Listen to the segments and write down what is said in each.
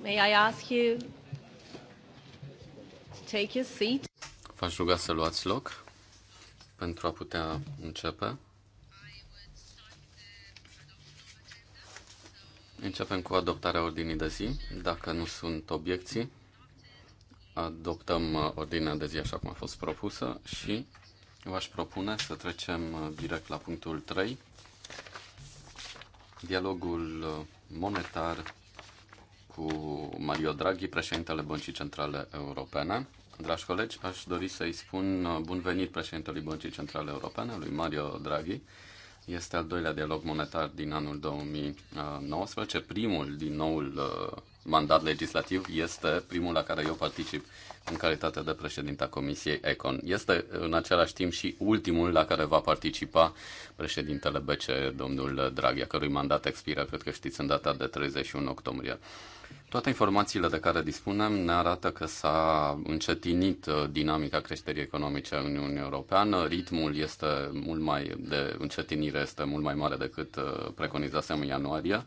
May I ask you to take your seat? V-aș ruga să luați loc pentru a putea începe. Începem cu adoptarea ordinii de zi. Dacă nu sunt obiecții, adoptăm uh, ordinea de zi așa cum a fost propusă și v-aș propune să trecem uh, direct la punctul 3, dialogul uh, monetar cu Mario Draghi, președintele Băncii Centrale Europene. Dragi colegi, aș dori să-i spun uh, bun venit președintelui Băncii Centrale Europene, lui Mario Draghi. Este al doilea dialog monetar din anul 2019, uh, primul din noul uh, mandat legislativ este primul la care eu particip în calitate de președinte a Comisiei Econ. Este în același timp și ultimul la care va participa președintele BCE, domnul Draghi, a cărui mandat expiră, cred că știți, în data de 31 octombrie. Toate informațiile de care dispunem ne arată că s-a încetinit uh, dinamica creșterii economice în Uniunea Europeană, ritmul este mult mai de încetinire este mult mai mare decât uh, preconizasem în ianuarie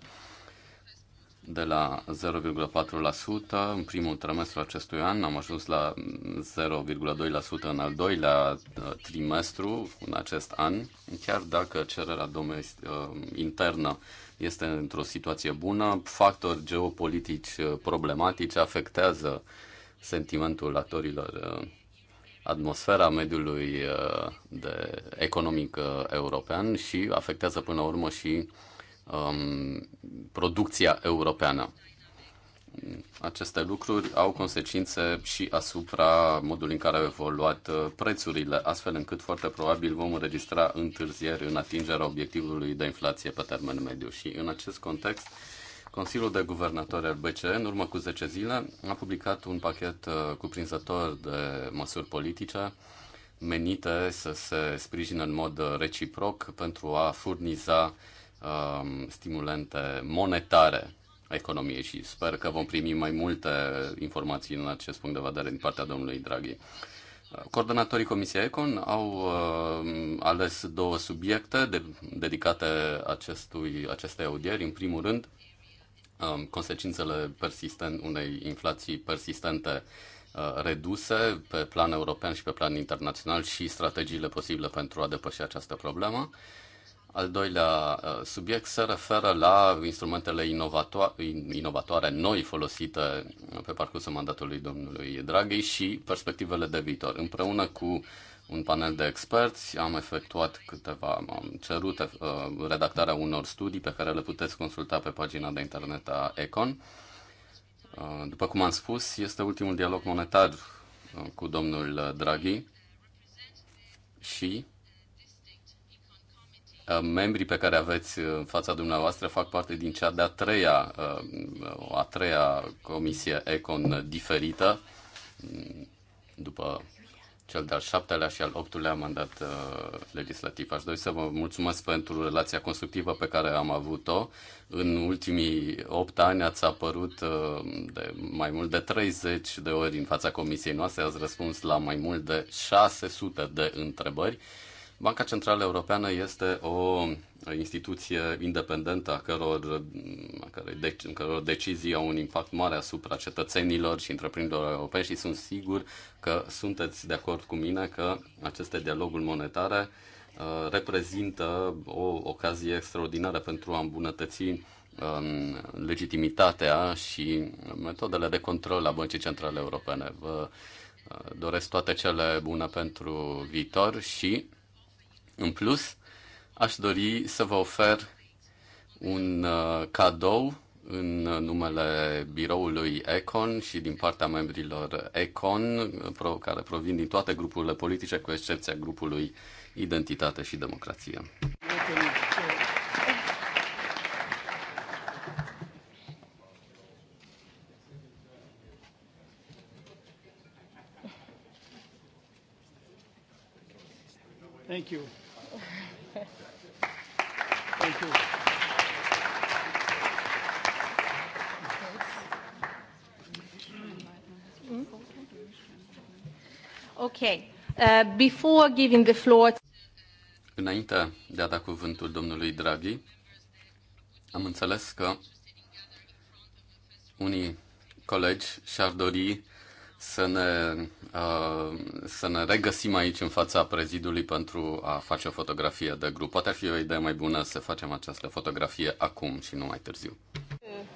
de la 0,4% în primul trimestru acestui an, am ajuns la 0,2% în al doilea uh, trimestru în acest an, chiar dacă cererea domest- uh, internă este într-o situație bună, factori geopolitici uh, problematici afectează sentimentul actorilor atmosfera mediului de economic european și afectează până la urmă și um, producția europeană. Aceste lucruri au consecințe și asupra modului în care au evoluat uh, prețurile, astfel încât foarte probabil vom înregistra întârzieri în atingerea obiectivului de inflație pe termen mediu. Și în acest context, Consiliul de Guvernatori al BCE, în urmă cu 10 zile, a publicat un pachet uh, cuprinzător de măsuri politice menite să se sprijină în mod uh, reciproc pentru a furniza Um, stimulente monetare a economiei și sper că vom primi mai multe informații în acest punct de vedere din partea domnului Draghi. Coordonatorii Comisiei Econ au uh, ales două subiecte de, dedicate acestui, acestei audieri. În primul rând, uh, consecințele persistent, unei inflații persistente uh, reduse pe plan european și pe plan internațional și strategiile posibile pentru a depăși această problemă. Uh, al doilea uh, subiect se referă la instrumentele inovatoare, inovatoare noi folosite pe parcursul mandatului domnului Draghi și perspectivele de viitor. Împreună cu un panel de experți, am efectuat câteva, am cerut uh, redactarea unor studii pe care le puteți consulta pe pagina de internet a Econ. Uh, după cum am spus, este ultimul dialog monetar cu domnul Draghi și Uh, membrii pe care aveți uh, în fața dumneavoastră fac parte din cea de-a treia, uh, a treia comisie ECON diferită, mm, după cel de-al șaptelea și al optulea mandat legislativ. Aș dori să vă mulțumesc pentru relația constructivă pe care am avut-o. În ultimii opt ani ați apărut de mai mult de 30 de ori în fața comisiei noastre, ați răspuns la mai mult de 600 de întrebări Banca Centrală Europeană este o instituție independentă a căror, a căror, de, deci, căror decizii au un impact mare asupra cetățenilor și întreprinderilor europene și sunt sigur că sunteți de acord cu mine că aceste dialoguri monetare uh, reprezintă o ocazie extraordinară pentru a îmbunătăți um, legitimitatea și metodele de control a Băncii Centrale Europene. Vă uh, doresc toate cele bune pentru viitor și în plus, aș dori să vă ofer un uh, cadou în numele biroului Econ și din partea membrilor Econ, care provin din toate grupurile politice, cu excepția grupului Identitate și Democrație. Thank you. Okay. Uh, before giving the floor... Înainte de a da cuvântul domnului Draghi, am înțeles că unii colegi și-ar dori să ne, uh, să ne regăsim aici în fața prezidului pentru a face o fotografie de grup. Poate ar fi o idee mai bună să facem această fotografie acum și nu mai târziu.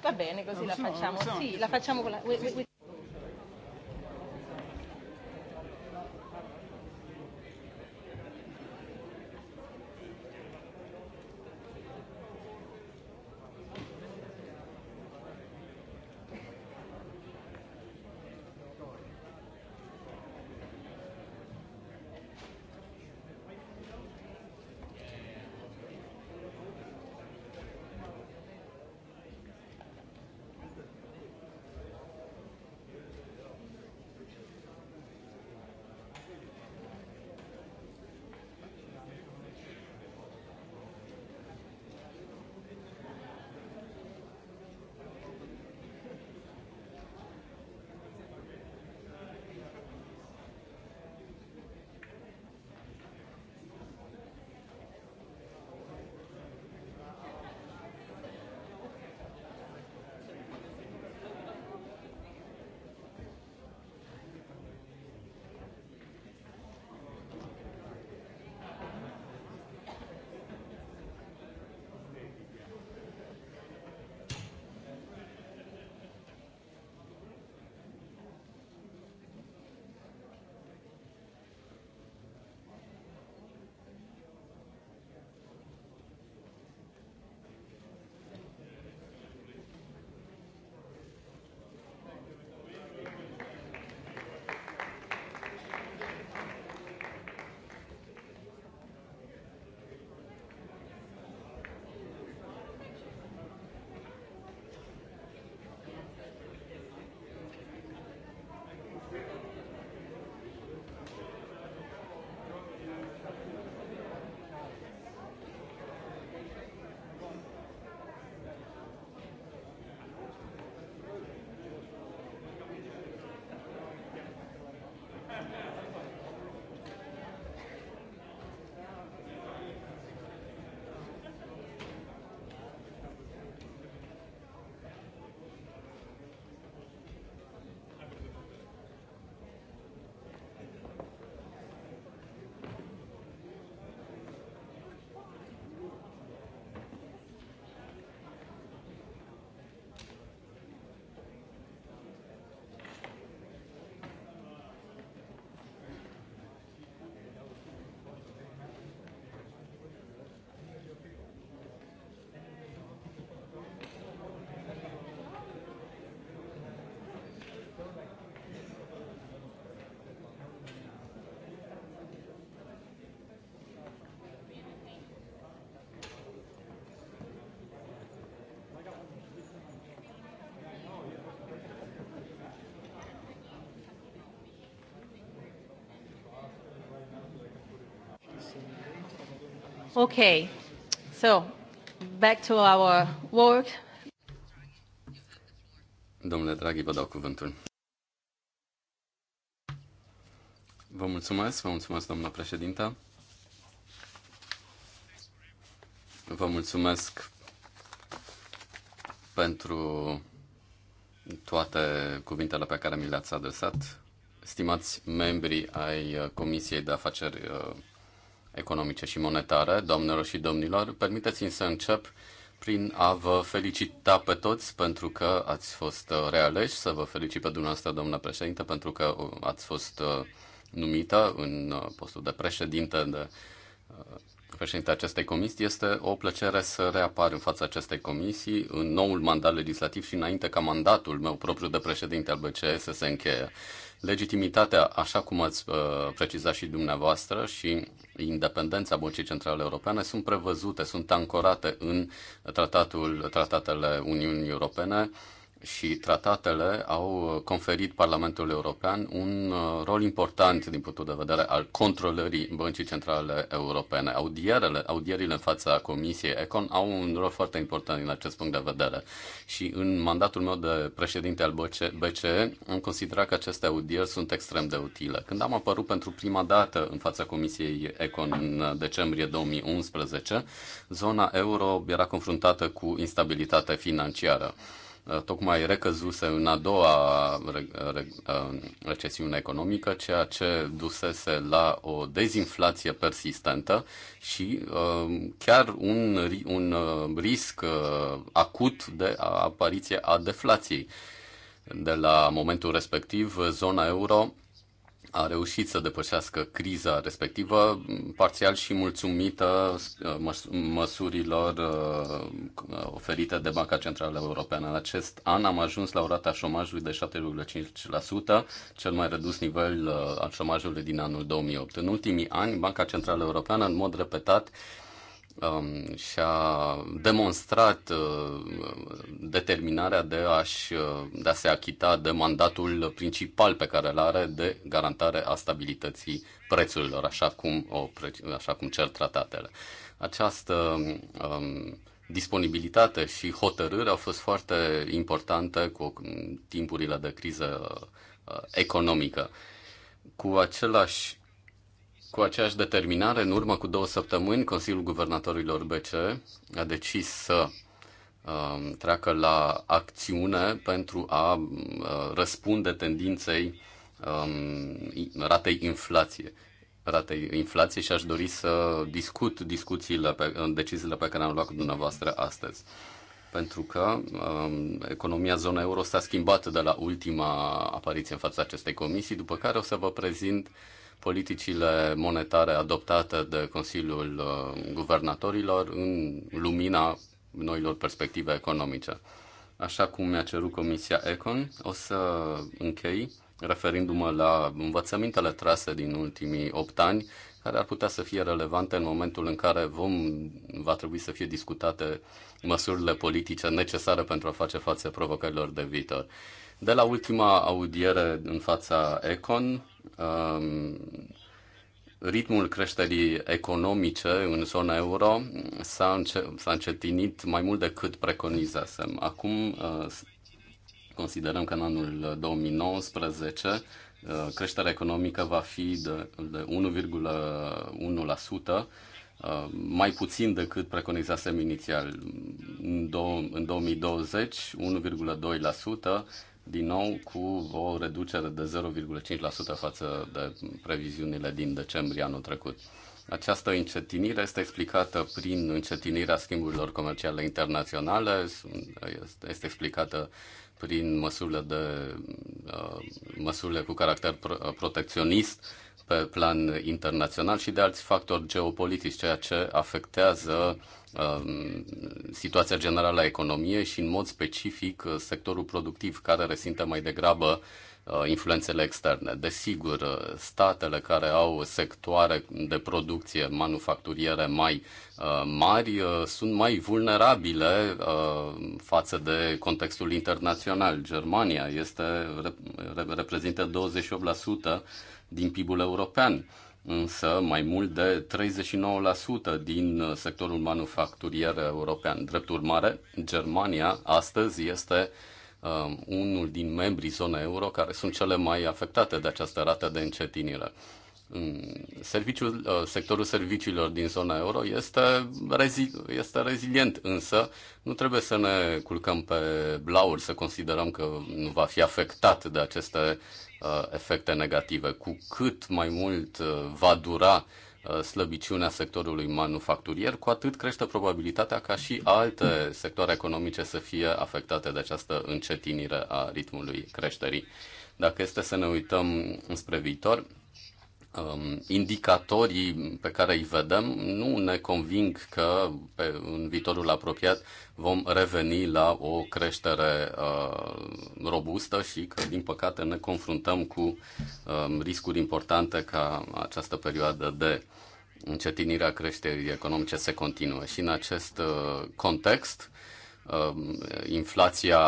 Va da bene, così la facciamo. Sì, la facciamo con la... Okay, so back to our work. Domnule Draghi, vă dau cuvântul. Vă mulțumesc, vă mulțumesc, doamna președintă. Vă mulțumesc pentru toate cuvintele pe care mi le-ați adresat. Stimați membri ai Comisiei de Afaceri uh, economice și monetare, doamnelor și domnilor, permiteți-mi să încep prin a vă felicita pe toți pentru că ați fost uh, realeși, să vă felicit pe dumneavoastră, domnule președinte, pentru că uh, ați fost uh, numită în postul de președinte de președinte acestei comisii. Este o plăcere să reapar în fața acestei comisii în noul mandat legislativ și înainte ca mandatul meu propriu de președinte al BCE să se încheie. Legitimitatea, așa cum ați uh, precizat și dumneavoastră, și independența Băncii Centrale Europene sunt prevăzute, sunt ancorate în tratatul, tratatele Uniunii Europene și tratatele au conferit Parlamentului European un uh, rol important din punctul de vedere al controlării Băncii Centrale Europene. Audierele, audierile în fața Comisiei Econ au un rol foarte important din acest punct de vedere. Și în mandatul meu de președinte al BCE am considerat că aceste audieri sunt extrem de utile. Când am apărut pentru prima dată în fața Comisiei Econ în decembrie 2011, zona euro era confruntată cu instabilitate financiară tocmai recăzuse în a doua recesiune economică, ceea ce dusese la o dezinflație persistentă și um, chiar un, un um, risc uh, acut de apariție a deflației. De la momentul respectiv, zona euro a reușit să depășească criza respectivă, parțial și mulțumită uh, măs- măsurilor uh, oferite de Banca Centrală Europeană. În acest an am ajuns la o rată a șomajului de 7,5%, cel mai redus nivel uh, al șomajului din anul 2008. În ultimii ani, Banca Centrală Europeană, în mod repetat, um, și-a demonstrat uh, determinarea de, a-și, uh, de a se achita de mandatul principal pe care îl are de garantare a stabilității prețurilor, așa cum, o, așa cum cer tratatele. Această um, disponibilitate și hotărâre au fost foarte importante cu timpurile de criză uh, economică. Cu același cu aceeași determinare, în urmă cu două săptămâni, Consiliul Guvernatorilor BCE a decis să um, treacă la acțiune pentru a um, răspunde tendinței um, ratei inflației ratei inflației și aș dori să discut discuțiile pe, deciziile pe care am luat cu dumneavoastră astăzi. Pentru că um, economia zonei euro s-a schimbat de la ultima apariție în fața acestei comisii, după care o să vă prezint uh, politicile monetare adoptate de Consiliul uh, Guvernatorilor în lumina noilor perspective economice. Așa cum mi-a cerut Comisia Econ, o să închei referindu-mă la învățămintele trase din ultimii 8 ani, care ar putea să fie relevante în momentul în care vom, va trebui să fie discutate măsurile politice necesare pentru a face față provocărilor de viitor. De la ultima audiere în fața Econ, um, ritmul creșterii economice în zona euro s-a, înce- s-a încetinit mai mult decât preconizasem. Acum uh, considerăm că în anul 2019 uh, creșterea economică va fi de, de 1,1%, uh, mai puțin decât preconizasem inițial. În, în 2020, 1,2%, din nou cu o reducere de 0,5% față de previziunile din decembrie anul trecut. Această încetinire este explicată prin încetinirea schimburilor comerciale internaționale, este explicată prin măsurile, de, uh, măsurile cu caracter protecționist pe plan internațional și de alți factori geopolitici, ceea ce afectează um, situația generală a economiei și, în mod specific, sectorul productiv, care resimte mai degrabă uh, influențele externe. Desigur, statele care au sectoare de producție manufacturiere mai uh, mari uh, sunt mai vulnerabile față de contextul internațional. Germania este, reprezintă 28% din PIB-ul european, însă mai mult de 39% din uh, sectorul manufacturier european. Drept urmare, Germania astăzi este uh, unul din membrii zonei euro care sunt cele mai afectate de această rată de încetinire. Mm, serviciul, uh, sectorul serviciilor din zona euro este, rezi, este rezilient, însă nu trebuie să ne culcăm pe blauri, să considerăm că nu va fi afectat de aceste Uh, efecte negative. Cu cât mai mult uh, va dura uh, slăbiciunea sectorului manufacturier, cu atât crește probabilitatea ca și alte sectoare economice să fie afectate de această încetinire a ritmului creșterii. Dacă este să ne uităm spre viitor, um, indicatorii pe care îi vedem nu ne conving că pe, în viitorul apropiat vom reveni la o creștere uh, robustă și că, din păcate, ne confruntăm cu um, riscuri importante ca această perioadă de încetinirea creșterii economice se continuă. Și în acest uh, context, um, inflația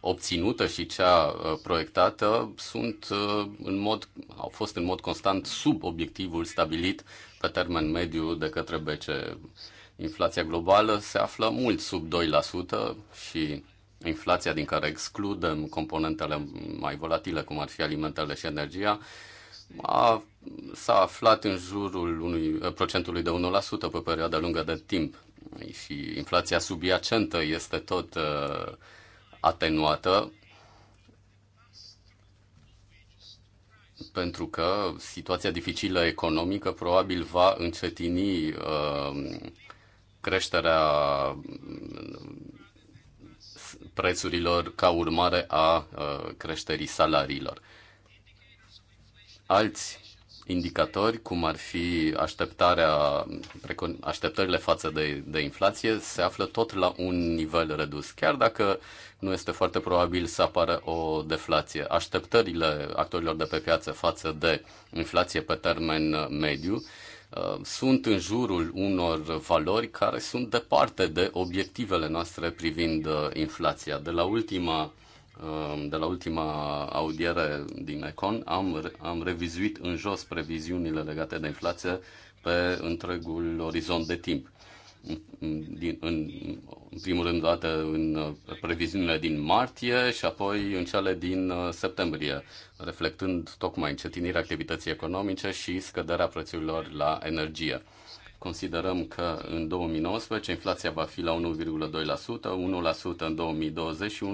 obținută și cea uh, proiectată sunt uh, în mod, au fost în mod constant sub obiectivul stabilit pe termen mediu de către BCE. Inflația globală se află mult sub 2% și inflația din care excludem componentele mai volatile, cum ar fi alimentele și energia, a, s-a aflat în jurul unui uh, procentului de 1% pe perioada lungă de timp și inflația subiacentă este tot uh, atenuată pentru că situația dificilă economică probabil va încetini uh, creșterea um, prețurilor ca urmare a uh, creșterii salariilor. Alți indicatori, cum ar fi așteptarea, așteptările față de, de inflație, se află tot la un nivel redus, chiar dacă nu este foarte probabil să apară o deflație. Așteptările actorilor de pe piață față de inflație pe termen mediu uh, sunt în jurul unor valori care sunt departe de obiectivele noastre privind uh, inflația. De la ultima de la ultima audiere din Econ, am, am revizuit în jos previziunile legate de inflație pe întregul orizont de timp. Din, în, în primul rând, dată în previziunile din martie și apoi în cele din uh, septembrie, reflectând tocmai încetinirea activității economice și scăderea prețurilor la energie. Considerăm că în 2019 inflația va fi la 1,2%, 1% în 2020 și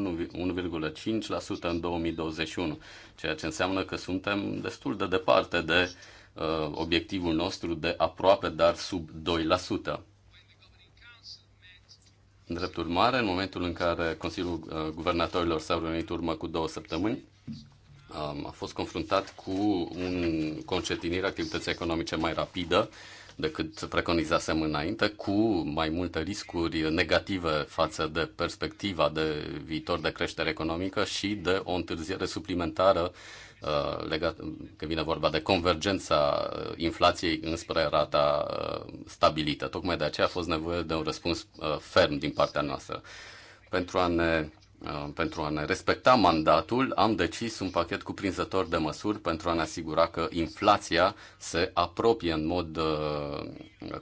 1,5% în 2021, ceea ce înseamnă că suntem destul de departe de uh, obiectivul nostru de aproape, dar sub 2%. În drept urmare, în momentul în care Consiliul uh, Guvernatorilor s-a reunit urmă cu două săptămâni, a fost confruntat cu un concetinire activității economice mai rapidă, decât preconizasem înainte, cu mai multe riscuri negative față de perspectiva de viitor de creștere economică și de o întârziere suplimentară uh, legat, că vine vorba de convergența uh, inflației înspre rata uh, stabilită. Tocmai de aceea a fost nevoie de un răspuns ferm din partea noastră. Pentru a ne Uh, pentru a ne respecta mandatul, am decis un pachet cuprinzător de măsuri pentru a ne asigura că inflația se apropie în mod uh,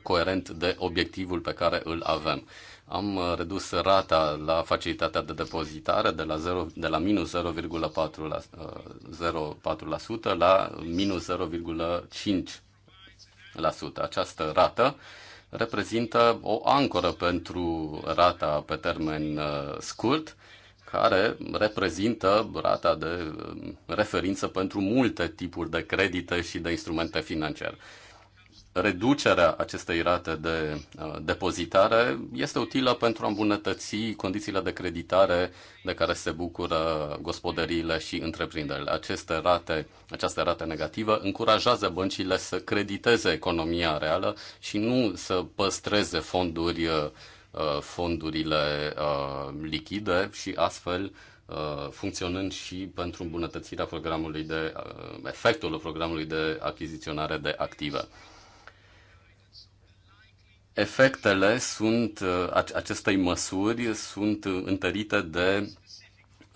coerent de obiectivul pe care îl avem. Am uh, redus rata la facilitatea de depozitare de la, 0, de la minus 0,4% la minus 0,5%. Această rată reprezintă o ancoră pentru rata pe termen scurt care reprezintă rata de uh, referință pentru multe tipuri de credite și de instrumente financiare. Reducerea acestei rate de uh, depozitare este utilă pentru a îmbunătăți condițiile de creditare de care se bucură gospodăriile și întreprinderile. Aceste rate, această rate negativă încurajează băncile să crediteze economia reală și nu să păstreze fonduri uh, Uh, fondurile uh, lichide și astfel uh, funcționând și pentru îmbunătățirea programului de efectul programului de achiziționare de active. Efectele sunt acestei măsuri sunt întărite de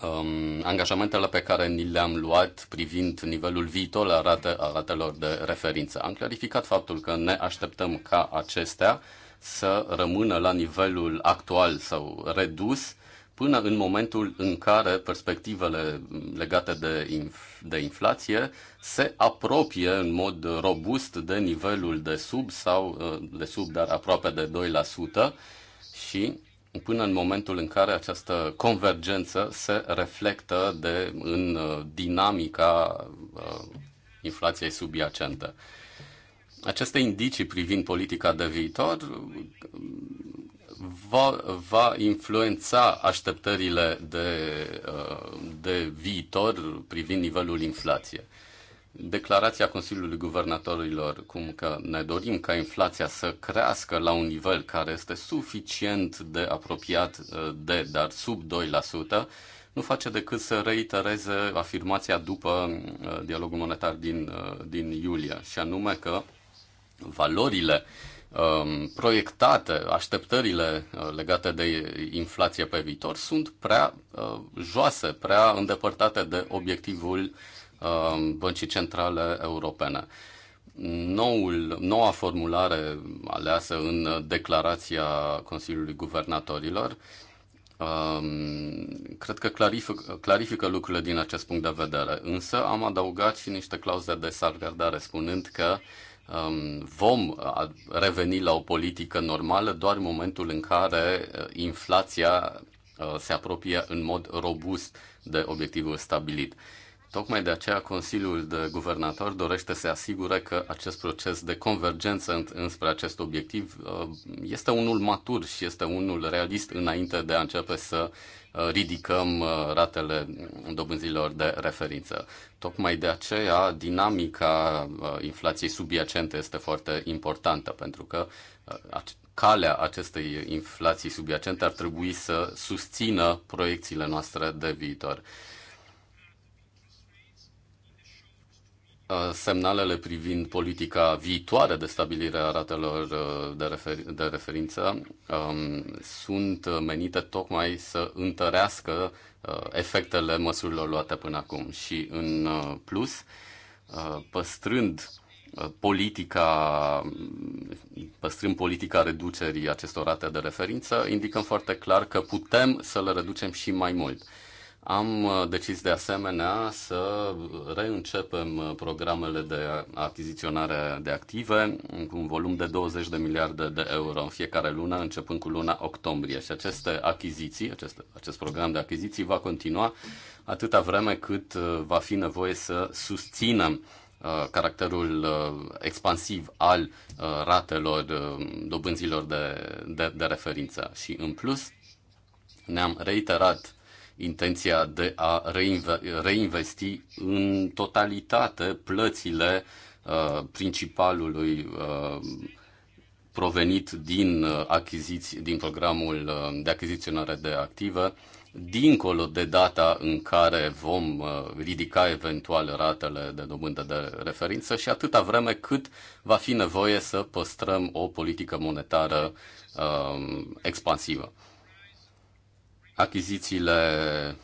um, angajamentele pe care ni le-am luat privind nivelul viitor a, ratelor de referință. Am clarificat faptul că ne așteptăm ca acestea uh, să rămână la nivelul actual sau redus până în momentul în care perspectivele legate de, inf- de inflație se apropie în mod robust de nivelul de sub sau uh, de sub, dar aproape de 2% și până în momentul în care această convergență se reflectă de, în uh, dinamica uh, inflației subiacente aceste indicii privind politica de viitor va, va influența așteptările de, uh, de viitor privind nivelul inflației. Declarația Consiliului Guvernatorilor cum că ne dorim ca inflația să crească la un nivel care este suficient de apropiat uh, de, dar sub 2%, nu face decât să reitereze afirmația după uh, dialogul monetar din, din iulie, și anume că valorile um, proiectate, așteptările uh, legate de inflație pe viitor sunt prea uh, joase, prea îndepărtate de obiectivul um, Băncii Centrale Europene. Noul, noua formulare aleasă în declarația Consiliului Guvernatorilor um, cred că clarifică, clarifică lucrurile din acest punct de vedere, însă am adăugat și niște clauze de salvgardare spunând că Um, vom uh, reveni la o politică normală doar în momentul în care uh, inflația uh, se apropie în mod robust de obiectivul stabilit. Tocmai de aceea Consiliul de Guvernator dorește să asigure că acest proces de convergență înspre acest obiectiv este unul matur și este unul realist înainte de a începe să Uh, ridicăm uh, ratele dobânzilor de referință. Tocmai de aceea dinamica uh, inflației subiacente este foarte importantă, pentru că calea acestei inflații subiacente ar trebui să susțină proiecțiile noastre de viitor. Uh, semnalele privind politica viitoare de stabilire a ratelor uh, de, refer- de referință um, sunt menite tocmai să întărească uh, efectele măsurilor luate până acum și în uh, plus, uh, păstrând politica, păstrând politica reducerii acestor rate de referință, indicăm foarte clar că putem să le reducem și mai mult. Uh, am uh, decis de asemenea să reîncepem uh, programele de achiziționare de active cu un volum de 20 de miliarde de euro în fiecare lună, începând cu luna octombrie. Și aceste achiziții, acest, acest program de achiziții va continua atâta vreme cât uh, va fi nevoie să susținem caracterul expansiv al ratelor dobânzilor de, de, de referință. Și în plus ne-am reiterat intenția de a reinvesti în totalitate plățile uh, principalului uh, provenit din, uh, achiziți, din programul uh, de achiziționare de active, dincolo de data în care vom uh, ridica eventual ratele de dobândă de referință și atâta vreme cât va fi nevoie să păstrăm o politică monetară expansivă achizițiile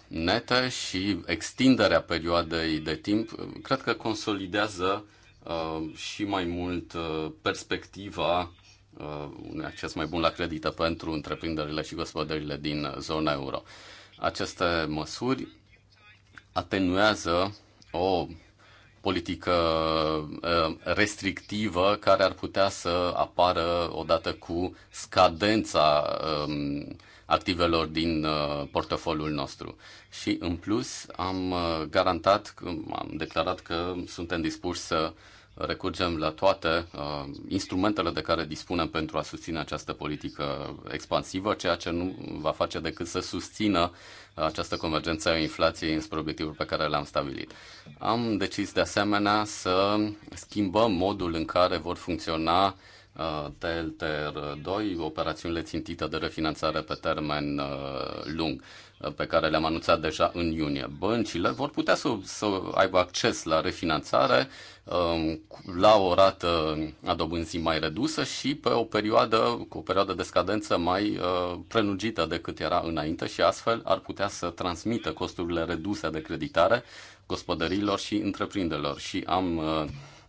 nete și extinderea perioadei de timp, cred că consolidează uh, și mai mult uh, perspectiva uh, un acces mai bun la credită pentru întreprinderile și gospodările din zona euro. Aceste măsuri atenuează o politică uh, restrictivă care ar putea să apară odată cu scadența um, activelor din uh, portofoliul nostru. Și în plus am uh, garantat, am declarat că suntem dispuși să recurgem la toate uh, instrumentele de care dispunem pentru a susține această politică expansivă, ceea ce nu va face decât să susțină această convergență a inflației înspre obiectivul pe care l-am stabilit. Am decis de asemenea să schimbăm modul în care vor funcționa TLTR2, operațiunile țintite de refinanțare pe termen uh, lung uh, pe care le-am anunțat deja în iunie. Băncile vor putea să, să aibă acces la refinanțare um, la o rată a dobânzii mai redusă și pe o perioadă, cu o perioadă de scadență mai uh, prelungită decât era înainte și astfel ar putea să transmită costurile reduse de creditare gospodărilor și întreprinderilor. Și am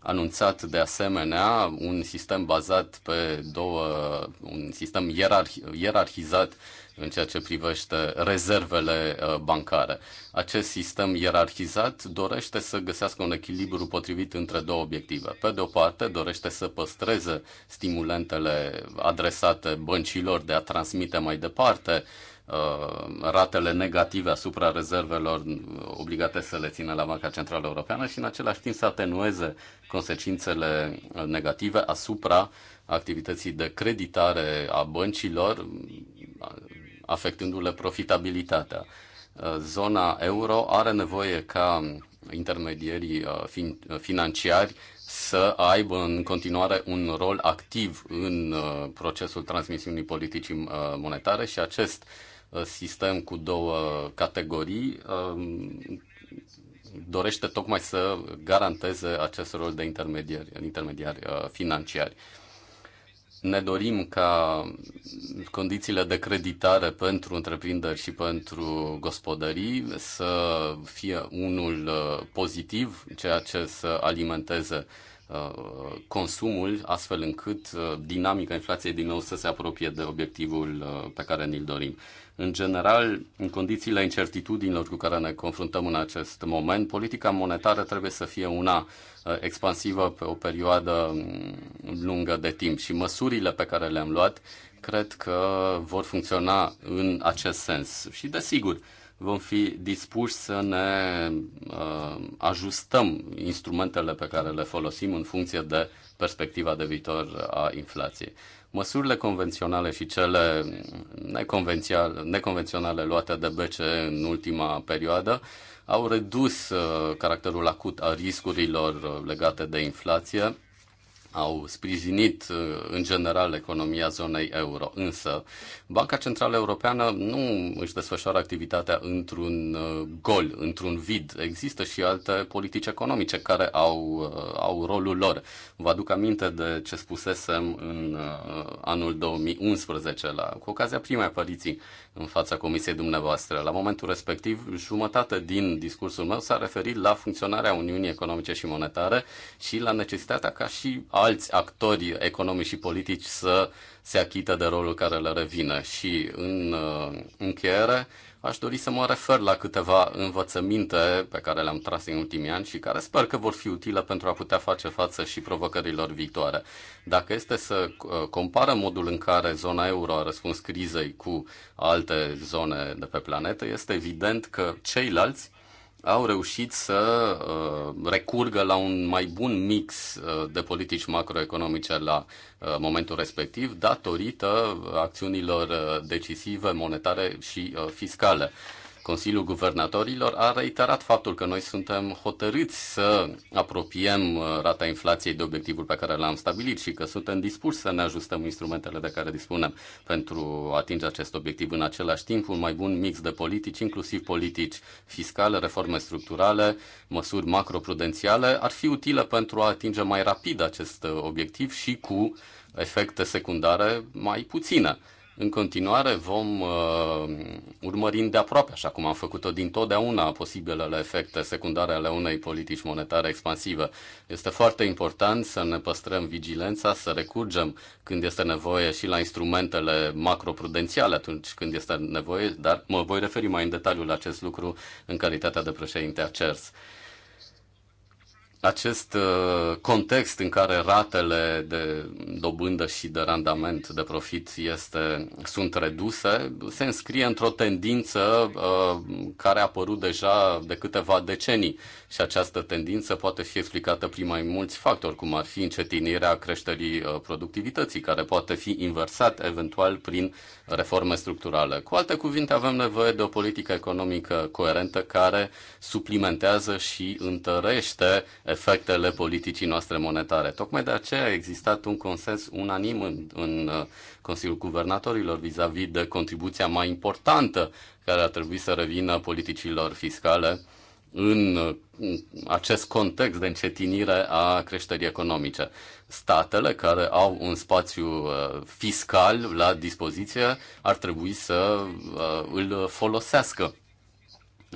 anunțat de asemenea un sistem bazat pe două, un sistem ierarhi- ierarhizat în ceea ce privește rezervele uh, bancare. Acest sistem ierarhizat dorește să găsească un echilibru potrivit între două obiective. Pe de o parte, dorește să păstreze stimulentele adresate băncilor de a transmite mai departe uh, Uh, ratele negative asupra rezervelor obligate să le țină la Banca Centrală Europeană și în același timp să atenueze consecințele negative asupra activității de creditare a băncilor, afectându-le profitabilitatea. Uh, zona euro are nevoie ca intermedierii uh, financiari să aibă în continuare un rol activ în procesul transmisiunii politicii monetare și acest Uh, sistem cu două categorii um, dorește tocmai să garanteze acest rol de intermediari, intermediari uh, financiari. Ne dorim ca condițiile de creditare pentru întreprinderi și pentru gospodării să fie unul uh, pozitiv, ceea ce să alimenteze consumul, astfel încât dinamica inflației din nou să se apropie de obiectivul pe care ni-l dorim. În general, în condițiile incertitudinilor cu care ne confruntăm în acest moment, politica monetară trebuie să fie una uh, expansivă pe o perioadă mm, lungă de timp și măsurile pe care le-am luat cred că vor funcționa în acest sens. Și desigur, vom fi dispuși să ne uh, ajustăm instrumentele pe care le folosim în funcție de perspectiva de viitor a inflației. Măsurile convenționale și cele neconvenționale luate de BCE în ultima perioadă au redus uh, caracterul acut a riscurilor uh, legate de inflație, au sprijinit uh, în general economia zonei euro, însă Banca Centrală Europeană nu își desfășoară activitatea într-un uh, gol, într-un vid. Există și alte politici economice care au, uh, au rolul lor. Vă aduc aminte de ce spusesem în uh, anul 2011, la, cu ocazia primei apariții în fața comisiei dumneavoastră. La momentul respectiv, jumătate din discursul meu s-a referit la funcționarea Uniunii Economice și Monetare și la necesitatea ca și alți actori economici și politici să uh, se achită de rolul care le revine. Și în uh, încheiere, aș dori să mă refer la câteva învățăminte pe care le-am tras în ultimii ani și care sper că vor fi utile pentru a putea face față și provocărilor viitoare. Dacă este să uh, comparăm modul în care zona euro a răspuns crizei cu alte zone de pe planetă, este evident că ceilalți au reușit să uh, recurgă la un mai bun mix uh, de politici macroeconomice la uh, momentul respectiv, datorită acțiunilor uh, decisive, monetare și uh, fiscale. Uh, Consiliul Guvernatorilor a reiterat faptul că noi suntem hotărâți să apropiem uh, rata inflației de obiectivul pe care l-am stabilit și că suntem dispuși să ne ajustăm instrumentele de care dispunem pentru a atinge acest obiectiv. În același timp, un mai bun mix de politici, inclusiv politici fiscale, reforme structurale, măsuri macroprudențiale, ar fi utile pentru a atinge mai rapid acest uh, obiectiv și cu efecte secundare mai puține. În continuare vom uh, urmări aproape, așa cum am făcut-o dintotdeauna, posibilele efecte secundare ale unei politici monetare expansive. Este foarte important să ne păstrăm vigilența, să recurgem când este nevoie și la instrumentele macroprudențiale atunci când este nevoie, dar mă voi referi mai în detaliu la acest lucru în calitatea de președinte a CERS acest uh, context în care ratele de dobândă și de randament de profit este, sunt reduse se înscrie într-o tendință uh, care a apărut deja de câteva decenii și această tendință poate fi explicată prin mai mulți factori, cum ar fi încetinirea creșterii uh, productivității, care poate fi inversat eventual prin reforme structurale. Cu alte cuvinte, avem nevoie de o politică economică coerentă care suplimentează și întărește efectele politicii noastre monetare. Tocmai de aceea a existat un consens unanim în, în uh, Consiliul Guvernatorilor vis-a-vis -vis de contribuția mai importantă care ar trebui să revină politicilor fiscale în uh, acest context de încetinire a creșterii economice. Statele care au un spațiu uh, fiscal la dispoziție ar trebui să uh, îl folosească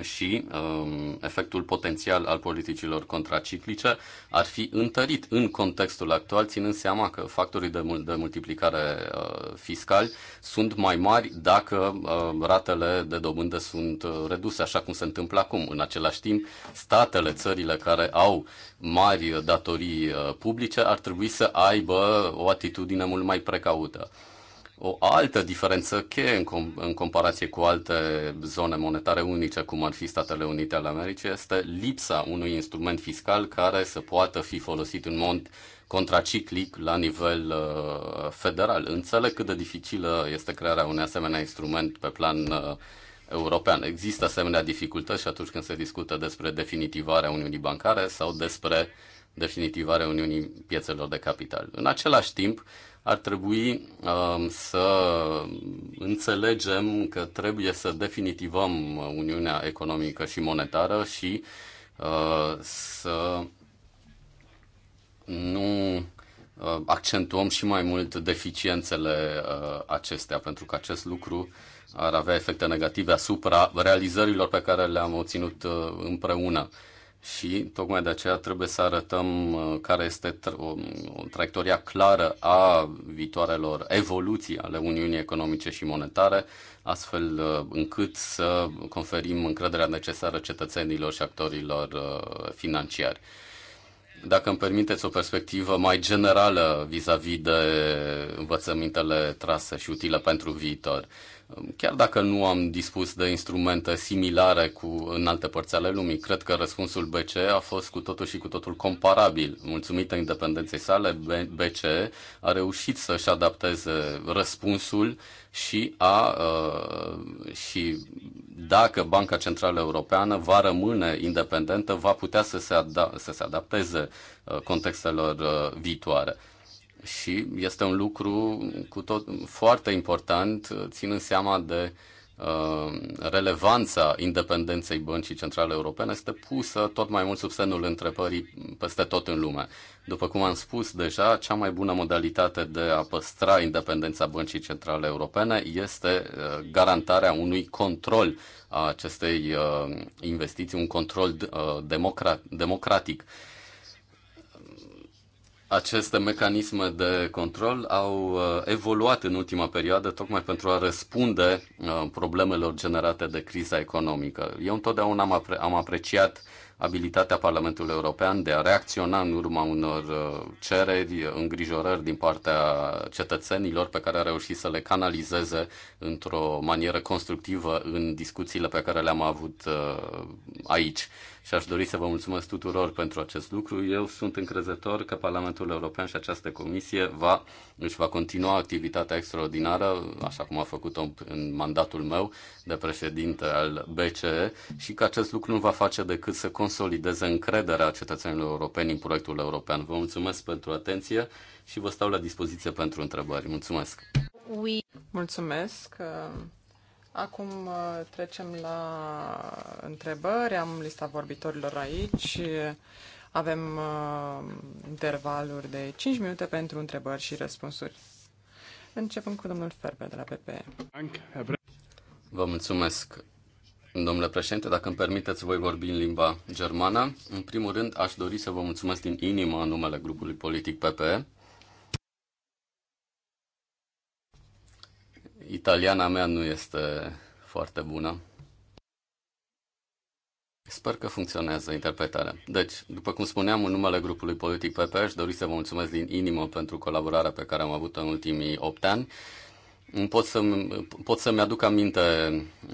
și um, efectul potențial al politicilor contraciclice ar fi întărit în contextul actual, ținând seama că factorii de, mul- de multiplicare uh, fiscali sunt mai mari dacă uh, ratele de dobândă sunt uh, reduse, așa cum se întâmplă acum. În același timp, statele, țările care au mari datorii uh, publice ar trebui să aibă o atitudine mult mai precaută o altă diferență cheie în, com- în comparație cu alte zone monetare unice, cum ar fi Statele Unite ale Americii, este lipsa unui instrument fiscal care să poată fi folosit în mod contraciclic la nivel uh, federal. Înțeleg cât de dificilă este crearea unui asemenea instrument pe plan uh, european. Există asemenea dificultăți și atunci când se discută despre definitivarea Uniunii Bancare sau despre definitivarea Uniunii Piețelor de Capital. În același timp, ar trebui um, să înțelegem că trebuie să definitivăm Uniunea Economică și Monetară și uh, să nu uh, accentuăm și mai mult deficiențele uh, acestea, pentru că acest lucru ar avea efecte negative asupra realizărilor pe care le-am obținut împreună și tocmai de aceea trebuie să arătăm uh, care este o, o traiectoria clară a viitoarelor evoluții ale Uniunii Economice și Monetare, astfel uh, încât să conferim încrederea necesară cetățenilor și actorilor uh, financiari. Dacă îmi permiteți o perspectivă mai generală vis-a-vis -vis de învățămintele trase și utile pentru viitor, uh, Chiar dacă nu am dispus de instrumente similare cu în alte părți ale lumii, cred că răspunsul BCE a fost cu totul și cu totul comparabil. Mulțumită independenței sale, BCE a reușit să-și adapteze răspunsul și a uh, și dacă Banca Centrală Europeană va rămâne independentă, va putea să se, ada- să se adapteze uh, contextelor uh, viitoare și este un lucru cu tot foarte important, uh, ținând seama de uh, relevanța independenței Băncii Centrale Europene este pusă tot mai mult sub semnul întrebării peste tot în lume. După cum am spus deja, cea mai bună modalitate de a păstra independența Băncii Centrale Europene este uh, garantarea unui control a acestei uh, investiții, un control uh, democrat, democratic aceste mecanisme de control au uh, evoluat în ultima perioadă tocmai pentru a răspunde uh, problemelor generate de criza economică. Eu întotdeauna am, apre- am apreciat abilitatea Parlamentului European de a reacționa în urma unor uh, cereri, îngrijorări din partea cetățenilor pe care a reușit să le canalizeze într-o manieră constructivă în discuțiile pe care le-am avut aici și aș dori să vă mulțumesc tuturor pentru acest lucru. Eu sunt încrezător că Parlamentul European și această comisie va, își va continua activitatea extraordinară, așa cum a făcut-o în mandatul meu de președinte al BCE și că acest lucru nu va face decât să consolideze încrederea cetățenilor europeni în proiectul european. Vă mulțumesc pentru atenție și vă stau la dispoziție pentru întrebări. Mulțumesc! We... Mulțumesc! Uh, Acum uh, trecem la întrebări. Am lista vorbitorilor aici. Avem uh, intervaluri de 5 minute pentru întrebări și răspunsuri. Începem cu domnul Ferbe de la PPE. Vă mulțumesc, domnule președinte. Dacă îmi permiteți, voi vorbi în limba germană. În primul rând, aș dori să vă mulțumesc din inimă în numele grupului politic PPE italiana mea nu este foarte bună. Sper că funcționează interpretarea. Deci, după cum spuneam, în numele grupului politic PPE aș dori să vă mulțumesc din inimă pentru colaborarea pe care am avut-o în ultimii 8 ani. Pot să-mi, pot să-mi aduc aminte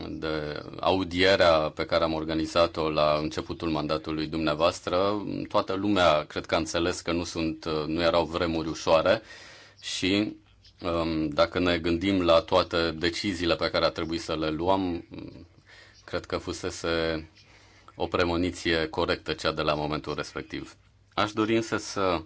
de audierea pe care am organizat-o la începutul mandatului dumneavoastră. Toată lumea cred că a înțeles că nu, sunt, nu erau vremuri ușoare și Um, dacă ne gândim la toate deciziile pe care a trebuit să le luăm, cred că fusese o premoniție corectă cea de la momentul respectiv. Aș dori însă să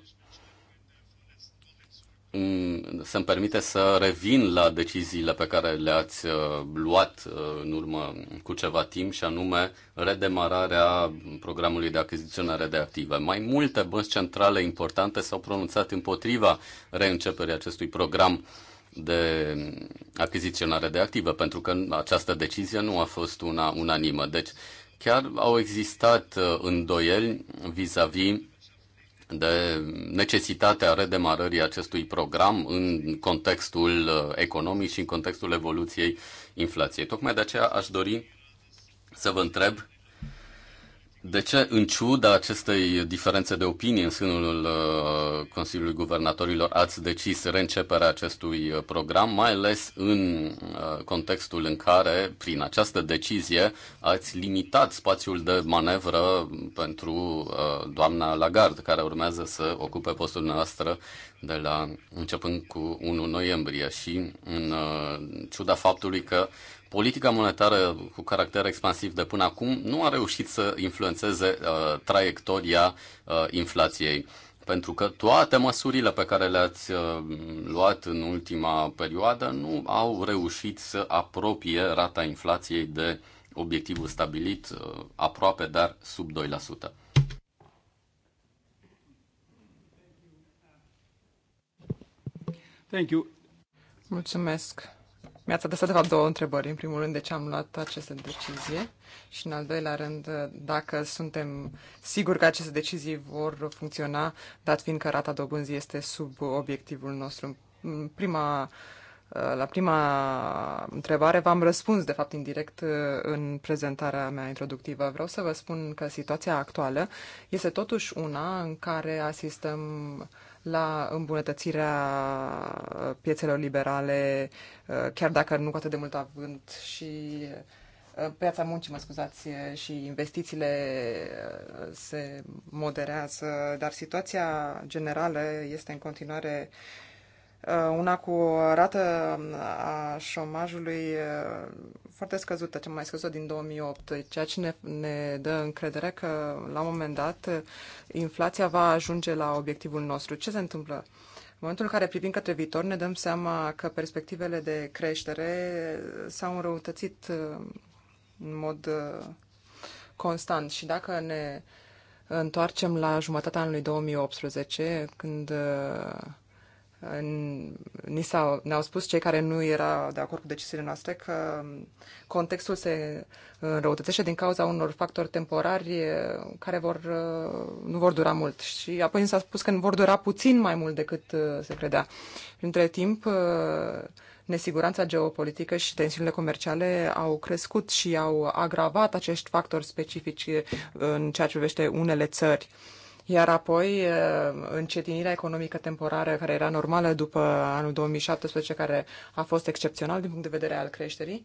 să-mi permite să revin la deciziile pe care le-ați uh, luat uh, în urmă cu ceva timp și anume redemararea programului de achiziționare de active. Mai multe bănci centrale importante s-au pronunțat împotriva reînceperii acestui program de achiziționare de active, pentru că această decizie nu a fost una unanimă. Deci chiar au existat uh, îndoieli vis-a-vis -vis de necesitatea redemarării acestui program în contextul uh, economic și în contextul evoluției inflației. Tocmai de aceea aș dori să vă întreb de ce, în ciuda acestei diferențe de opinie în sânul uh, Consiliului Guvernatorilor, ați decis reînceperea acestui uh, program, mai ales în uh, contextul în care, prin această decizie, ați limitat spațiul de manevră pentru doamna Lagarde, care urmează să ocupe postul noastră de la începând cu 1 noiembrie și în ciuda faptului că politica monetară cu caracter expansiv de până acum nu a reușit să influențeze uh, traiectoria uh, inflației. Pentru că toate măsurile pe care le-ați uh, luat în ultima perioadă nu au reușit să apropie rata inflației de obiectivul stabilit, uh, aproape, dar sub 2%. Thank you. Mulțumesc. Mi-ați adresat, de fapt, două întrebări. În primul rând, de ce am luat această decizie și, în al doilea rând, dacă suntem siguri că aceste decizii vor funcționa, dat fiind că rata dobânzii este sub obiectivul nostru. În prima, la prima întrebare v-am răspuns, de fapt, indirect în prezentarea mea introductivă. Vreau să vă spun că situația actuală este totuși una în care asistăm la îmbunătățirea piețelor liberale, uh, chiar dacă nu cu atât de mult având și uh, piața muncii, mă scuzați, și investițiile uh, se moderează, dar situația generală este în continuare Uh, una cu o rată uh, a șomajului uh, foarte scăzută, cea mai scăzută din 2008, ceea ce ne, ne dă încredere că la un moment dat inflația va ajunge la obiectivul nostru. Ce se întâmplă? În momentul în care privim către viitor, ne dăm seama că perspectivele de creștere s-au înrăutățit în mod constant și dacă ne întoarcem la jumătatea anului 2018, când ni s-au, ne-au spus cei care nu erau de acord cu deciziile noastre că contextul se înrăutățește din cauza unor factori temporari care vor, nu vor dura mult. Și apoi ni s-a spus că vor dura puțin mai mult decât se credea. Între timp, nesiguranța geopolitică și tensiunile comerciale au crescut și au agravat acești factori specifici în ceea ce privește unele țări iar apoi încetinirea economică temporară care era normală după anul 2017, care a fost excepțional din punct de vedere al creșterii,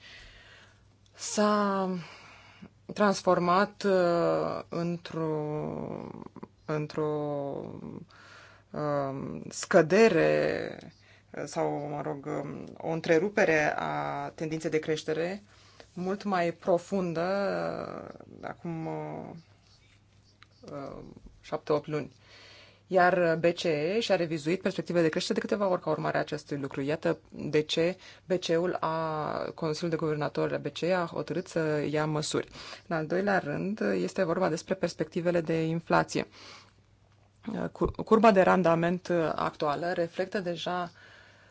s-a transformat într-o într-o scădere sau, mă rog, o întrerupere a tendinței de creștere mult mai profundă acum 7-8 luni. Iar BCE și-a revizuit perspective de creștere de câteva ori ca urmare a acestui lucru. Iată de ce BCE-ul a, Consiliul de Guvernatori la BCE a hotărât să ia măsuri. În al doilea rând, este vorba despre perspectivele de inflație. Curba de randament actuală reflectă deja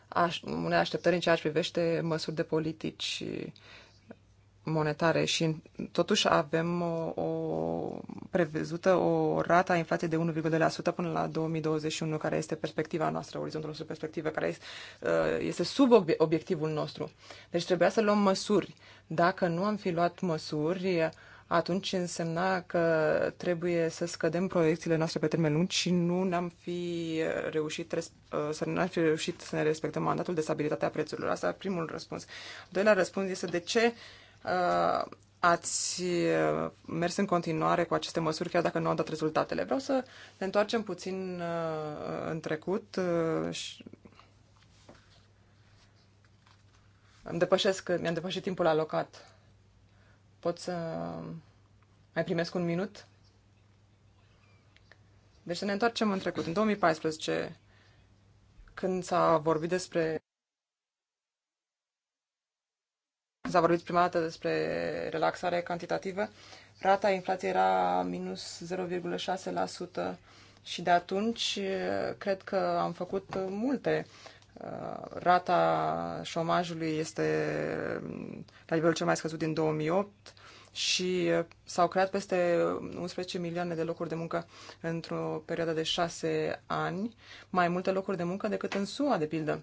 aș, unele așteptări în ceea ce privește măsuri de politici monetare și totuși avem o, o prevăzută o rată a inflației de 1,2% până la 2021, care este perspectiva noastră, orizontul nostru perspectivă, care este, uh, este sub obiectivul nostru. Deci trebuia să luăm măsuri. Dacă nu am fi luat măsuri, atunci însemna că trebuie să scădem proiecțiile noastre pe termen lung și nu ne-am fi reușit uh, să ne fi reușit să ne respectăm mandatul de stabilitate a prețurilor. Asta e primul răspuns. Doilea răspuns este de ce Uh, ați uh, mers în continuare cu aceste măsuri, chiar dacă nu au dat rezultatele. Vreau să ne întoarcem puțin uh, în trecut și îmi depășesc, mi-am depășit timpul alocat. Pot să mai primesc un minut? Deci să ne întoarcem în trecut. În 2014, când s-a vorbit despre s-a vorbit prima dată despre relaxare cantitativă, rata inflației era minus 0,6% și de atunci eh, cred că am făcut multe. Eh, rata șomajului este la nivelul cel mai scăzut din 2008 și eh, s-au creat peste 11 milioane de locuri de muncă într-o perioadă de șase ani, mai multe locuri de muncă decât în SUA, de pildă.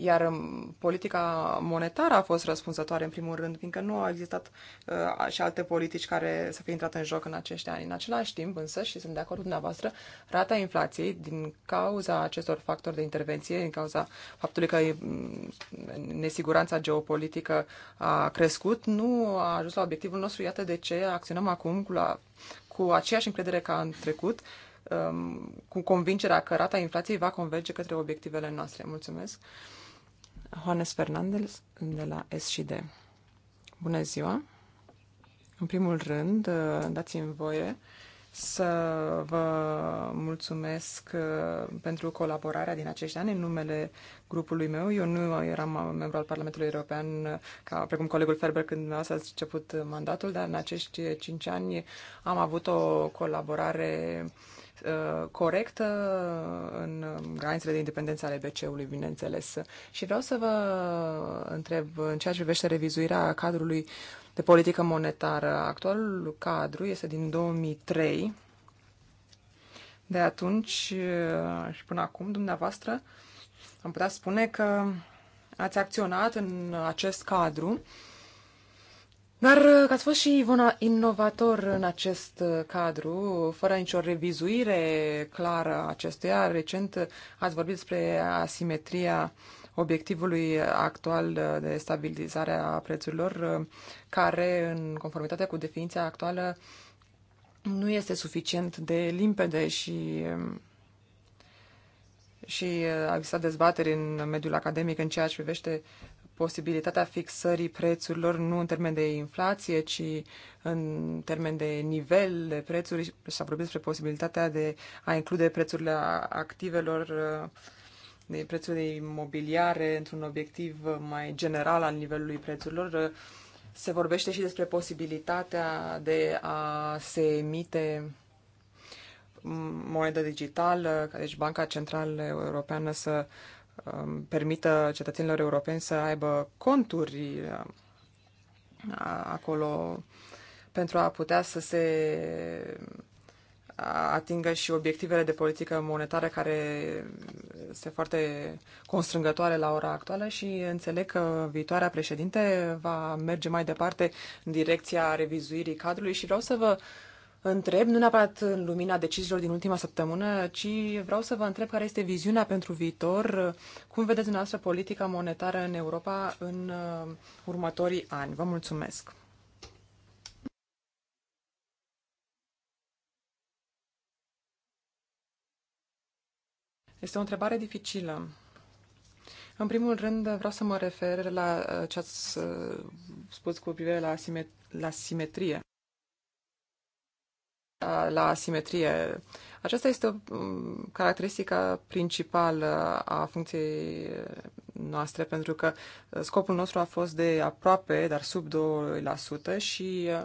Iar um, politica monetară a fost răspunzătoare în primul rând, fiindcă nu au existat uh, și alte politici care să fie intrate în joc în acești ani. În același timp, însă, și sunt de acord cu dumneavoastră, rata inflației, din cauza acestor factori de intervenție, din cauza faptului că um, nesiguranța geopolitică a crescut, nu a ajuns la obiectivul nostru. Iată de ce acționăm acum cu, la, cu aceeași încredere ca în trecut, um, cu convingerea că rata inflației va converge către obiectivele noastre. Mulțumesc! Juanes Fernandez de la SCD. Bună ziua! În primul rând, uh, dați-mi voie să vă mulțumesc uh, pentru colaborarea din acești ani în numele grupului meu. Eu nu eram membru al Parlamentului European, uh, ca, precum colegul Ferber, când s-a început mandatul, dar în acești cinci ani am avut o colaborare uh, Uh, corectă în granițele de independență ale BC-ului, bineînțeles. Și vreau să vă întreb în ceea ce privește revizuirea cadrului de politică monetară. Actualul cadru este din 2003. De atunci uh, și până acum, dumneavoastră, am putea spune că ați acționat în acest cadru dar uh, că ați fost și inovator în acest uh, cadru, fără nicio revizuire clară acestuia, recent uh, ați vorbit despre asimetria obiectivului actual de stabilizare a prețurilor, care, în conformitate cu definiția actuală, nu este suficient de limpede și um, și a existat dezbateri în mediul academic în ceea ce privește posibilitatea fixării prețurilor nu în termen de inflație, ci în termen de nivel de prețuri s-a vorbit despre posibilitatea de a include prețurile activelor de prețurile imobiliare într-un obiectiv mai general al nivelului prețurilor. Se vorbește și despre posibilitatea de a se emite monedă digitală, deci Banca Centrală Europeană să uh, Um, permită cetățenilor europeni să aibă conturi um, acolo pentru a putea să se atingă și obiectivele de politică monetară care sunt foarte constrângătoare la ora actuală și înțeleg că viitoarea președinte va merge mai departe în direcția revizuirii cadrului și vreau să vă întreb, nu neapărat în lumina deciziilor din ultima săptămână, ci vreau să vă întreb care este viziunea pentru viitor, cum vedeți dumneavoastră politica monetară în Europa în uh, următorii ani. Vă mulțumesc! Este o întrebare dificilă. În primul rând, vreau să mă refer la uh, ce ați uh, spus cu privire la, simet- la simetrie la asimetrie. Aceasta este mm, caracteristica principală a funcției noastre, pentru că uh, scopul nostru a fost de aproape, dar sub 2% și uh,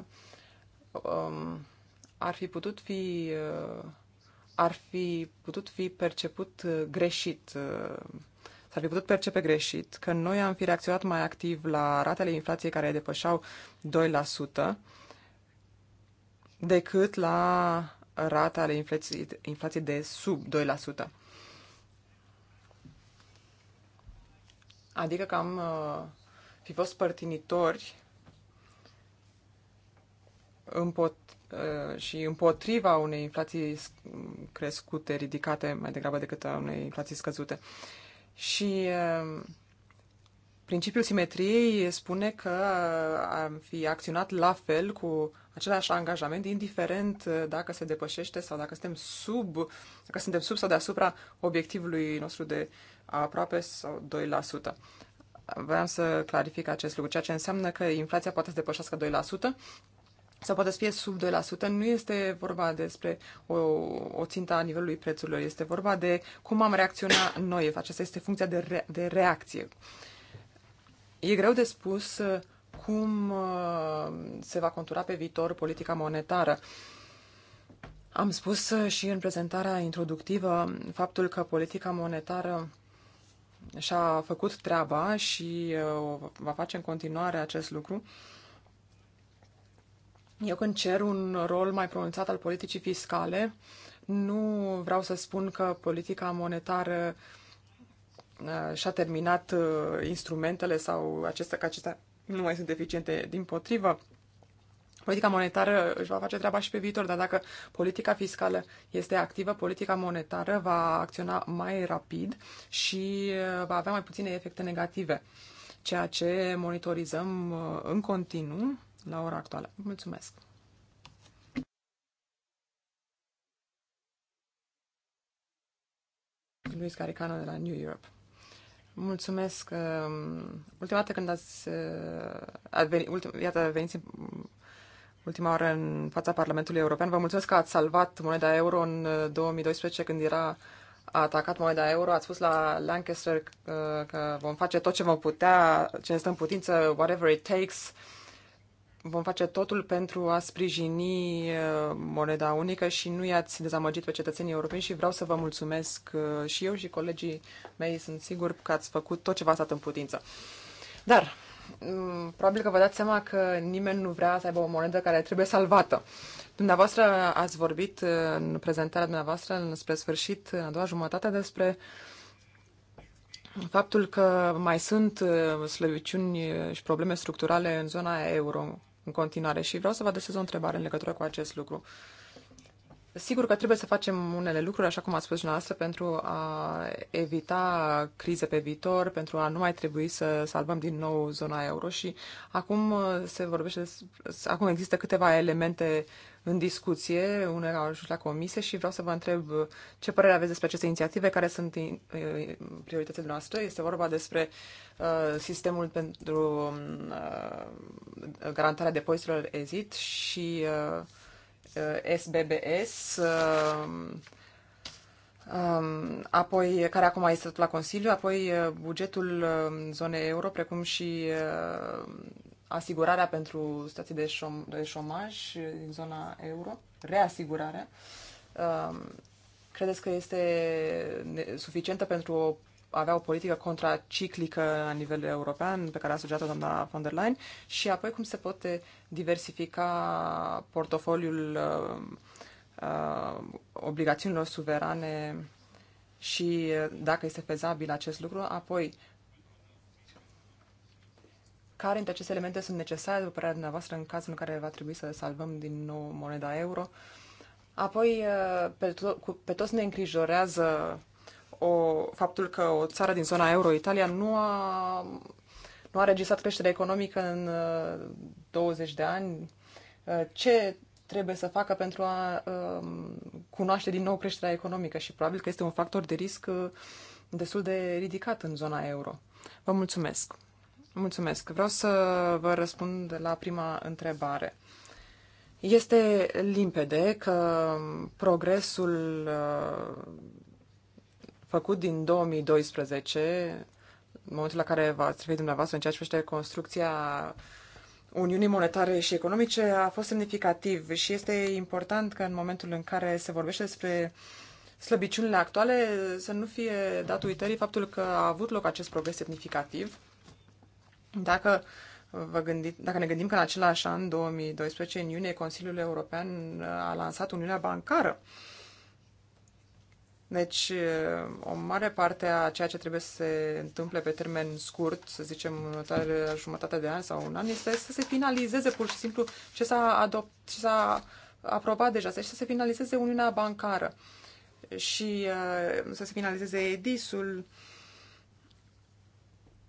um, uh, ar fi putut fi ar fi putut fi perceput uh, greșit s-ar fi putut percepe greșit că noi am fi reacționat mai activ la ratele inflației care depășeau 2%, decât la rata ale inflației, inflației de sub 2%. Adică că am uh, fi fost părtinitori împot, uh, și împotriva unei inflații crescute, ridicate, mai degrabă decât a unei inflații scăzute. Și uh, principiul simetriei spune că am fi acționat la fel cu același angajament, indiferent uh, dacă se depășește sau dacă suntem sub, dacă suntem sub sau deasupra obiectivului nostru de aproape sau 2%. Vreau să clarific acest lucru, ceea ce înseamnă că inflația poate să depășească 2%, sau poate să fie sub 2%, nu este vorba despre o, o țintă a nivelului prețurilor, este vorba de cum am reacționat noi. Aceasta este funcția de, re, de reacție. E greu de spus uh, cum uh, se va contura pe viitor politica monetară. Am spus uh, și în prezentarea introductivă faptul că politica monetară și-a făcut treaba și uh, va face în continuare acest lucru. Eu când cer un rol mai pronunțat al politicii fiscale, nu vreau să spun că politica monetară și-a terminat instrumentele sau acestea, că acestea nu mai sunt eficiente. Din potrivă, politica monetară își va face treaba și pe viitor, dar dacă politica fiscală este activă, politica monetară va acționa mai rapid și uh, va avea mai puține efecte negative, ceea ce monitorizăm uh, în continuu la ora actuală. Mulțumesc! Luis Caricano de la New Europe. Mulțumesc. Uh, ultima dată când ați... Uh, ați ultim, iată, veniți ultima oară în fața Parlamentului European. Vă mulțumesc că ați salvat moneda euro în 2012 uh, când era a atacat moneda euro. Ați spus la Lancaster că vom face tot ce vom putea, ce ne stă în putință, whatever it takes, vom face totul pentru a sprijini uh, moneda unică și nu i-ați dezamăgit pe cetățenii europeni și vreau să vă mulțumesc uh, și eu și colegii mei sunt sigur că ați făcut tot ce v-a stat în putință. Dar mm, probabil că vă dați seama că nimeni nu vrea să aibă o monedă care trebuie salvată. Dumneavoastră ați vorbit uh, în prezentarea dumneavoastră spre sfârșit, în a doua jumătate, despre faptul că mai sunt slăbiciuni și probleme structurale în zona euro, în continuare și vreau să vă adresez o întrebare în legătură cu acest lucru. Sigur că trebuie să facem unele lucruri, așa cum ați spus dumneavoastră, pentru a evita crize pe viitor, pentru a nu mai trebui să salvăm din nou zona euro și acum uh, se vorbește, acum există câteva elemente în discuție, unele au ajuns la comisie și vreau să vă întreb uh, ce părere aveți despre aceste inițiative, care sunt uh, prioritățile noastre. Este vorba despre sistemul pentru um, garantarea depozitelor EZIT și SBBS, uh, uh, um, um, apoi, care acum este la Consiliu, apoi uh, bugetul um, zonei euro, precum și asigurarea pentru stații de, șom- de șomaj din zona euro, reasigurarea. Credeți că este suficientă pentru o avea o politică contraciclică la nivel european, pe care a sugerat-o doamna von der Leyen, și apoi cum se poate diversifica portofoliul uh, uh, obligațiunilor suverane și uh, dacă este fezabil acest lucru, apoi care dintre aceste elemente sunt necesare, după părerea dumneavoastră, în cazul în care va trebui să salvăm din nou moneda euro. Apoi, uh, pe, to- pe toți ne îngrijorează o, faptul că o țară din zona euro, Italia, nu a, nu a registrat creștere economică în 20 uh, de ani. Uh, ce trebuie să facă pentru a um, cunoaște din nou creșterea economică și probabil că este un factor de risc uh, destul de ridicat în zona euro. Vă mulțumesc! Mulțumesc! Vreau să vă răspund la prima întrebare. Este limpede că um, progresul făcut din 2012, în momentul la care v-ați referit dumneavoastră în ceea ce privește construcția Uniunii Monetare și Economice, a fost semnificativ și este important că în momentul în care se vorbește despre slăbiciunile actuale să nu fie dat uitării faptul că a avut loc acest progres semnificativ. Dacă vă gândit, dacă ne gândim că în același an, 2012, în iunie, Consiliul European a lansat Uniunea Bancară, uh, deci, eh, o mare parte a ceea ce trebuie să se întâmple pe termen scurt, să zicem următoare jumătate de an sau un an, este să se finalizeze pur și simplu ce s-a, adopt, ce s-a aprobat deja, deci să se finalizeze Uniunea Bancară și eh, să se finalizeze EDIS-ul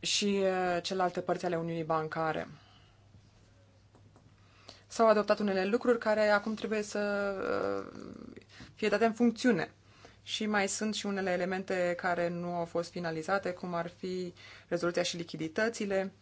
și eh, celelalte părți ale Uniunii Bancare. S-au adoptat unele lucruri care acum trebuie să fie date în funcțiune și mai sunt și unele elemente care nu au fost finalizate, cum ar fi rezoluția și lichiditățile.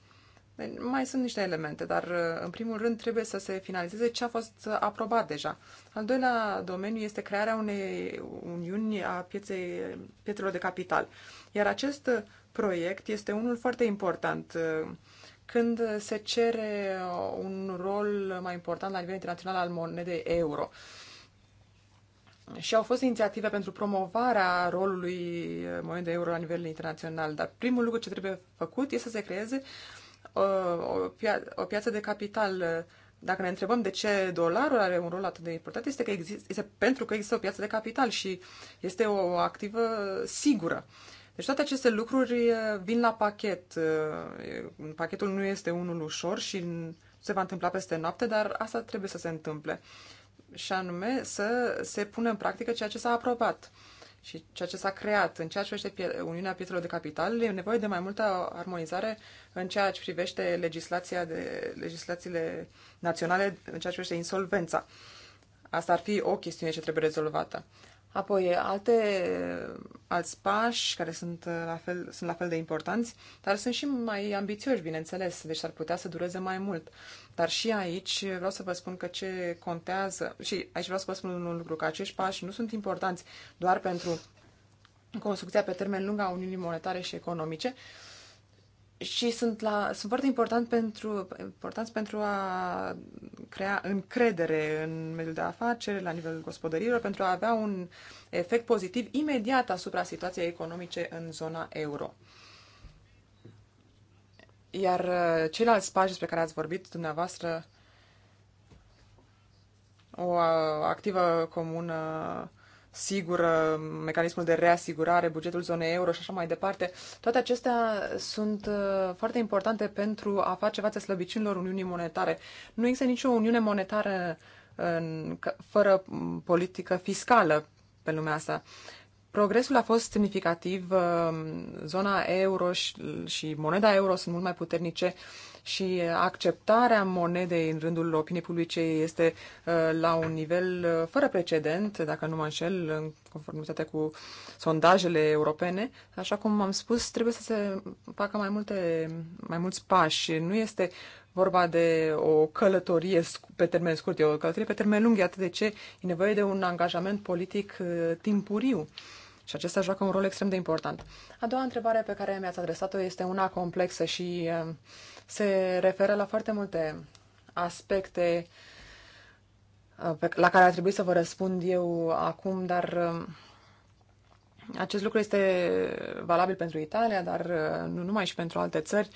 Deci mai sunt niște elemente, dar uh, în primul rând trebuie să se finalizeze ce a fost uh, aprobat deja. Al doilea domeniu este crearea unei uniuni a pieței, pietrelor de capital. Iar acest uh, proiect este unul foarte important când se cere un rol mai important la nivel internațional al monedei euro și au fost inițiative pentru promovarea rolului eh, monedei euro la nivel internațional, dar primul lucru ce trebuie făcut este să se creeze eh, o, pia- o piață de capital. Dacă ne întrebăm de ce dolarul are un rol atât de important, este, că exist- este pentru că există o piață de capital și este o activă sigură. Deci toate aceste lucruri eh, vin la pachet. Pachetul nu este unul ușor și se va întâmpla peste noapte, dar asta trebuie să se întâmple și anume să se pună în practică ceea ce s-a aprobat și ceea ce s-a creat în ceea ce privește Uniunea Pietrelor de Capital, e nevoie de mai multă armonizare în ceea ce privește legislația de, legislațiile naționale, în ceea ce privește insolvența. Asta ar fi o chestiune ce trebuie rezolvată. Apoi, alte, alți pași care sunt uh, la, fel, sunt la fel de importanți, dar sunt și mai ambițioși, bineînțeles, deci ar putea să dureze mai mult. Dar și aici vreau să vă spun că ce contează, și aici vreau să vă spun un lucru, că acești pași nu sunt importanți doar pentru construcția pe termen lung a Uniunii Monetare și Economice, și sunt, la, sunt foarte important pentru, importanți pentru a crea încredere în mediul de afaceri, la nivelul gospodărilor, pentru a avea un efect pozitiv imediat asupra situației economice în zona euro. Iar uh, ceilalți pași despre care ați vorbit dumneavoastră, o uh, activă comună sigură, mecanismul de reasigurare, bugetul zonei euro și așa mai departe. Toate acestea sunt uh, foarte importante pentru a face față slăbiciunilor Uniunii Monetare. Nu există nicio Uniune Monetară în, fără politică fiscală pe lumea asta. Progresul a fost semnificativ, uh, zona euro și, moneda euro sunt mult mai puternice și acceptarea monedei în rândul opiniei publice este uh, la un nivel uh, fără precedent, dacă nu mă înșel, în conformitate cu sondajele europene. Așa cum am spus, trebuie să se facă mai, multe, mai mulți pași. Nu este vorba de o călătorie pe termen scurt, e o călătorie pe termen lung, iată de ce e nevoie de un angajament politic timpuriu. Și acesta joacă un rol extrem de important. A doua întrebare pe care mi-ați adresat-o este una complexă și eh, se referă la foarte multe aspecte eh, la care ar trebui să vă răspund eu acum, dar eh, acest lucru este valabil pentru Italia, dar nu numai și pentru alte țări.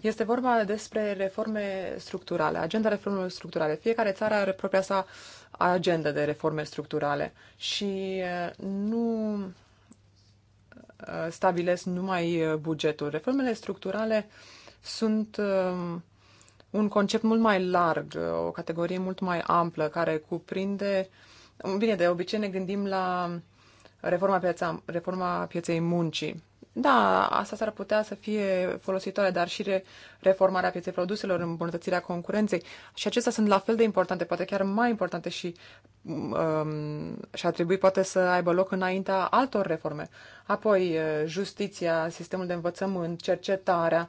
Este vorba despre reforme structurale, agenda reformelor structurale. Fiecare țară are propria sa agenda de reforme structurale și nu Uh, stabilesc numai uh, bugetul. Reformele structurale sunt um, un concept mult mai larg, uh, o categorie mult mai amplă, care cuprinde. Um, bine, de obicei ne gândim la um, reforma, piața, reforma pieței muncii, da, asta s-ar putea să fie folositoare, dar și reformarea pieței produselor, îmbunătățirea concurenței. Și acestea sunt la fel de importante, poate chiar mai importante și, um, și ar trebui poate să aibă loc înaintea altor reforme. Apoi, uh, justiția, sistemul de învățământ, cercetarea.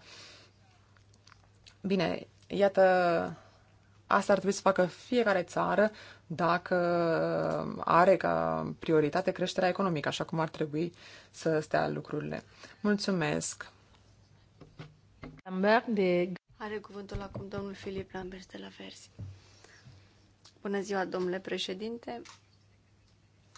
Bine, iată Asta ar trebui să facă fiecare țară dacă are ca prioritate creșterea economică, așa cum ar trebui să stea lucrurile. Mulțumesc! De... Are cuvântul acum domnul Filip Lambert de la Versi. Bună ziua, domnule președinte!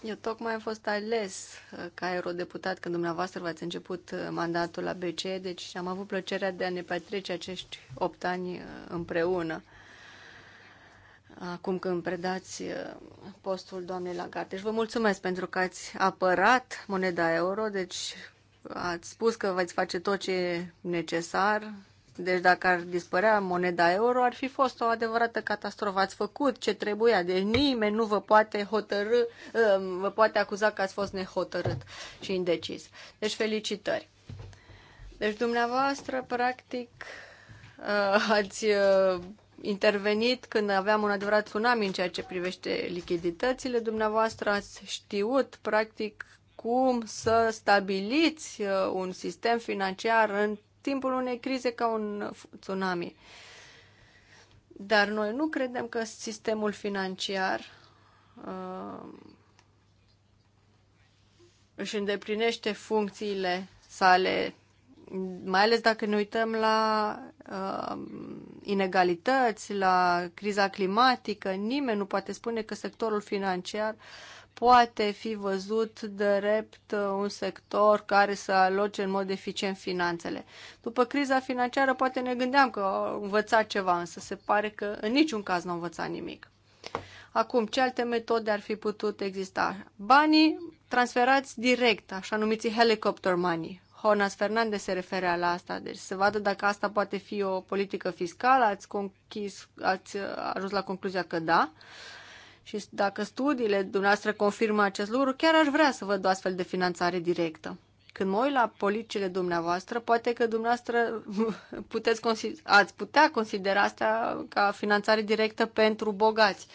Eu tocmai am fost ales ca eurodeputat când dumneavoastră v-ați început mandatul la BCE, deci am avut plăcerea de a ne petrece acești opt ani împreună acum când predați uh, postul doamnei Lagarde. Deci vă mulțumesc pentru că ați apărat moneda euro, deci ați spus că veți face tot ce e necesar. Deci dacă ar dispărea moneda euro, ar fi fost o adevărată catastrofă. Ați făcut ce trebuia, deci nimeni nu vă poate hotărâ, uh, vă poate acuza că ați fost nehotărât și indecis. Deci felicitări. Deci dumneavoastră, practic, uh, ați intervenit când aveam un adevărat tsunami în ceea ce privește lichiditățile. Dumneavoastră ați știut, practic, cum să stabiliți uh, un sistem financiar în timpul unei crize ca un tsunami. Dar noi nu credem că sistemul financiar uh, își îndeplinește funcțiile sale mai ales dacă ne uităm la uh, inegalități, la criza climatică, nimeni nu poate spune că sectorul financiar poate fi văzut drept uh, un sector care să aloce în mod eficient finanțele. După criza financiară poate ne gândeam că au învățat ceva, însă se pare că în niciun caz nu au învățat nimic. Acum, ce alte metode ar fi putut exista? Banii transferați direct, așa numiți helicopter money, Jonas Fernandez se referea la asta, deci să vadă dacă asta poate fi o politică fiscală, ați, conchis, ați uh, ajuns la concluzia că da. Și dacă studiile dumneavoastră confirmă acest lucru, chiar aș vrea să văd o astfel de finanțare directă. Când mă uit la politicile dumneavoastră, poate că dumneavoastră puteți, ați putea considera asta ca finanțare directă pentru bogați.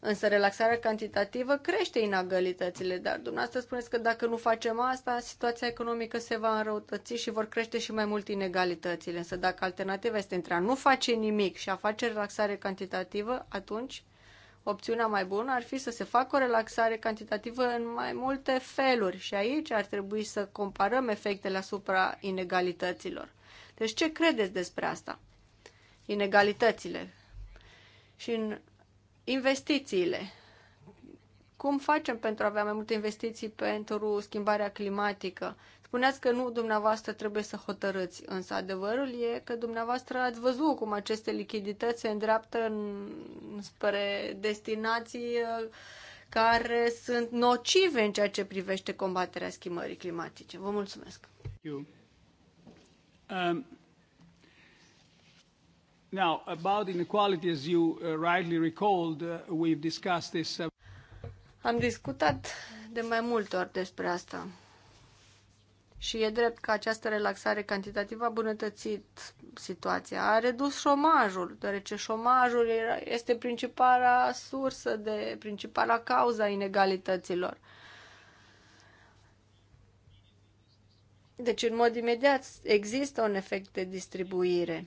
Însă relaxarea cantitativă crește inegalitățile, dar dumneavoastră spuneți că dacă nu facem asta, situația economică se va înrăutăți și vor crește și mai mult inegalitățile. Însă dacă alternativa este între a nu face nimic și a face relaxare cantitativă, atunci opțiunea mai bună ar fi să se facă o relaxare cantitativă în mai multe feluri și aici ar trebui să comparăm efectele asupra inegalităților. Deci ce credeți despre asta? Inegalitățile. Și în Investițiile. Cum facem pentru a avea mai multe investiții pentru schimbarea climatică? Spuneați că nu dumneavoastră trebuie să hotărâți, însă adevărul e că dumneavoastră ați văzut cum aceste lichidități se îndreaptă în, spre destinații uh, care sunt nocive în ceea ce privește combaterea schimbării climatice. Vă mulțumesc! You. Um... Now, about inequality, as you uh, rightly recalled, uh, we've discussed this. Uh, Am discutat de mai multe ori despre asta. Și e drept că această relaxare cantitativă a bunătățit situația, a redus șomajul, deoarece șomajul este principala sursă de, principala cauza inegalităților. Deci, în mod imediat, există un efect de distribuire.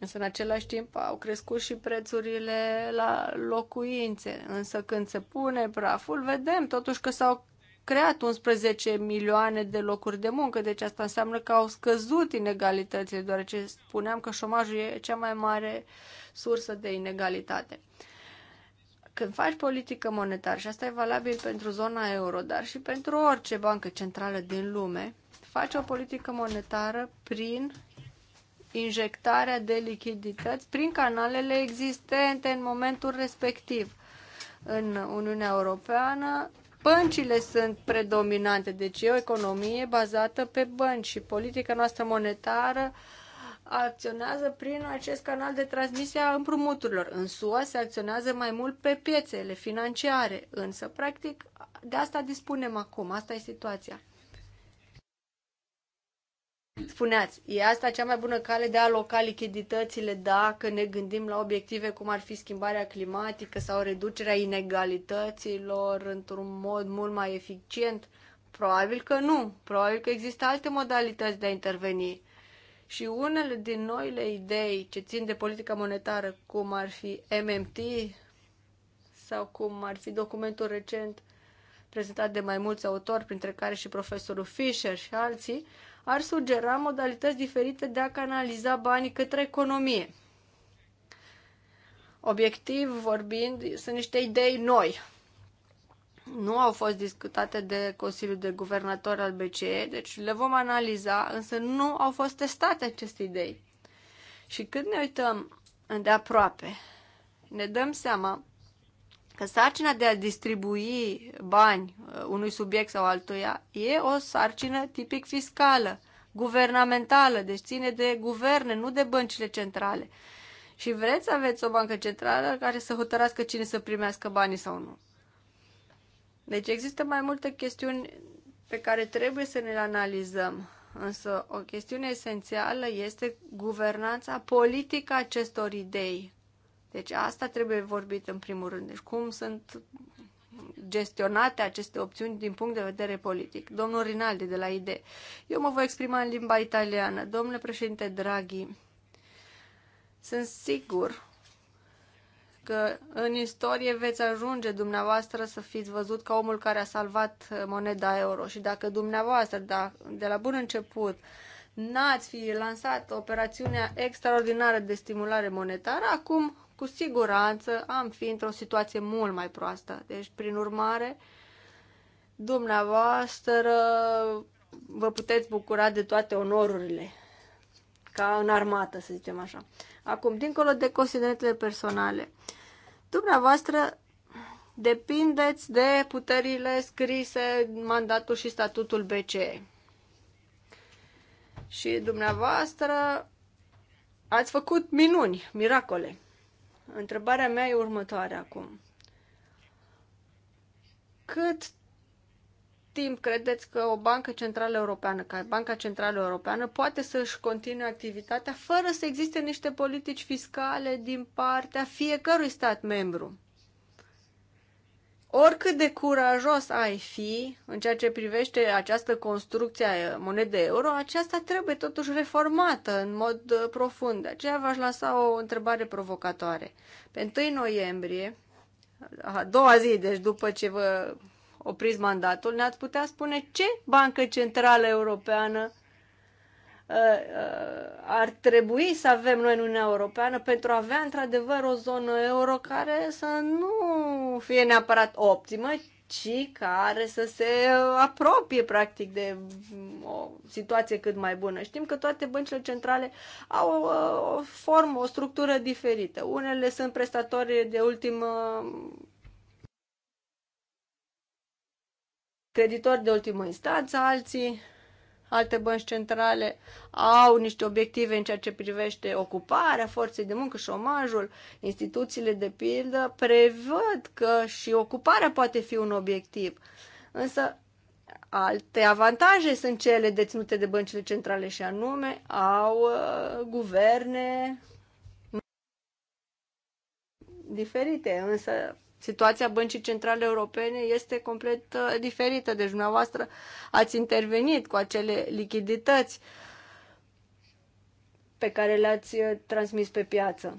Însă, în același timp, au crescut și prețurile la locuințe. Însă, când se pune praful, vedem totuși că s-au creat 11 milioane de locuri de muncă, deci asta înseamnă că au scăzut inegalitățile, deoarece spuneam că șomajul e cea mai mare sursă de inegalitate. Când faci politică monetară, și asta e valabil pentru zona euro, dar și pentru orice bancă centrală din lume, faci o politică monetară prin injectarea de lichidități prin canalele existente în momentul respectiv. În Uniunea Europeană, băncile sunt predominante, deci e o economie bazată pe bănci și politica noastră monetară acționează prin acest canal de transmisie a împrumuturilor. În SUA se acționează mai mult pe piețele financiare, însă, practic, de asta dispunem acum, asta e situația. Spuneați, e asta cea mai bună cale de a aloca lichiditățile dacă ne gândim la obiective cum ar fi schimbarea climatică sau reducerea inegalităților într-un mod mult mai eficient? Probabil că nu. Probabil că există alte modalități de a interveni. Și unele din noile idei ce țin de politica monetară, cum ar fi MMT sau cum ar fi documentul recent prezentat de mai mulți autori, printre care și profesorul Fisher și alții, ar sugera modalități diferite de a canaliza banii către economie. Obiectiv vorbind, sunt niște idei noi. Nu au fost discutate de Consiliul de Guvernator al BCE, deci le vom analiza, însă nu au fost testate aceste idei. Și când ne uităm îndeaproape, ne dăm seama că sarcina de a distribui bani uh, unui subiect sau altuia e o sarcină tipic fiscală, guvernamentală, deci ține de guverne, nu de băncile centrale. Și vreți să aveți o bancă centrală care să hotărască cine să primească banii sau nu. Deci există mai multe chestiuni pe care trebuie să ne le analizăm. Însă o chestiune esențială este guvernanța politică acestor idei deci asta trebuie vorbit în primul rând. Deci cum sunt gestionate aceste opțiuni din punct de vedere politic. Domnul Rinaldi de la ID. Eu mă voi exprima în limba italiană. Domnule președinte Draghi, sunt sigur că în istorie veți ajunge dumneavoastră să fiți văzut ca omul care a salvat moneda euro și dacă dumneavoastră da, de la bun început n-ați fi lansat operațiunea extraordinară de stimulare monetară, acum cu siguranță am fi într-o situație mult mai proastă. Deci, prin urmare, dumneavoastră vă puteți bucura de toate onorurile, ca în armată, să zicem așa. Acum, dincolo de considerentele personale, dumneavoastră depindeți de puterile scrise, mandatul și statutul BCE. Și dumneavoastră ați făcut minuni, miracole. Întrebarea mea e următoarea acum. Cât timp credeți că o bancă centrală europeană, ca Banca Centrală Europeană, poate să-și continue activitatea fără să existe niște politici fiscale din partea fiecărui stat membru? oricât de curajos ai fi în ceea ce privește această construcție a monedei euro, aceasta trebuie totuși reformată în mod uh, profund. De aceea v-aș lansa o întrebare provocatoare. Pe 1 noiembrie, a doua zi, deci după ce vă opriți mandatul, ne-ați putea spune ce bancă centrală europeană Uh, uh, ar trebui să avem noi în Uniunea Europeană pentru a avea într-adevăr o zonă euro care să nu fie neapărat optimă, ci care să se apropie practic de mm, o situație cât mai bună. Știm că toate băncile centrale au uh, o formă, o structură diferită. Unele sunt prestatori de ultimă creditori de ultimă instanță, alții Alte bănci centrale au niște obiective în ceea ce privește ocuparea forței de muncă, șomajul. Instituțiile, de pildă, prevăd că și ocuparea poate fi un obiectiv. Însă, alte avantaje sunt cele deținute de băncile centrale și anume au uh, guverne diferite, însă Situația Băncii Centrale Europene este complet uh, diferită, deci dumneavoastră ați intervenit cu acele lichidități pe care le-ați uh, transmis pe piață.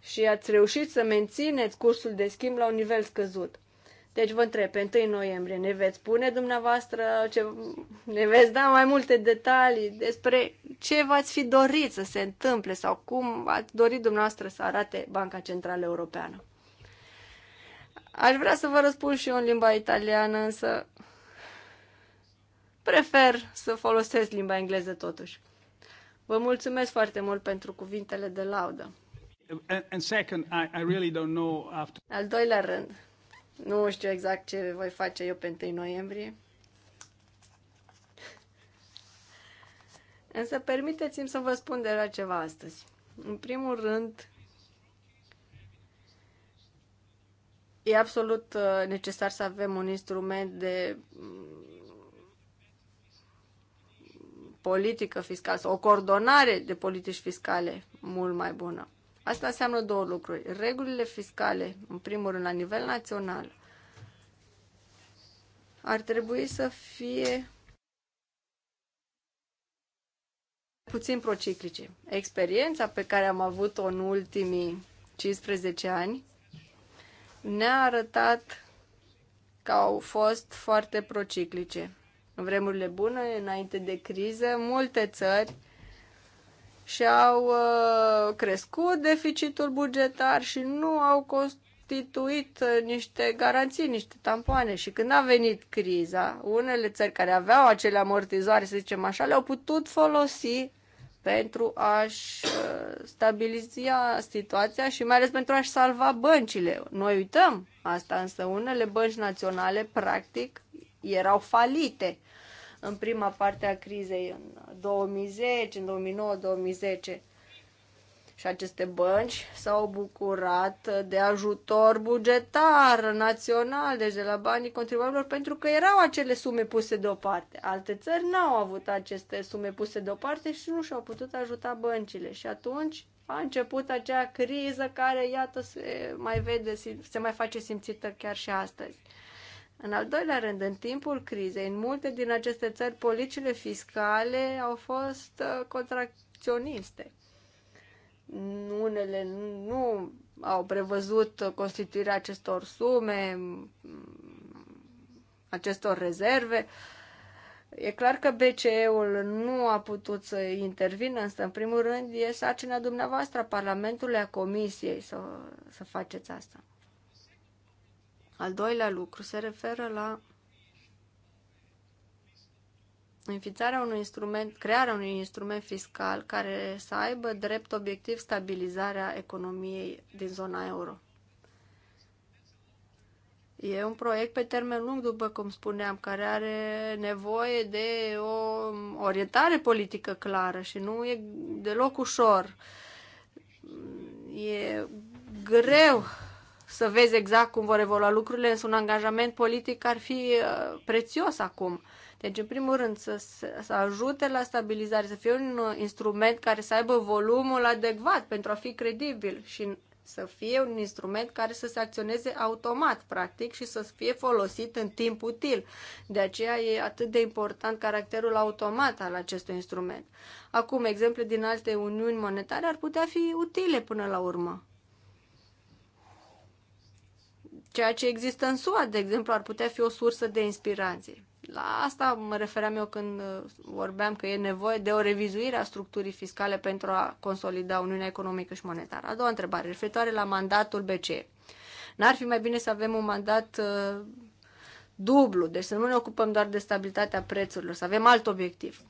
Și ați reușit să mențineți cursul de schimb la un nivel scăzut. Deci vă întreb, pe 1 noiembrie ne veți spune dumneavoastră, ce, ne veți da mai multe detalii despre ce v-ați fi dorit să se întâmple sau cum ați dorit dumneavoastră să arate Banca Centrală Europeană. Aș vrea să vă răspund și eu în limba italiană, însă prefer să folosesc limba engleză totuși. Vă mulțumesc foarte mult pentru cuvintele de laudă. And second, I, I really don't know after... Al doilea rând, nu știu exact ce voi face eu pe 1 noiembrie. Însă permiteți-mi să vă spun de la ceva astăzi. În primul rând, e absolut uh, necesar să avem un instrument de mm, politică fiscală sau o coordonare de politici fiscale mult mai bună. Asta înseamnă două lucruri. Regulile fiscale, în primul rând, la nivel național, ar trebui să fie puțin prociclice. Experiența pe care am avut-o în ultimii 15 ani ne-a arătat că au fost foarte prociclice. În vremurile bune, înainte de criză, multe țări și au uh, crescut deficitul bugetar și nu au constituit uh, niște garanții, niște tampoane. Și când a venit criza, unele țări care aveau acele amortizoare, să zicem așa, le-au putut folosi pentru a-și uh, stabiliza situația și mai ales pentru a-și salva băncile. Noi uităm asta, însă unele bănci naționale, practic, erau falite în prima parte a crizei, în 2010, în 2009-2010. Și aceste bănci s-au bucurat de ajutor bugetar național, deci de la banii contribuabililor, pentru că erau acele sume puse deoparte. Alte țări n-au avut aceste sume puse deoparte și nu și-au putut ajuta băncile. Și atunci a început acea criză care, iată, se mai vede, se mai face simțită chiar și astăzi. În al doilea rând, în timpul crizei, în multe din aceste țări, politicile fiscale au fost uh, contracționiste. Unele nu au prevăzut constituirea acestor sume, acestor rezerve. E clar că BCE-ul nu a putut să intervină, însă, în primul rând, e sarcina dumneavoastră, a Parlamentului, a Comisiei, să, să faceți asta. Al doilea lucru se referă la înființarea unui instrument, crearea unui instrument fiscal care să aibă drept obiectiv stabilizarea economiei din zona euro. E un proiect pe termen lung, după cum spuneam, care are nevoie de o orientare politică clară și nu e deloc ușor. E greu să vezi exact cum vor evolua lucrurile, însă un angajament politic ar fi uh, prețios acum. Deci, în primul rând, să, să ajute la stabilizare, să fie un uh, instrument care să aibă volumul adecvat pentru a fi credibil și să fie un instrument care să se acționeze automat, practic, și să fie folosit în timp util. De aceea e atât de important caracterul automat al acestui instrument. Acum, exemple din alte uniuni monetare ar putea fi utile până la urmă. Ceea ce există în SUA, de exemplu, ar putea fi o sursă de inspirație. La asta mă refeream eu când uh, vorbeam că e nevoie de o revizuire a structurii fiscale pentru a consolida Uniunea Economică și Monetară. A doua întrebare, referitoare la mandatul BCE. N-ar fi mai bine să avem un mandat uh, dublu, deci să nu ne ocupăm doar de stabilitatea prețurilor, să avem alt obiectiv.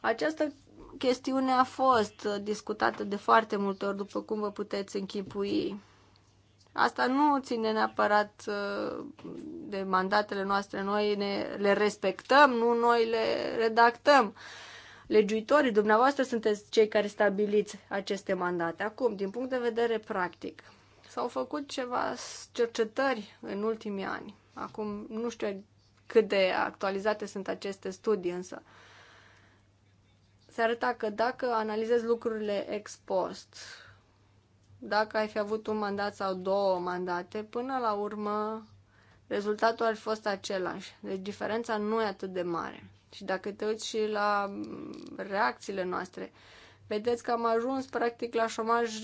Această chestiune a fost uh, discutată de foarte multe ori, după cum vă puteți închipui Asta nu ține neapărat uh, de mandatele noastre, noi ne, le respectăm, nu noi le redactăm. Legiuitorii, dumneavoastră sunteți cei care stabiliți aceste mandate. Acum, din punct de vedere practic, s-au făcut ceva cercetări în ultimii ani. Acum, nu știu cât de actualizate sunt aceste studii, însă se arăta că dacă analizezi lucrurile ex post, dacă ai fi avut un mandat sau două mandate, până la urmă rezultatul ar fi fost același. Deci diferența nu e atât de mare. Și dacă te uiți și la mm, reacțiile noastre, vedeți că am ajuns practic la șomaj,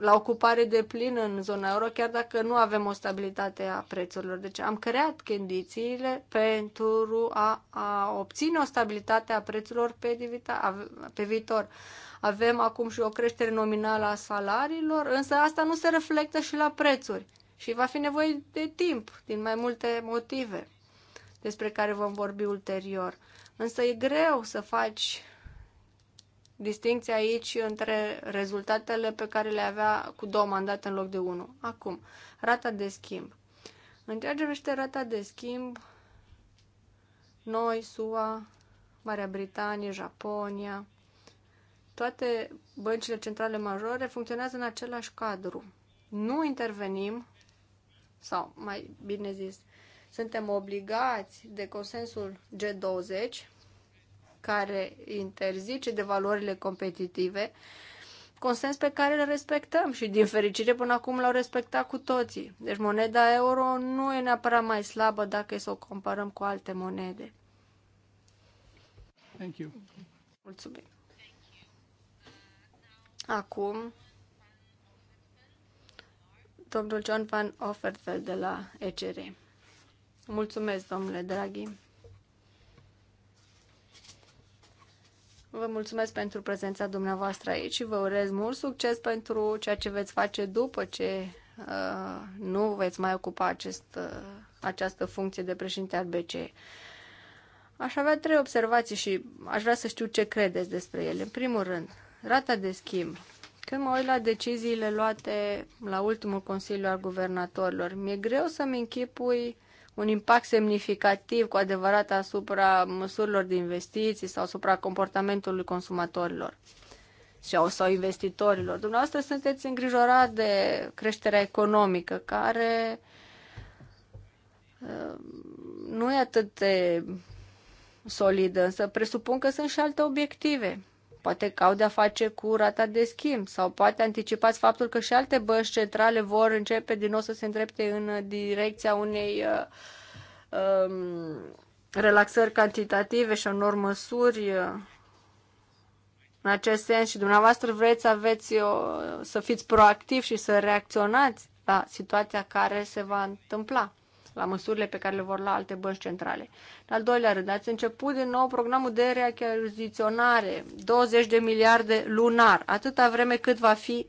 la ocupare de plin în zona euro, chiar dacă nu avem o stabilitate a prețurilor. Deci am creat condițiile pentru a, a obține o stabilitate a prețurilor pe, divita, pe viitor. Avem acum și o creștere nominală a salariilor, însă asta nu se reflectă și la prețuri și va fi nevoie de timp din mai multe motive despre care vom vorbi ulterior. Însă e greu să faci distinția aici între rezultatele pe care le avea cu două mandate în loc de unul. Acum, rata de schimb. În ceea ce privește rata de schimb, noi, SUA, Marea Britanie, Japonia, toate băncile centrale majore funcționează în același cadru. Nu intervenim, sau mai bine zis, suntem obligați de consensul G20, care interzice de valorile competitive, consens pe care îl respectăm și, din fericire, până acum l-au respectat cu toții. Deci moneda euro nu e neapărat mai slabă dacă e să o comparăm cu alte monede. Thank you. Mulțumim. Acum, domnul John Van Offerfeld de la ECR. Mulțumesc, domnule Draghi. Vă mulțumesc pentru prezența dumneavoastră aici și vă urez mult succes pentru ceea ce veți face după ce uh, nu veți mai ocupa acest, uh, această funcție de președinte al BCE. Aș avea trei observații și aș vrea să știu ce credeți despre ele. În primul rând, Rata de schimb. Când mă uit la deciziile luate la ultimul Consiliu al Guvernatorilor, mi-e greu să-mi închipui un impact semnificativ cu adevărat asupra măsurilor de investiții sau asupra comportamentului consumatorilor sau, sau investitorilor. Dumneavoastră sunteți îngrijorat de creșterea economică, care uh, nu e atât de solidă, însă presupun că sunt și alte obiective. Poate că au de-a face cu rata de schimb sau poate anticipați faptul că și alte bănci centrale vor începe din nou să se îndrepte în direcția unei uh, um, relaxări cantitative și unor măsuri uh, în acest sens și dumneavoastră vreți să aveți o, uh, să fiți proactiv și să reacționați la situația care se va întâmpla la măsurile pe care le vor lua alte bănci centrale. În al doilea rând, ați început din nou programul de reachiziționare, 20 de miliarde lunar, atâta vreme cât va fi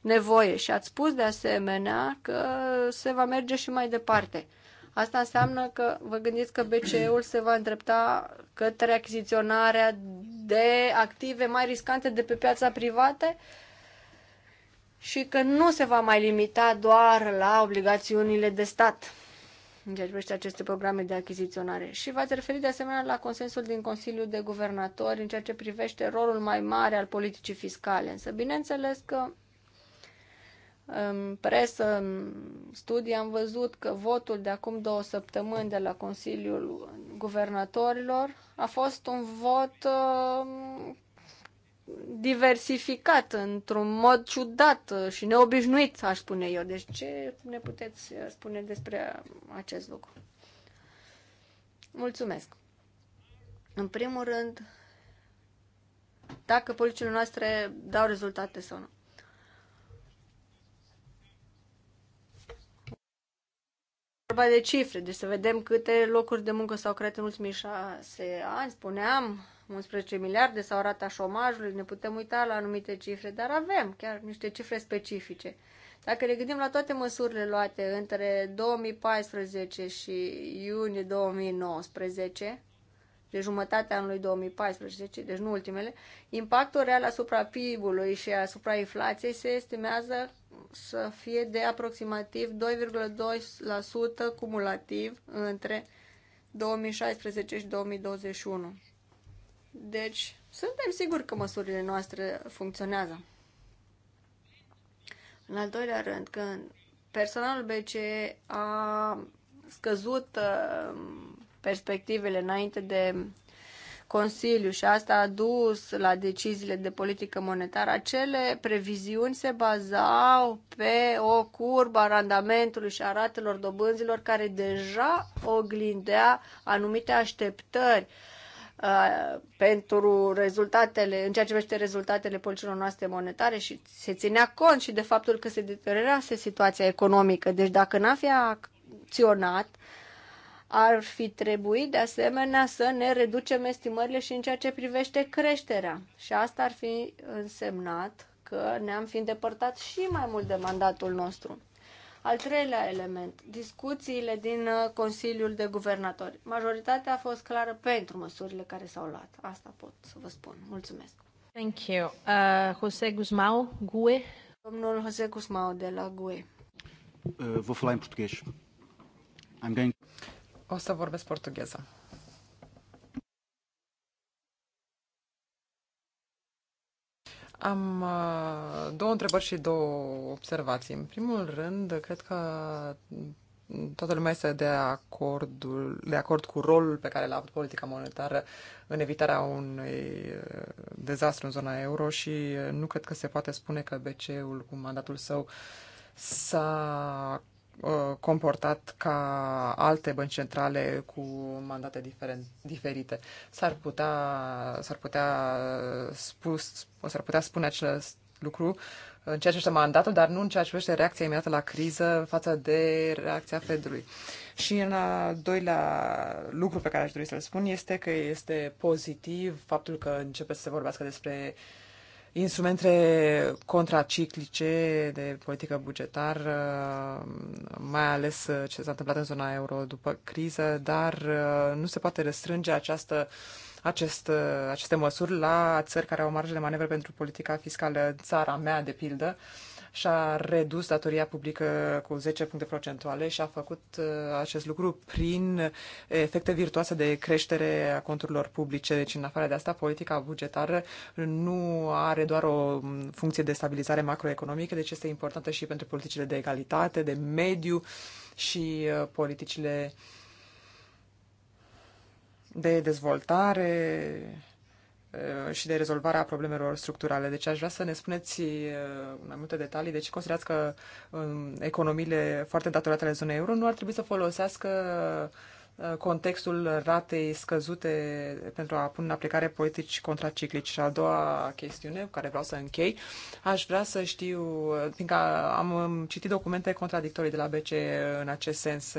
nevoie. Și ați spus de asemenea că se va merge și mai departe. Asta înseamnă că vă gândiți că BCE-ul se va îndrepta către achiziționarea de active mai riscante de pe piața private și că nu se va mai limita doar la obligațiunile de stat în ceea ce privește aceste programe de achiziționare. Și v-ați referit de asemenea la consensul din Consiliul de Guvernatori în ceea ce privește rolul mai mare al politicii fiscale. Însă, bineînțeles că în presă, în studii, am văzut că votul de acum două săptămâni de la Consiliul Guvernatorilor a fost un vot uh, diversificat într-un mod ciudat și neobișnuit, aș spune eu. Deci ce ne puteți uh, spune despre acest lucru? Mulțumesc. În primul rând, dacă politicile noastre dau rezultate sau nu. vorba de cifre, deci să vedem câte locuri de muncă s-au creat în ultimii șase ani, spuneam, 11 miliarde sau rata șomajului, ne putem uita la anumite cifre, dar avem chiar niște cifre specifice. Dacă ne gândim la toate măsurile luate între 2014 și iunie 2019, de jumătatea anului 2014, deci nu ultimele, impactul real asupra PIB-ului și asupra inflației se estimează să fie de aproximativ 2,2% cumulativ între 2016 și 2021. Deci, suntem siguri că măsurile noastre funcționează. În al doilea rând, când personalul BCE a scăzut uh, perspectivele înainte de Consiliu și asta a dus la deciziile de politică monetară, acele previziuni se bazau pe o curbă a randamentului și a ratelor dobânzilor care deja oglindea anumite așteptări uh, Uh, pentru rezultatele, în ceea ce privește rezultatele politicilor noastre monetare și se ținea cont și de faptul că se deteriorase situația economică. Deci dacă n-a fi acționat, ar fi trebuit de asemenea să ne reducem estimările și în ceea ce privește creșterea. Și asta ar fi însemnat că ne-am fi îndepărtat și mai mult de mandatul nostru. Al treilea element, discuțiile din uh, Consiliul de Guvernatori. Majoritatea a fost clară pentru măsurile care s-au luat. Asta pot să vă spun. Mulțumesc. Thank you. Uh, José Guzmão, GUE. Domnul José Guzmão de la GUE. Uh, vou falar em português. I'm going... O să vorbesc portugheză. Am uh, două întrebări și două observații. În primul rând, cred că toată lumea este de, acordul, de acord cu rolul pe care l-a avut politica monetară în evitarea unui uh, dezastru în zona euro și uh, nu cred că se poate spune că BCE-ul cu mandatul său s-a Uh, comportat ca alte bănci centrale cu mandate diferent, diferite. S-ar putea, s-ar putea, uh, spus, s-ar putea spune acest lucru în ceea ce este mandatul, dar nu în ceea ce privește reacția imediată la criză față de reacția Fedului. Și în a doilea lucru pe care aș dori să-l spun este că este pozitiv faptul că începe să se vorbească despre uh, instrumente contraciclice de politică bugetară, mai ales uh, ce s-a întâmplat în zona euro după criză, dar uh, nu se poate restrânge această acest, uh, aceste măsuri la țări care au marge de manevră pentru politica fiscală. Țara mea, de pildă, uh, și-a redus datoria publică cu 10 puncte procentuale și a făcut uh, acest lucru prin efecte virtuoase de creștere a conturilor publice. Deci, în afară de asta, politica bugetară nu are doar o funcție de stabilizare macroeconomică, deci este importantă și pentru politicile de egalitate, de mediu și uh, politicile de dezvoltare Uh, și de rezolvarea problemelor structurale. Deci aș vrea să ne spuneți uh, mai multe detalii. Deci considerați că um, economiile foarte datorate ale zonei euro nu ar trebui să folosească contextul ratei scăzute pentru a pune în aplicare politici contraciclici. Și a doua chestiune cu care vreau să închei, aș vrea să știu, fiindcă am citit documente contradictorii de la BCE în acest sens,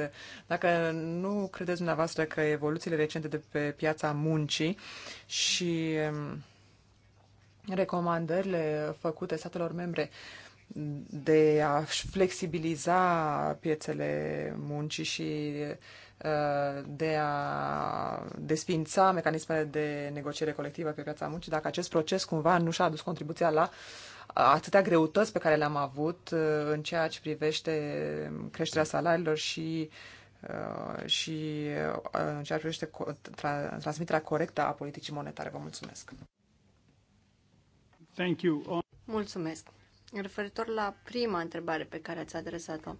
dacă nu credeți dumneavoastră că evoluțiile recente de pe piața muncii și um, recomandările făcute statelor membre de a flexibiliza piețele muncii și de a desfința mecanismele de negociere colectivă pe piața muncii, dacă acest proces cumva nu și-a adus contribuția la atâtea greutăți pe care le-am avut uh, în ceea ce privește creșterea salariilor și uh, și uh, în ceea ce privește transmiterea corectă a politicii monetare. Vă mulțumesc. Thank you. Mulțumesc. Referitor la prima întrebare pe care ați adresat-o,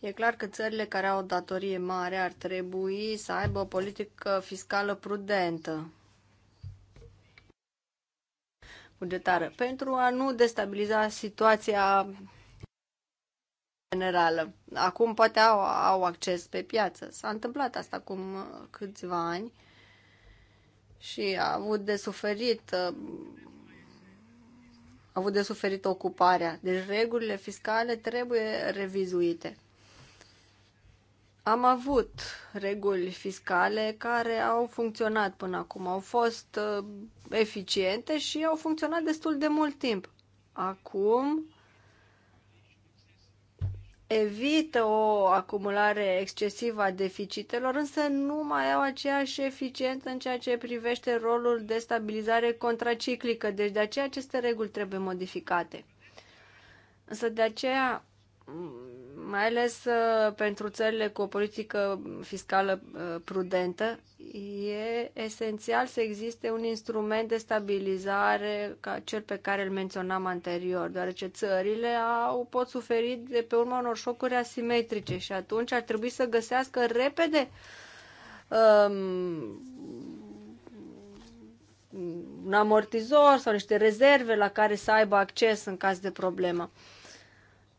E clar că țările care au o datorie mare ar trebui să aibă o politică fiscală prudentă, bugetară, pentru a nu destabiliza situația generală. Acum poate au, au acces pe piață. S-a întâmplat asta acum câțiva ani și a avut de suferit a avut de suferit ocuparea. Deci regulile fiscale trebuie revizuite. Am avut reguli fiscale care au funcționat până acum, au fost uh, eficiente și au funcționat destul de mult timp. Acum evită o acumulare excesivă a deficitelor, însă nu mai au aceeași eficiență în ceea ce privește rolul de stabilizare contraciclică, deci de aceea aceste reguli trebuie modificate. Însă de aceea mai ales uh, pentru țările cu o politică fiscală uh, prudentă, e esențial să existe un instrument de stabilizare ca cel pe care îl menționam anterior, deoarece țările au, pot suferi de pe urma unor șocuri asimetrice și atunci ar trebui să găsească repede um, un amortizor sau niște rezerve la care să aibă acces în caz de problemă. Uh,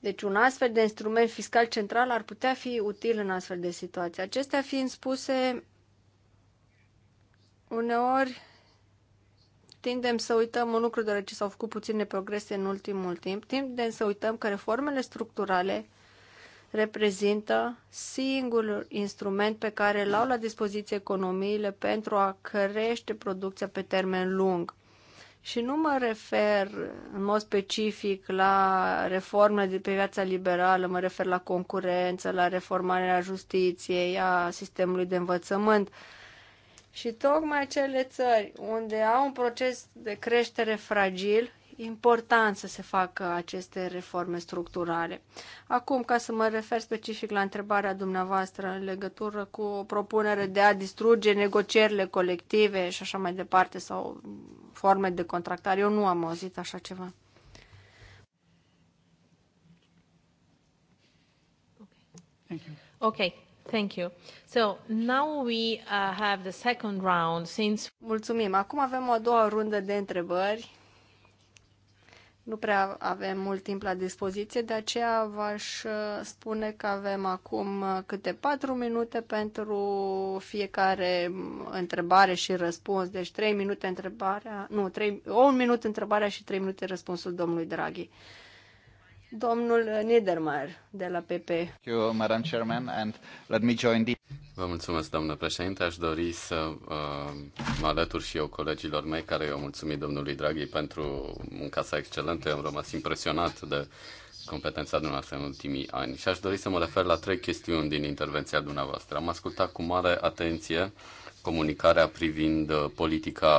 deci un astfel de instrument fiscal central ar putea fi util în astfel de situații. Acestea fiind spuse, uneori tindem să uităm un lucru deoarece s-au făcut puține progrese în ultimul timp, tindem să uităm că reformele structurale reprezintă singurul instrument pe care îl au la dispoziție economiile pentru a crește producția pe termen lung. Și nu mă refer în mod specific la reforme de pe viața liberală, mă refer la concurență, la reformarea justiției, a sistemului de învățământ. Și tocmai acele țări unde au un proces de creștere fragil, important să se facă aceste reforme structurale. Acum, ca să mă refer specific la întrebarea dumneavoastră în legătură cu o propunere de a distruge negocierile colective și așa mai departe sau forme de contractare, eu nu am auzit așa ceva. Okay. Thank you. So now we uh, have the second round since Mulțumim. Acum avem o a doua rundă de întrebări nu prea avem mult timp la dispoziție, de aceea v-aș uh, spune că avem acum uh, câte patru minute pentru fiecare mm, întrebare și răspuns. Deci trei minute întrebarea, nu, trei, un minut întrebarea și trei minute răspunsul domnului Draghi domnul Niedermayer de la PP. You, Madam Chairman, and let me join the... Vă mulțumesc, doamnă președinte. Aș dori să uh, mă alătur și eu colegilor mei care i-au mulțumit domnului Draghi pentru munca sa excelentă. Eu am rămas impresionat de competența dumneavoastră în ultimii ani. Și aș dori să mă refer la trei chestiuni din intervenția dumneavoastră. Am ascultat cu mare atenție comunicarea privind uh, politica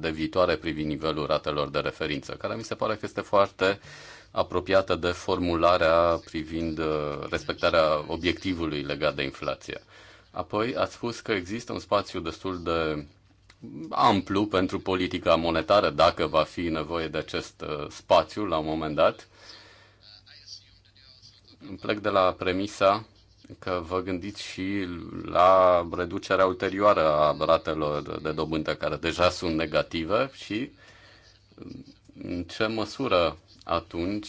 de viitoare, privind nivelul ratelor de referință, care mi se pare că este foarte uh, apropiată de formularea privind uh, respectarea obiectivului legat de inflație. Apoi ați spus că există un spațiu destul de amplu pentru politica monetară, dacă va fi nevoie de acest uh, spațiu la un moment dat. Plec de la premisa că vă gândiți și la reducerea ulterioară a ratelor de dobândă care deja sunt negative și în ce măsură atunci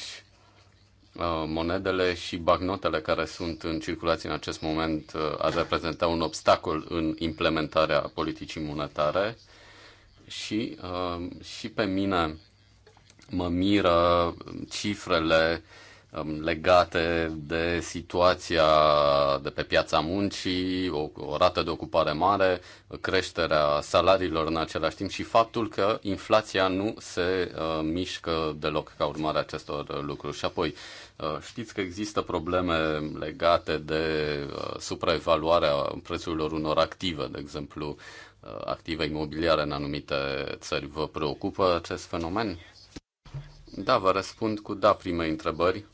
uh, monedele și bagnotele care sunt în circulație în acest moment uh, ar reprezenta un obstacol în implementarea politicii monetare și, uh, și pe mine mă miră cifrele Um, legate de situația de pe piața muncii, o, o rată de ocupare mare, creșterea salariilor în același timp și faptul că inflația nu se uh, mișcă deloc ca urmare a acestor lucruri. Și apoi, uh, știți că există probleme legate de uh, supraevaluarea prețurilor unor active, de exemplu, uh, active imobiliare în anumite țări. Vă preocupă acest fenomen? Da, vă răspund cu da primei întrebări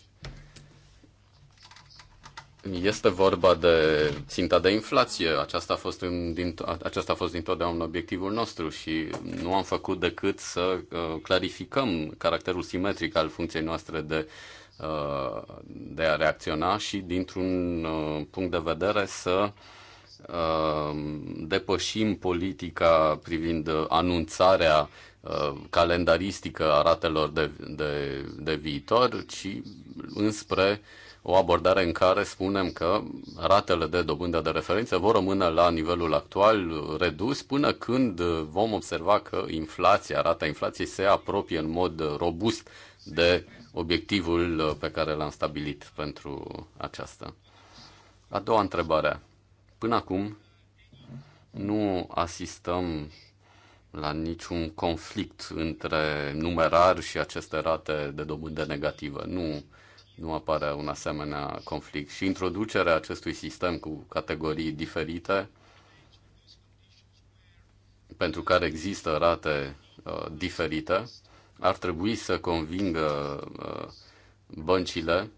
este vorba de ținta de inflație. Aceasta a fost, în, din, aceasta a fost dintotdeauna obiectivul nostru și nu am făcut decât să uh, clarificăm caracterul simetric al funcției noastre de, uh, de a reacționa și, dintr-un uh, punct de vedere, să depășim politica privind anunțarea calendaristică a ratelor de, de, de viitor, ci înspre uh, o abordare în care spunem că ratele de dobândă de referință vor rămâne la nivelul actual redus până când vom observa că inflația, rata inflației se apropie în mod robust de obiectivul pe care l-am stabilit pentru aceasta. A doua întrebare. Până acum nu asistăm la niciun conflict între numerar și aceste rate de dobândă negativă. Nu nu apare un asemenea conflict. Și introducerea acestui sistem cu categorii diferite, pentru care există rate uh, diferite, ar trebui să convingă uh, băncile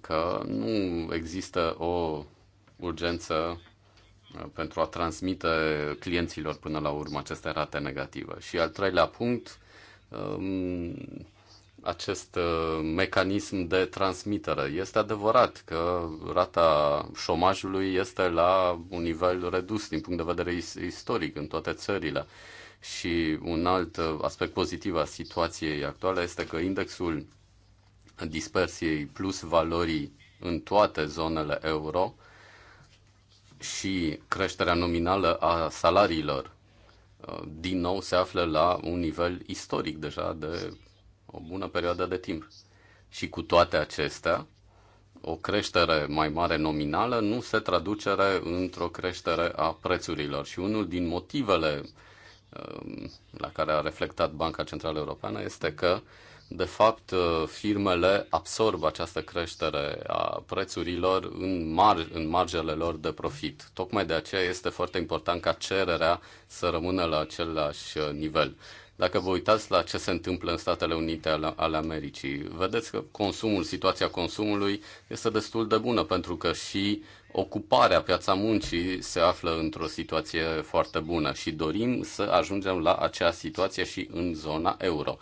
că nu există o urgență uh, pentru a transmite clienților până la urmă aceste rate negative. Și al treilea punct, um, acest uh, mecanism de transmitere. Este adevărat că rata șomajului este la un nivel redus din punct de vedere istoric în toate țările. Și un alt uh, aspect pozitiv a situației actuale este că indexul dispersiei plus valorii în toate zonele euro și creșterea nominală a salariilor uh, din nou se află la un nivel istoric deja de o bună perioadă de timp. Și cu toate acestea, o creștere mai mare nominală nu se traduce într-o creștere a prețurilor. Și unul din motivele um, la care a reflectat Banca Centrală Europeană este că, de fapt, uh, firmele absorb această creștere a prețurilor în, mar- în marjele lor de profit. Tocmai de aceea este foarte important ca cererea să rămână la același uh, nivel. Dacă vă uitați la ce se întâmplă în Statele Unite ale, ale Americii, vedeți că consumul, situația consumului este destul de bună pentru că și ocuparea piața muncii se află într-o situație foarte bună și dorim să ajungem la acea situație și în zona euro,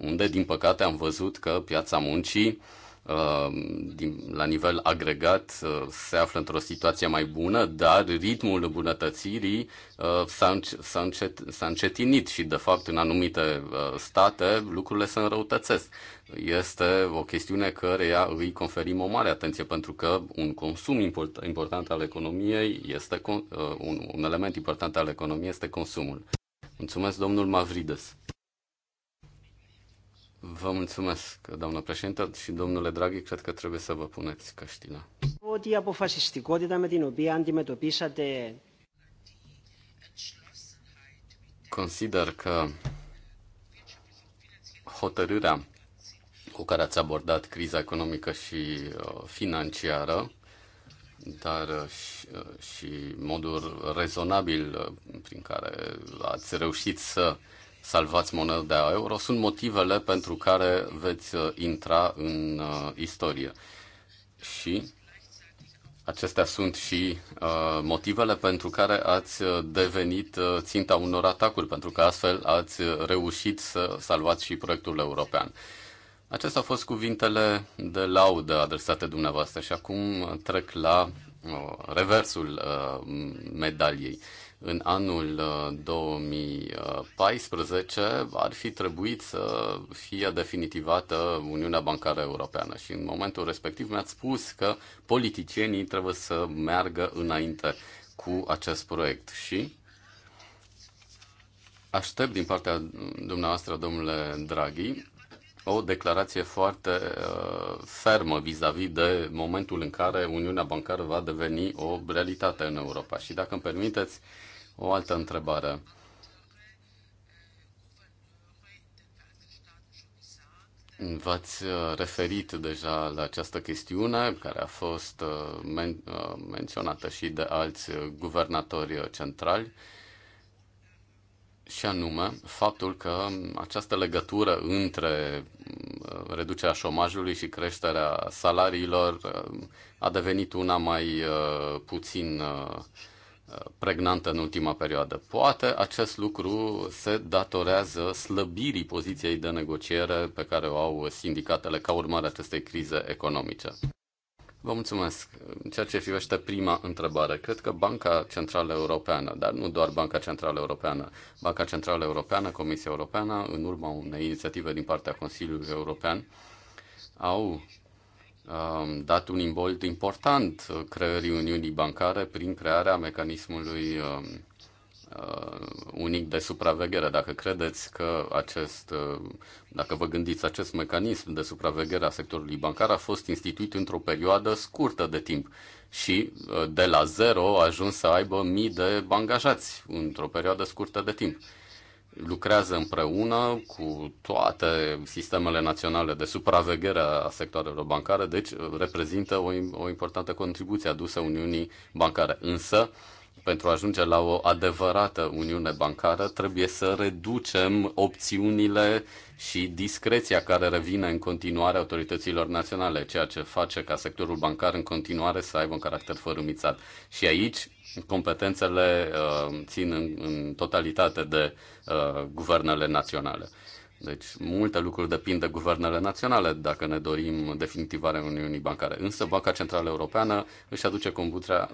unde, din păcate, am văzut că piața muncii uh, Uh, la nivel agregat uh, se află într-o situație mai bună, dar ritmul îmbunătățirii uh, s-a, s-a, încet, s-a încetinit și, de fapt, în anumite state lucrurile se înrăutățesc. Este o chestiune care îi conferim o mare atenție, pentru că un consum import, important al economiei este un, un element important al economiei este consumul. Mulțumesc, domnul Mavrides. Vă mulțumesc, doamnă președintă și domnule Draghi, cred că trebuie să vă puneți căștina. Ότι η αποφασιστικότητα με την οποία αντιμετωπίσατε... Consider că hotărârea cu care ați abordat criza economică și uh, financiară, dar uh, și, uh, și modul rezonabil prin care ați reușit să uh, salvați moneda euro sunt motivele pentru care veți uh, intra în uh, istorie. Și acestea sunt și uh, motivele pentru care ați uh, devenit ținta unor atacuri, pentru că astfel ați reușit să salvați și proiectul european. Acestea au fost cuvintele de laudă adresate dumneavoastră și acum trec la uh, reversul uh, medaliei. Uh, în anul 2014 uh, ar fi trebuit să fie definitivată Uniunea Bancară Europeană și în momentul respectiv mi-ați spus că politicienii trebuie să meargă înainte cu acest proiect și aștept din partea dumneavoastră, domnule Draghi, o declarație foarte uh, fermă vis-a-vis -vis de momentul în care Uniunea Bancară va deveni o realitate în Europa. Și dacă îmi permiteți, o altă întrebare. V-ați uh, referit deja la această chestiune care a fost uh, men- uh, menționată și de alți guvernatori centrali și anume faptul că această legătură între reducerea șomajului și creșterea salariilor a devenit una mai puțin pregnantă în ultima perioadă. Poate acest lucru se datorează slăbirii poziției de negociere pe care o au sindicatele ca urmare a acestei crize economice. Vă mulțumesc. În ceea ce privește prima întrebare, cred că Banca Centrală Europeană, dar nu doar Banca Centrală Europeană, Banca Centrală Europeană, Comisia Europeană, în urma unei inițiative din partea Consiliului European, au dat un imbold important creării Uniunii Bancare prin crearea mecanismului um, uh, unic de supraveghere. Dacă credeți că acest, uh, dacă vă gândiți, acest mecanism de supraveghere a sectorului bancar a fost instituit într-o perioadă scurtă de timp și uh, de la zero a ajuns să aibă mii de angajați într-o perioadă scurtă de timp lucrează împreună cu toate sistemele naționale de supraveghere a sectoarelor bancare, deci reprezintă o, o importantă contribuție adusă Uniunii Bancare. Însă, pentru a ajunge la o adevărată uniune bancară, trebuie să reducem opțiunile și discreția care revine în continuare autorităților naționale, ceea ce face ca sectorul bancar în continuare să aibă un caracter fărâmițat. Și aici competențele uh, țin în, în totalitate de uh, guvernele naționale. Deci multe lucruri depind de guvernele naționale dacă ne dorim definitivarea Uniunii Bancare. Însă Banca Centrală Europeană își aduce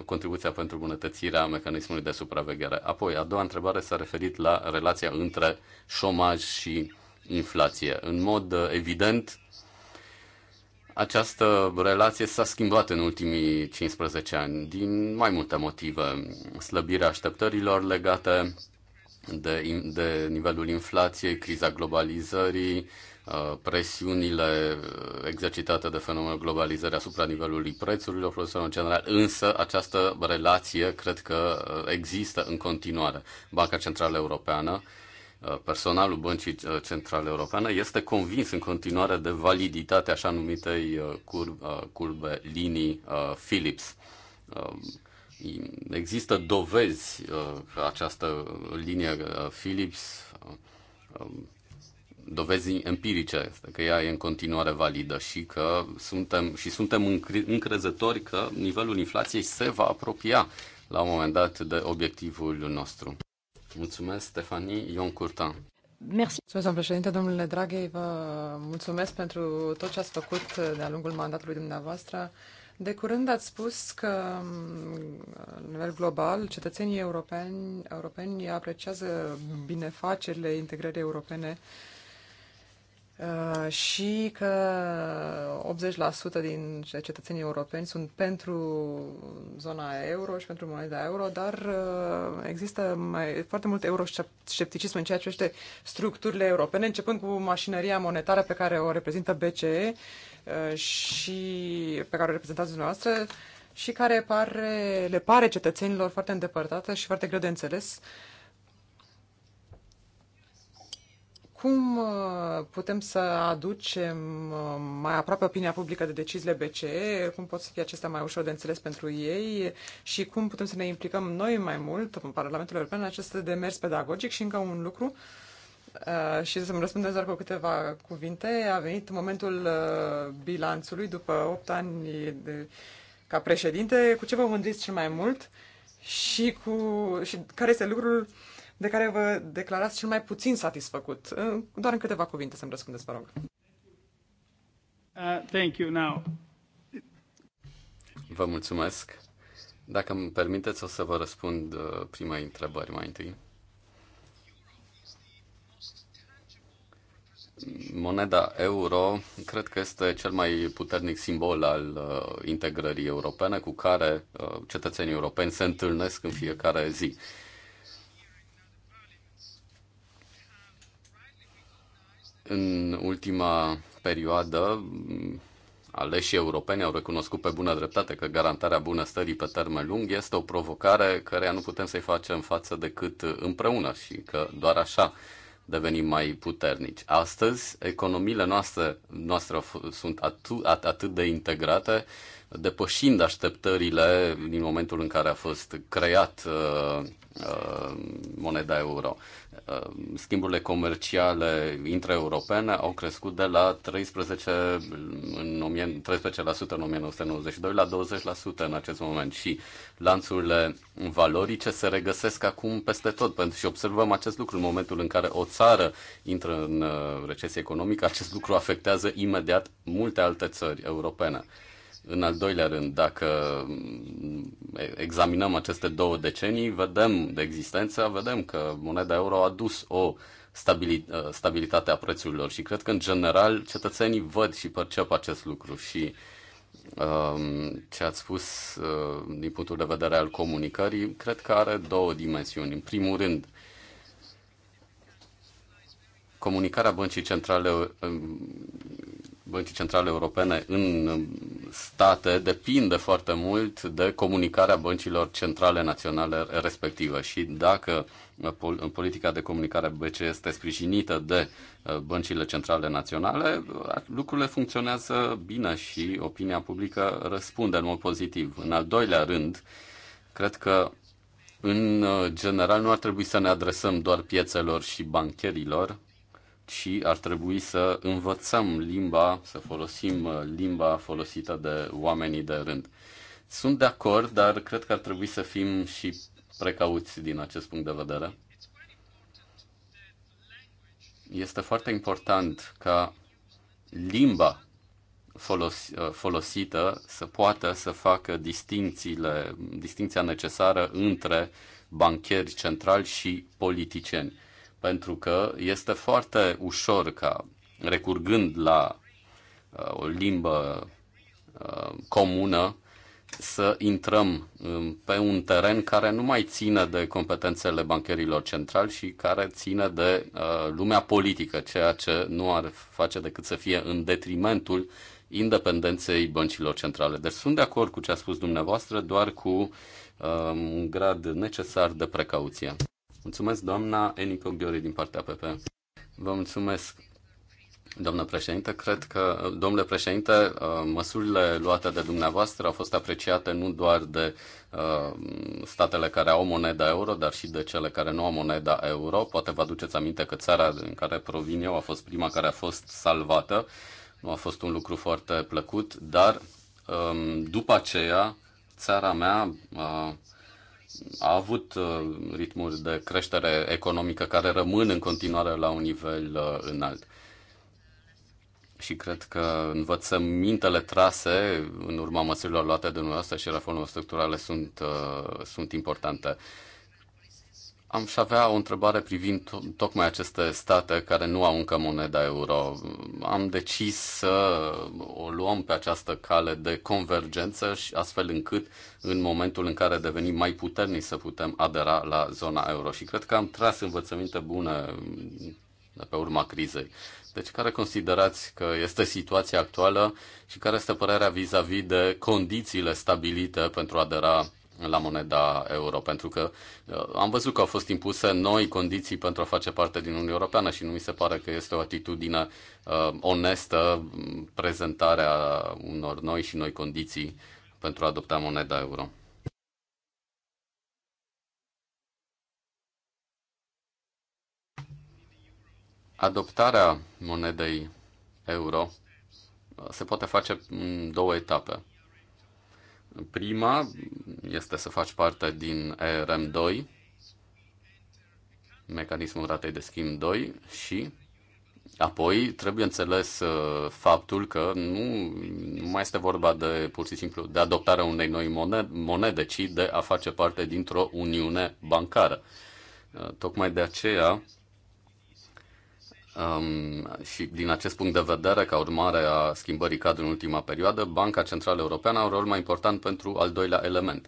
contribuția pentru bunătățirea mecanismului de supraveghere. Apoi, a doua întrebare s-a referit la relația între șomaj și inflație. În mod evident, această relație s-a schimbat în ultimii 15 ani din mai multe motive. Slăbirea așteptărilor legate de, de nivelul inflației, criza globalizării, uh, presiunile exercitate de fenomenul globalizării asupra nivelului prețurilor produselor în general, însă această relație cred că uh, există în continuare. Banca Centrală Europeană, uh, personalul Băncii Centrale Europeană este convins în continuare de validitatea așa numitei curbe, curbe linii Philips există dovezi uh, că această linie uh, Philips, uh, um, dovezi empirice, că ea e în continuare validă și că suntem, și suntem încrezători că nivelul inflației se va apropia la un moment dat de obiectivul nostru. Mulțumesc, Stefanie Ion Curtan. Mersi. Mulțumesc, domnul președinte, domnule Draghi, vă mulțumesc pentru tot ce ați făcut de-a lungul mandatului dumneavoastră. De curând ați spus că, mm, la nivel global, cetățenii europeni, europeni apreciază binefacerile integrării europene Uh, și că 80% din cetățenii europeni sunt pentru zona euro și pentru moneda euro, dar uh, există mai, foarte mult euroscepticism în ceea ce este structurile europene, începând cu mașinăria monetară pe care o reprezintă BCE uh, și pe care o reprezentați dumneavoastră și care pare, le pare cetățenilor foarte îndepărtată și foarte greu de înțeles. Uh, cum uh, putem să aducem uh, mai aproape opinia publică de deciziile BCE, cum pot să fie acestea mai ușor de înțeles pentru ei și cum putem să ne implicăm noi mai mult în Parlamentul European în acest demers pedagogic și încă un lucru uh, și să-mi răspundeți doar cu câteva cuvinte. A venit momentul bilanțului după 8 ani de, ca președinte. Cu ce vă mândriți cel mai mult și, cu, și care este lucrul de care vă declarați cel mai puțin satisfăcut? Eh, doar în câteva cuvinte să-mi răspundeți, vă rog. Uh, thank you. Now. Vă mulțumesc. Dacă îmi permiteți, o să vă răspund uh, prima întrebări mai întâi. Moneda euro cred că este cel mai puternic simbol al uh, integrării europene cu care uh, cetățenii europeni se întâlnesc în fiecare zi. În ultima perioadă, aleșii europeni au recunoscut pe bună dreptate că garantarea bunăstării pe termen lung este o provocare care nu putem să-i facem față decât împreună și că doar așa devenim mai puternici. Astăzi, economiile noastre, noastre sunt atât, atât de integrate, depășind așteptările din momentul în care a fost creat uh, uh, moneda euro. Uh, schimburile comerciale intraeuropene au crescut de la 13 în 13% în 1992 la 20% în acest moment și lanțurile valorice se regăsesc acum peste tot pentru și observăm acest lucru în momentul în care o țară intră în uh, recesie economică, acest lucru afectează imediat multe alte țări europene. În al doilea rând, dacă mm, examinăm aceste două decenii, vedem de existență, vedem că moneda euro a dus o uh, stabilitate a prețurilor și cred că, în general, cetățenii văd și percep acest lucru și um, ce ați spus uh, din punctul de vedere al comunicării, cred că are două dimensiuni. În primul rând, comunicarea Băncii Centrale uh, băncii centrale europene în state depinde foarte mult de comunicarea băncilor centrale naționale respective și dacă uh, uh, politica de comunicare BC este sprijinită de uh, băncile centrale naționale, lucrurile funcționează bine și opinia publică răspunde în mod pozitiv. În al doilea rând, cred că în general nu ar trebui să ne adresăm doar piețelor și bancherilor, și ar trebui să învățăm limba, să folosim uh, limba folosită de oamenii de rând. Sunt de acord, dar cred că ar trebui să fim și precauți din acest punct de vedere. Este foarte important ca limba uh, folosită să poată să facă distințiile, distinția necesară între bancheri centrali și politicieni pentru că este foarte ușor ca, recurgând la uh, o limbă uh, comună, să intrăm um, pe un teren care nu mai ține de competențele bancherilor centrali și care ține de uh, lumea politică, ceea ce nu ar face decât să fie în detrimentul independenței băncilor centrale. Deci sunt de acord cu ce a spus dumneavoastră, doar cu uh, un grad necesar de precauție. Mulțumesc, doamna Eniko Ghiori, din partea PP. Vă mulțumesc. Doamnă președinte, cred că, domnule președinte, uh, măsurile luate de dumneavoastră au fost apreciate nu doar de uh, statele care au moneda euro, dar și de cele care nu au moneda euro. Poate vă aduceți aminte că țara din care provin eu a fost prima care a fost salvată. Nu a fost un lucru foarte plăcut, dar um, după aceea țara mea uh, a avut uh, ritmuri de creștere economică care rămân în continuare la un nivel uh, înalt. Și cred că învățămintele trase în urma măsurilor luate de dumneavoastră și reformele structurale sunt, uh, sunt importante. Am și avea o întrebare privind to- tocmai aceste state care nu au încă moneda euro. Am decis să o luăm pe această cale de convergență și astfel încât în momentul în care devenim mai puternici să putem adera la zona euro. Și cred că am tras învățăminte bune de pe urma crizei. Deci care considerați că este situația actuală și care este părerea vis-a-vis -vis de condițiile stabilite pentru a adera la moneda euro, pentru că uh, am văzut că au fost impuse noi condiții pentru a face parte din Uniunea Europeană și nu mi se pare că este o atitudine uh, onestă prezentarea unor noi și noi condiții pentru a adopta moneda euro. Adoptarea monedei euro uh, se poate face în două etape. Prima este să faci parte din ERM2, mecanismul ratei de schimb 2 și apoi trebuie înțeles uh, faptul că nu mai este vorba de pur și simplu de adoptarea unei noi monede, ci de a face parte dintr-o uniune bancară. Uh, tocmai de aceea Um, și din acest punct de vedere, ca urmare a schimbării cadrului în ultima perioadă, Banca Centrală Europeană are un rol mai important pentru al doilea element,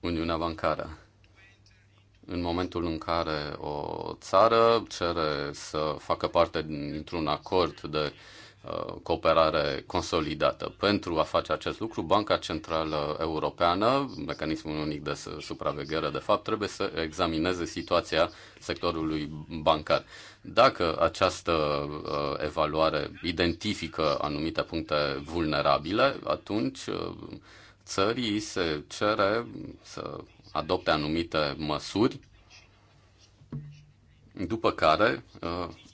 Uniunea Bancară. În momentul în care o țară cere să facă parte dintr-un acord de uh, Uh, cooperare consolidată. Pentru a face acest lucru, Banca Centrală Europeană, mecanismul unic de supraveghere, de fapt, trebuie să examineze situația sectorului bancar. Dacă această uh, evaluare identifică anumite puncte vulnerabile, atunci uh, țării se cere să adopte anumite măsuri după care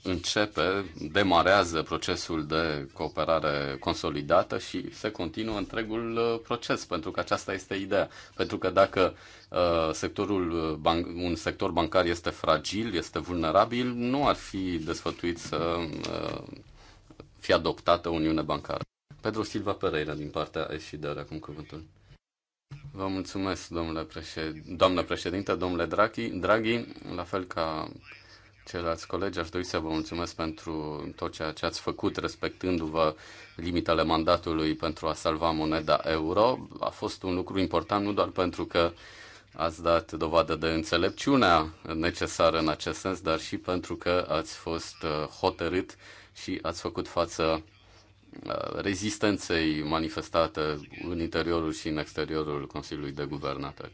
începe, demarează procesul de cooperare consolidată și se continuă întregul uh, proces, pentru că aceasta este ideea. Pentru că dacă uh, sectorul uh, un sector bancar este fragil, este vulnerabil, nu ar fi desfătuit să fie adoptată Uniune Bancară. Pedro Silva Pereira din partea EFIDER, acum cuvântul. Vă mulțumesc, domnule președinte, domnule Draghi. Draghi, la fel ca ceilalți colegi, aș dori să vă mulțumesc pentru tot ceea ce ați făcut, respectându-vă limitele mandatului pentru a salva moneda euro. A fost un lucru important nu doar pentru că ați dat dovadă de înțelepciunea necesară în acest sens, dar și pentru că ați fost uh, hotărât și ați făcut față uh, rezistenței manifestate în interiorul și în exteriorul Consiliului de Guvernatori.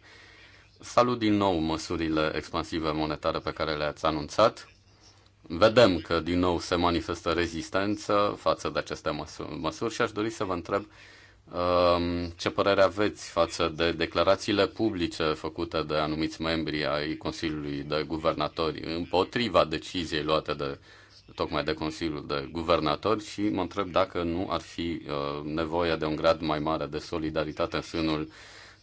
Salut din nou măsurile expansive monetare pe care le-ați anunțat. Vedem că din nou se manifestă rezistență față de aceste măsuri și aș dori să vă întreb um, ce părere aveți față de declarațiile publice făcute de anumiți membri ai Consiliului de Guvernatori împotriva deciziei luate de tocmai de Consiliul de Guvernatori și mă întreb dacă nu ar fi uh, nevoie de un grad mai mare de solidaritate în sânul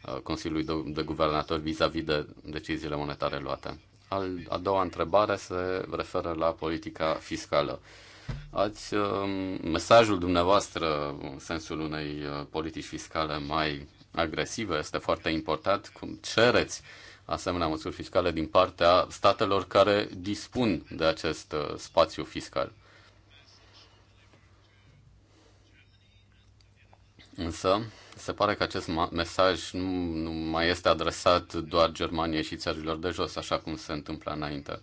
Uh, Consiliului de Guvernator vis-a-vis de deciziile monetare luate. Al, a doua întrebare se referă la politica fiscală. Ați, um, mesajul dumneavoastră în sensul unei uh, politici fiscale mai agresive este foarte important. Cum cereți asemenea măsuri fiscale din partea statelor care dispun de acest uh, spațiu fiscal? Însă, se pare că acest mesaj nu, nu mai este adresat doar Germaniei și țărilor de jos, așa cum se întâmpla înainte.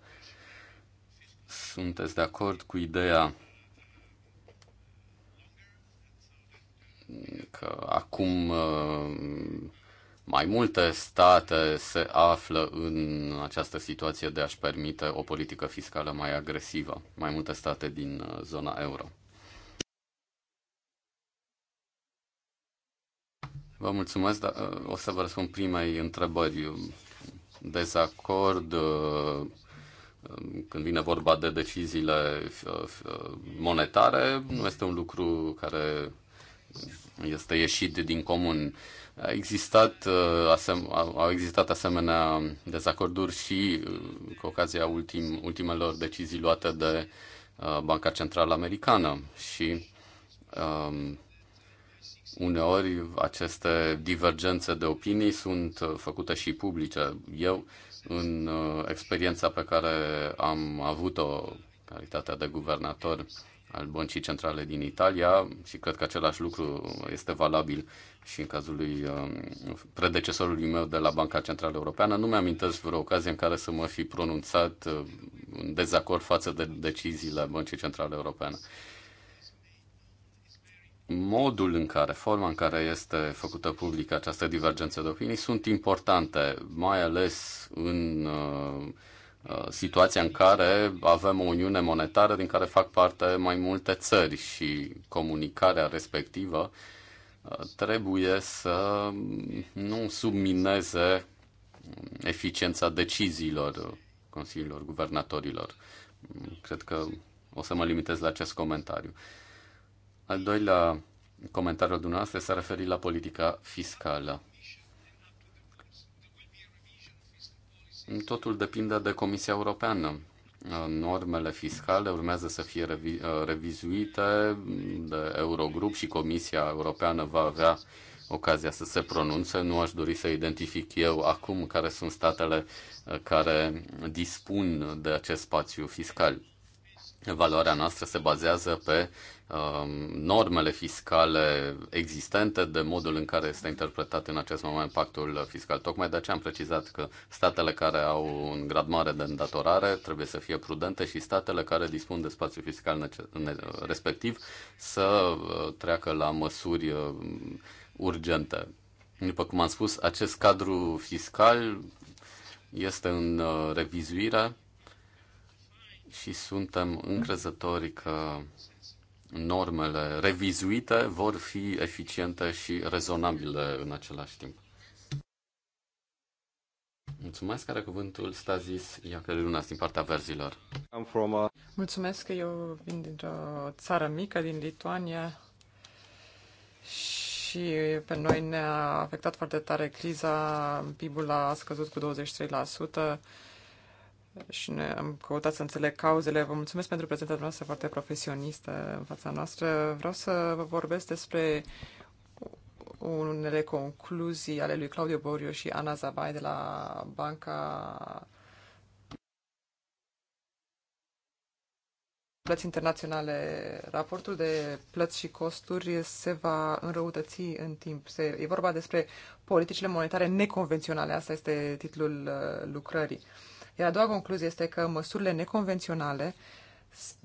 Sunteți de acord cu ideea că acum uh, mai multe state se află în această situație de a-și permite o politică fiscală mai agresivă, mai multe state din uh, zona euro. Vă mulțumesc, dar uh, o să vă răspund primei întrebări. Dezacord uh, uh, când vine vorba de deciziile monetare, nu este un lucru care este ieșit din comun. A existat, asem, au existat asemenea dezacorduri și cu ocazia ultim, ultimelor decizii luate de Banca Centrală Americană și um, Uneori aceste divergențe de opinii sunt uh, făcute și publice. Eu, în uh, experiența pe care am avut-o calitatea de guvernator al Băncii Centrale din Italia și cred că același lucru este valabil și în cazul lui uh, predecesorului meu de la Banca Centrală Europeană. Nu mi-amintesc vreo ocazie în care să mă fi pronunțat în dezacord față de deciziile Băncii Centrale Europeană modul în care, forma în care este făcută publică această divergență de opinii sunt importante, mai ales în uh, uh, situația în care avem o uniune monetară din care fac parte mai multe țări și comunicarea respectivă uh, trebuie să nu submineze eficiența deciziilor consiliilor guvernatorilor. Cred că o să mă limitez la acest comentariu. Al doilea comentariu dumneavoastră s-a referit la politica fiscală. Totul depinde de Comisia Europeană. Normele fiscale urmează să fie revi- uh, revizuite de Eurogrup și Comisia Europeană va avea ocazia să se pronunțe. Nu aș dori să identific eu acum care sunt statele uh, care dispun de acest spațiu fiscal. Valoarea noastră se bazează pe um, normele fiscale existente, de modul în care este interpretat în acest moment pactul fiscal. Tocmai de aceea am precizat că statele care au un grad mare de îndatorare trebuie să fie prudente și statele care dispun de spațiu fiscal respectiv să uh, treacă la măsuri um, urgente. După cum am spus, acest cadru fiscal este în uh, revizuire și suntem încrezători că normele revizuite vor fi eficiente și rezonabile în același timp. Mulțumesc, care cuvântul Stazis Iachelunas din partea verzilor. I'm from a... Mulțumesc că eu vin dintr-o țară mică din Lituania și pe noi ne-a afectat foarte tare criza, PIB-ul a scăzut cu 23%, și ne, am căutat să înțeleg cauzele. Vă mulțumesc pentru prezența noastră foarte profesionistă în fața noastră. Vreau să vă vorbesc despre unele concluzii ale lui Claudio Borio și Ana Zabai de la Banca plăți internaționale. Raportul de plăți și costuri se va înrăutăți în timp. Se, e vorba despre politicile monetare neconvenționale. Asta este titlul uh, lucrării. Uh, iar a doua concluzie este că măsurile neconvenționale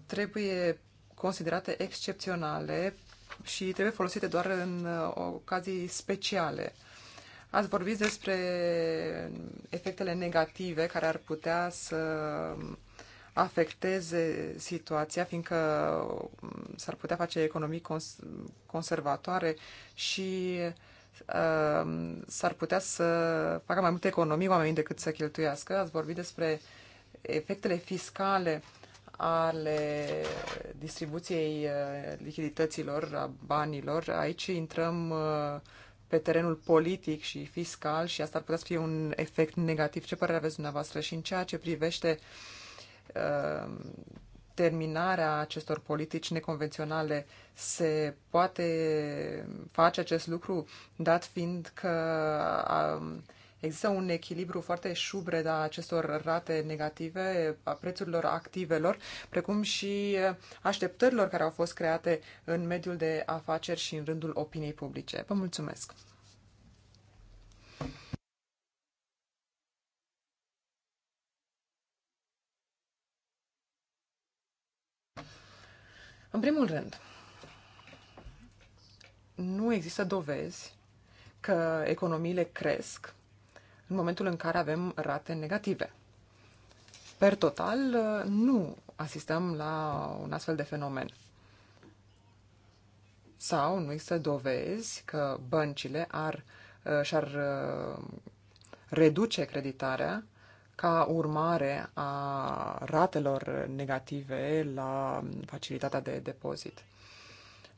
trebuie considerate excepționale și trebuie folosite doar în uh, ocazii speciale. Ați vorbit despre efectele negative care ar putea să afecteze situația, fiindcă uh, s-ar putea face economii cons- conservatoare și uh, Ehm, s-ar putea să facă mai multe economii oamenii decât să cheltuiască. Ați vorbit despre efectele fiscale ale distribuției eh, lichidităților, a banilor. Aici intrăm eh, pe terenul politic și fiscal și asta ar putea să fie un efect negativ. Ce părere aveți dumneavoastră și în ceea ce privește ehm, terminarea acestor politici neconvenționale se poate face acest lucru, dat fiind că um, există un echilibru foarte șubred a acestor rate negative a prețurilor activelor, precum și așteptărilor care au fost create în mediul de afaceri și în rândul opiniei publice. Vă mulțumesc! În primul rând, nu există dovezi că economiile cresc în momentul în care avem rate negative. Per total, nu asistăm la un astfel de fenomen. Sau nu există dovezi că băncile ar, uh, și-ar uh, reduce creditarea ca urmare a ratelor negative la facilitatea de depozit.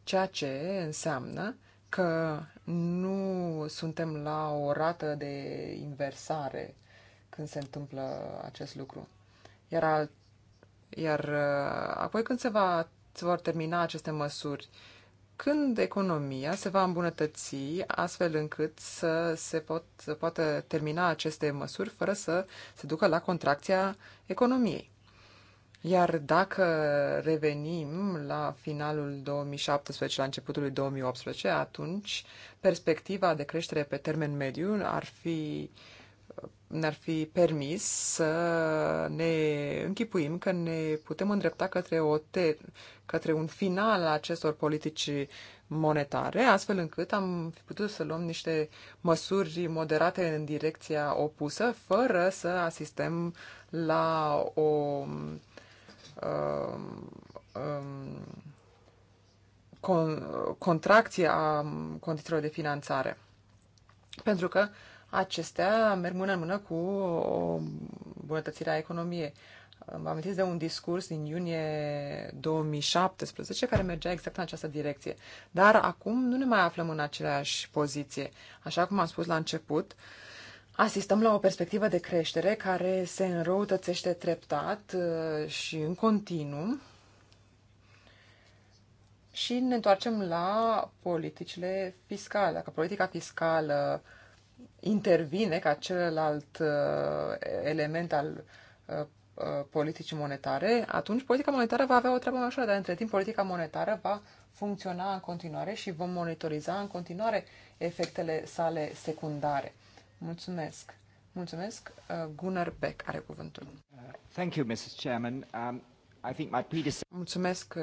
Ceea ce înseamnă că nu suntem la o rată de inversare când se întâmplă acest lucru. Iar, iar uh, apoi când se, va, se vor termina aceste măsuri, când economia se va îmbunătăți astfel încât să se pot, să poată termina aceste măsuri fără să se ducă la contracția economiei. Iar dacă revenim la finalul 2017, la începutul 2018, atunci perspectiva de creștere pe termen mediu ar fi uh, ne-ar fi permis să ne închipuim că ne putem îndrepta către, o te- către un final a acestor politici monetare, astfel încât am fi putut să luăm niște măsuri moderate în direcția opusă, fără să asistăm la o um, um, contracție a condițiilor de finanțare. Pentru că uh, acestea merg mână în mână cu o bunătățire a economiei. Mă amintiți de un discurs din iunie 2017 care mergea exact în această direcție. Dar acum nu ne mai aflăm în aceeași poziție. Așa cum am spus la început, asistăm la o perspectivă de creștere care se înrăutățește treptat uh, și în continuu și ne întoarcem la politicile fiscale. Dacă politica fiscală uh, intervine ca celălalt uh, element al uh, uh, politicii monetare, atunci politica monetară va avea o treabă mai ușoară, dar între timp politica monetară va funcționa în continuare și vom monitoriza în continuare efectele sale secundare. Mulțumesc! Mulțumesc! Gunnar Beck are cuvântul. Thank you, Mrs. Chairman. Um, I think my predecessor... Mulțumesc,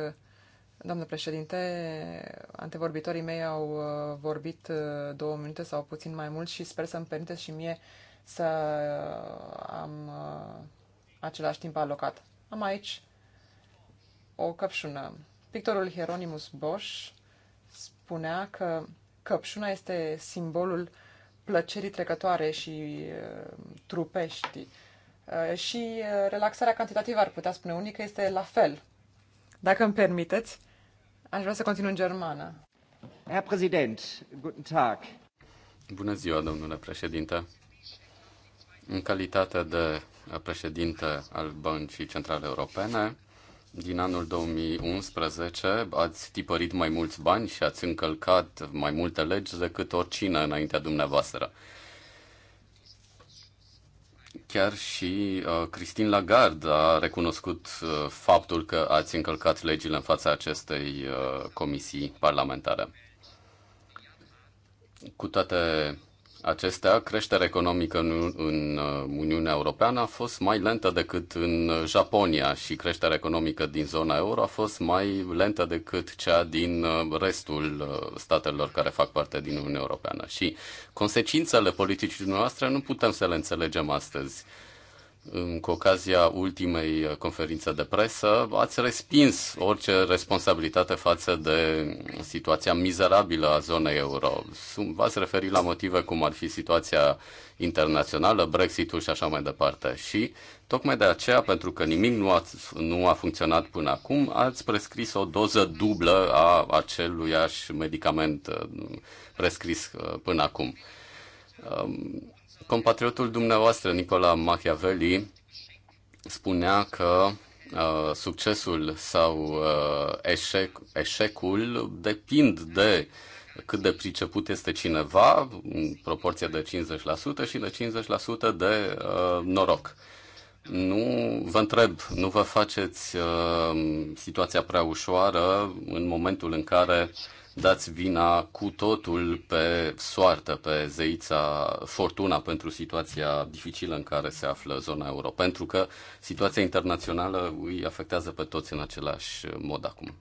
Doamnă președinte, antevorbitorii mei au uh, vorbit uh, două minute sau puțin mai mult și sper să-mi permiteți și mie să am uh, același timp alocat. Am aici o căpșună. Pictorul Hieronymus Bosch spunea că căpșuna este simbolul plăcerii trecătoare și trupești. Și relaxarea cantitativă ar putea spune unii că este la fel. Dacă îmi permiteți, Aș vrea să continu în germană. Herr Präsident, guten Tag. Bună ziua, domnule președinte. În calitate de președinte al Băncii Centrale Europene, din anul 2011 ați tipărit mai mulți bani și ați încălcat mai multe legi decât oricine înaintea dumneavoastră. Chiar și uh, Christine Lagarde a recunoscut uh, faptul că ați încălcat legile în fața acestei uh, comisii parlamentare. Cu toate acestea, creșterea economică în, în uh, Uniunea Europeană a fost mai lentă decât în uh, Japonia și creșterea economică din zona euro a fost mai lentă decât cea din uh, restul statelor care fac parte din Uniunea Europeană. Și consecințele politicii noastre nu putem să le înțelegem astăzi cu ocazia ultimei uh, conferințe de presă, ați respins orice responsabilitate față de situația mizerabilă a zonei euro. V-ați referit la motive cum ar fi situația internațională, Brexitul și așa mai departe. Și tocmai de aceea, pentru că nimic nu a, nu a funcționat până acum, ați prescris o doză dublă a aceluiași medicament uh, prescris uh, până acum. Um, Compatriotul dumneavoastră, Nicola Machiavelli, spunea că uh, succesul sau uh, eșec, eșecul depind de cât de priceput este cineva, în proporție de 50% și de 50% de uh, noroc. Nu vă întreb, nu vă faceți uh, situația prea ușoară în momentul în care uh, dați vina cu totul pe soartă, pe zeița, fortuna pentru situația dificilă în care se află zona euro, pentru că situația internațională îi afectează pe toți în același mod acum.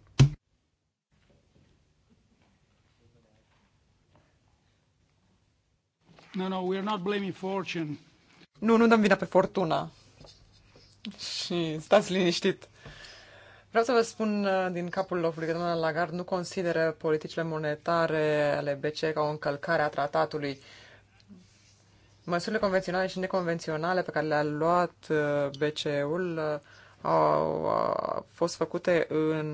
No, no, we are not blaming fortune. Nu, nu dăm vina pe fortuna. Și stați liniștit. Vreau să vă spun uh, din capul locului că doamna Lagarde nu consideră politicile monetare ale BCE ca o încălcare a tratatului. Măsurile convenționale și neconvenționale pe care le-a luat uh, BCE-ul uh, au, au fost făcute în,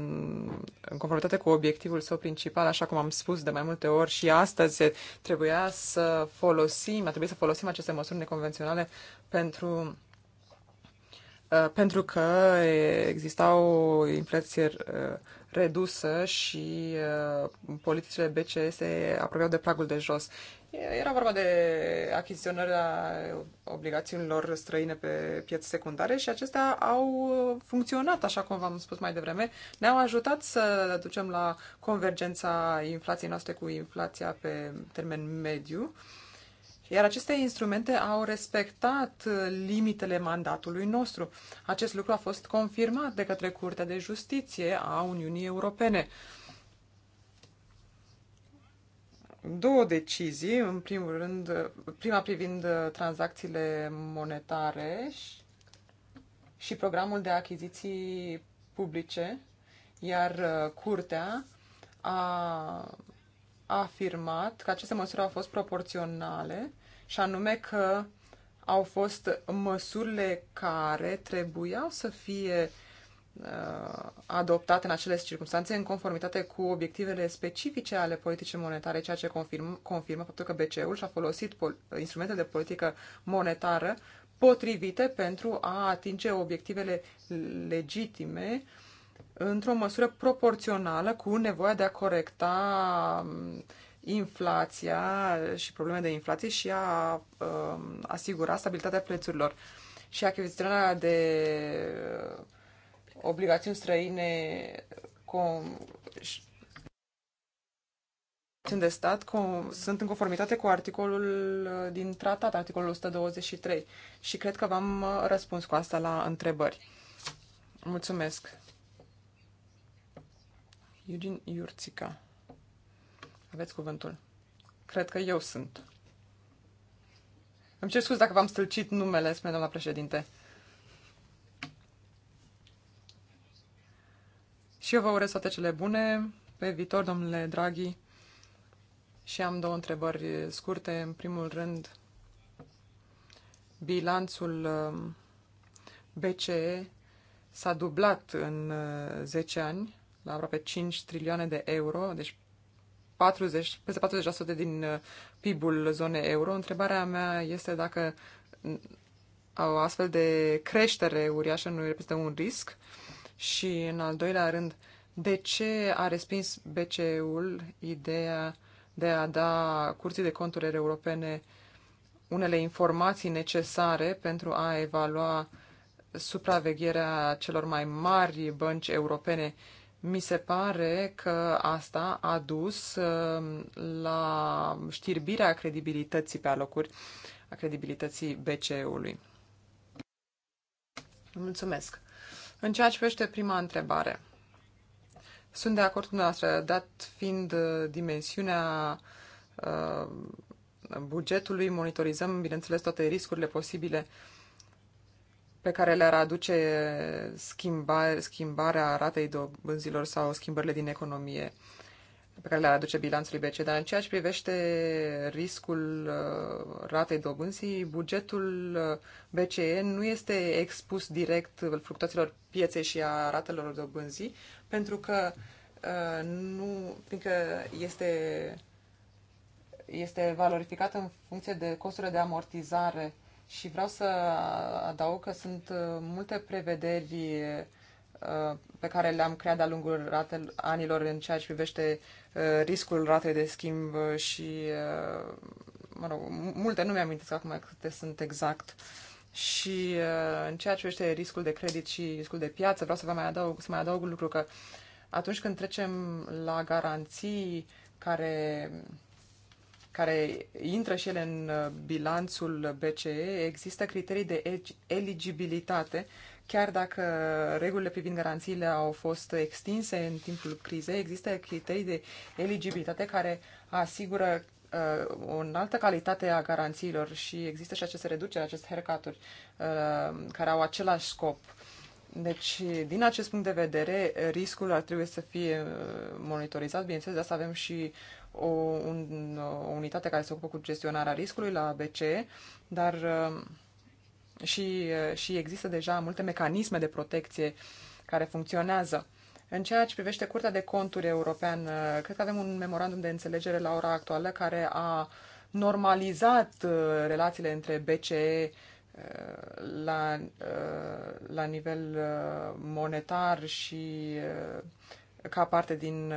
în conformitate cu obiectivul său principal, așa cum am spus de mai multe ori și astăzi trebuia să folosim, a trebuit să folosim aceste măsuri neconvenționale pentru Uh, pentru că exista o inflație uh, redusă și uh, politicile BCE se apropiau de pragul de jos. Era vorba de achiziționarea obligațiunilor străine pe piețe secundare și acestea au funcționat, așa cum v-am spus mai devreme. Ne-au ajutat să ducem la convergența inflației noastre cu inflația pe termen mediu. Uh, iar aceste instrumente au respectat uh, limitele mandatului nostru. Acest lucru a fost confirmat de către Curtea de Justiție a Uniunii Europene. Două decizii, în primul rând, uh, prima privind uh, tranzacțiile monetare și programul de achiziții publice, iar curtea a afirmat că aceste măsuri au fost proporționale și anume că au fost măsurile care trebuiau să fie uh, adoptate în acele circunstanțe în conformitate cu obiectivele specifice ale politicii monetare, ceea ce confirm, confirmă faptul că BCE-ul și-a folosit instrumentele de politică monetară potrivite pentru a atinge obiectivele legitime într-o măsură proporțională cu nevoia de a corecta um, inflația și probleme de inflație și a um, asigura stabilitatea prețurilor. Și achiziționarea de uh, obligațiuni străine com, de stat com, sunt în conformitate cu articolul uh, din tratat, articolul 123. Și cred că v-am uh, răspuns cu asta la întrebări. Mulțumesc. Eugen Iurțica. Aveți cuvântul. Cred că eu sunt. Îmi cer scuze dacă v-am stâlcit numele, spune doamna președinte. Și eu vă urez toate cele bune pe viitor, domnule Draghi. Și am două întrebări scurte. În primul rând, bilanțul um, BCE s-a dublat în 10 uh, ani la aproape 5 trilioane de euro, deci 40, peste 40% din uh, PIB-ul zonei euro. Întrebarea mea este dacă o astfel de creștere uriașă nu reprezintă un risc și, în al doilea rând, de ce a respins BCE-ul ideea de a da curții de conturi europene unele informații necesare pentru a evalua supravegherea celor mai mari bănci europene mi se pare că asta a dus um, la știrbirea credibilității pe alocuri, a credibilității BCE-ului. Mulțumesc. În ceea ce privește prima întrebare, sunt de acord cu dumneavoastră, dat fiind uh, dimensiunea uh, bugetului, monitorizăm, bineînțeles, toate riscurile posibile uh, pe care le-ar aduce schimba, schimbarea ratei dobânzilor sau schimbările din economie pe care le-ar aduce bilanțul BC. Dar în ceea ce privește riscul uh, ratei dobânzii, bugetul uh, BCE nu este expus direct fluctuațiilor pieței și a ratelor dobânzii, pentru că uh, nu, fiindcă este, este valorificat în funcție de costurile de amortizare uh, și vreau să adaug că sunt uh, multe prevederi uh, pe care le-am creat de-a lungul ratel, anilor în ceea ce privește uh, riscul ratei de schimb și, mă rog, multe, nu mi-am acum câte sunt exact. Și în ceea ce privește riscul de credit și riscul de piață, vreau să vă mai adaug, să mai adaug un lucru că atunci când trecem la garanții care care intră și ele în uh, bilanțul BCE, există criterii de eligibilitate, chiar dacă regulile privind garanțiile au fost extinse în timpul crizei, există criterii de eligibilitate care asigură uh, o înaltă calitate a garanțiilor și există și aceste reduceri, aceste hercaturi uh, care au același scop. Deci, din acest punct de vedere, riscul ar trebui să fie uh, monitorizat. Bineînțeles, de asta avem și o, un, o unitate care se ocupă cu gestionarea riscului la BCE, dar uh, și, uh, și există deja multe mecanisme de protecție care funcționează. În ceea ce privește Curtea de Conturi European, uh, cred că avem un memorandum de înțelegere la ora actuală care a normalizat relațiile între BCE la, la nivel monetar și ca parte din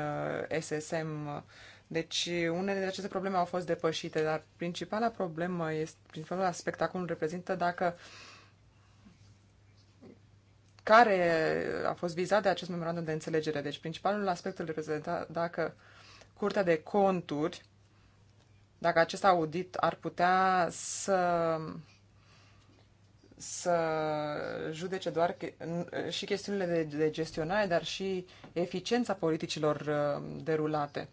SSM deci unele dintre aceste probleme au fost depășite, dar principala problemă, este, principalul aspect acum reprezintă dacă care a fost vizat de acest memorandum de înțelegere. Deci principalul aspect îl reprezenta dacă Curtea de Conturi, dacă acest audit ar putea să să judece doar și chestiunile de, de gestionare, dar și eficiența politicilor uh, derulate.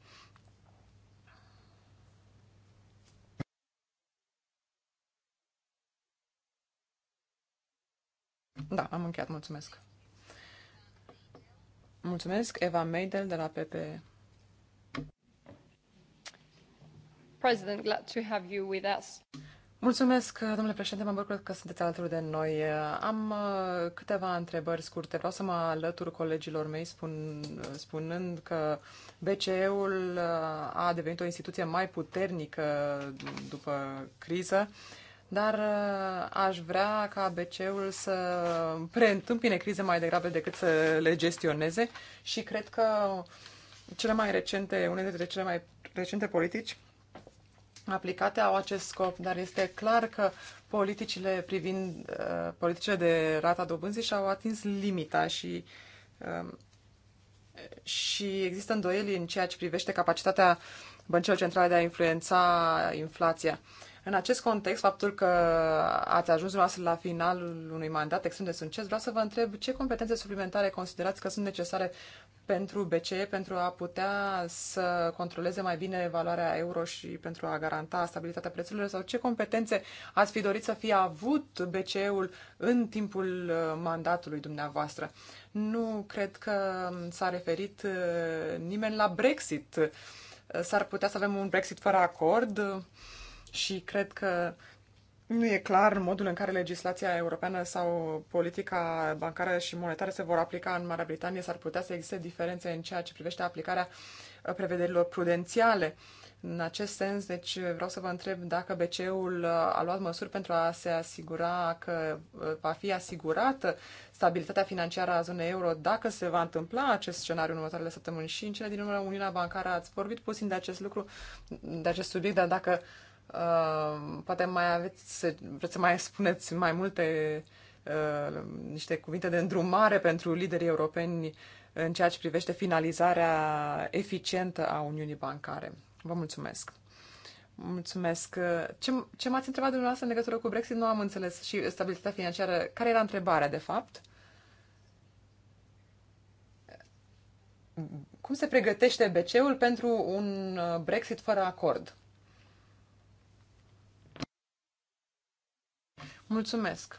încheiat. Mulțumesc. Mulțumesc. Eva Meidel de la PP. President, glad to have you with us. Mulțumesc, domnule președinte, mă bucur că sunteți alături de noi. Am uh, câteva întrebări scurte. Vreau să mă alătur colegilor mei spun, spunând că BCE-ul uh, a devenit o instituție mai puternică după criză. Uh, dar uh, aș vrea ca abc ul să preîntâmpine crize mai degrabă decât să le gestioneze și cred că cele mai recente, unele dintre cele mai recente politici aplicate au acest scop, dar este clar că politicile privind uh, politicile de rata dobânzii și-au atins limita și uh, și există îndoieli în ceea ce privește capacitatea băncilor centrale de a influența inflația. Uh, în acest context, faptul că ați ajuns dumneavoastră la finalul unui mandat extrem de succes, vreau să vă întreb ce competențe suplimentare considerați că sunt necesare pentru BCE pentru a putea să controleze mai bine valoarea euro și pentru a garanta stabilitatea prețurilor sau ce competențe ați fi dorit să fie avut BCE-ul în timpul uh, mandatului dumneavoastră. Nu cred că s-a referit uh, nimeni la Brexit. S-ar putea să avem un Brexit fără acord și cred că nu e clar modul în care legislația europeană sau politica bancară și monetară se vor aplica în Marea Britanie. S-ar putea să existe diferențe în ceea ce privește aplicarea prevederilor prudențiale. În acest sens, deci vreau să vă întreb dacă BCE-ul a luat măsuri pentru a se asigura că uh, va fi asigurată stabilitatea financiară a zonei euro, dacă se va întâmpla acest scenariu în următoarele săptămâni și în cele din urmă Uniunea Bancară ați vorbit puțin de acest lucru, de acest subiect, dar dacă uh, Uh, poate mai aveți, vreți să mai spuneți mai multe, uh, niște cuvinte de îndrumare pentru liderii europeni în ceea ce privește finalizarea eficientă a Uniunii Bancare. Vă mulțumesc! Mulțumesc. Ce, ce m-ați întrebat dumneavoastră în legătură cu Brexit nu am înțeles și stabilitatea financiară. Care era întrebarea, de fapt? Cum se pregătește BC-ul pentru un uh, Brexit fără acord? Mulțumesc!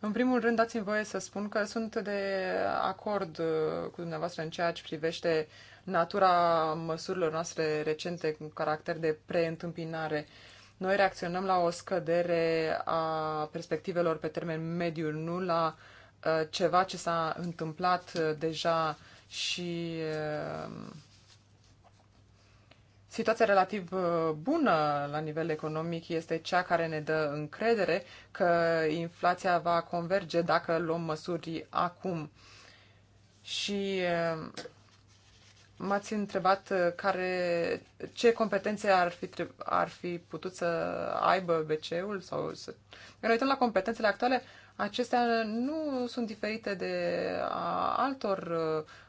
În primul rând, dați-mi voie să spun că sunt de acord uh, cu dumneavoastră în ceea ce privește natura măsurilor noastre recente cu caracter de preîntâmpinare. Noi reacționăm la o scădere a perspectivelor pe termen mediu, nu la uh, ceva ce s-a întâmplat uh, deja și situația relativ uh, bună la nivel economic este cea care ne dă încredere că inflația va converge dacă luăm măsuri acum. Și uh, m-ați întrebat uh, care, ce competențe ar fi, ar fi putut să aibă BCE-ul sau să... Ne uităm la competențele actuale, acestea nu sunt diferite de a altor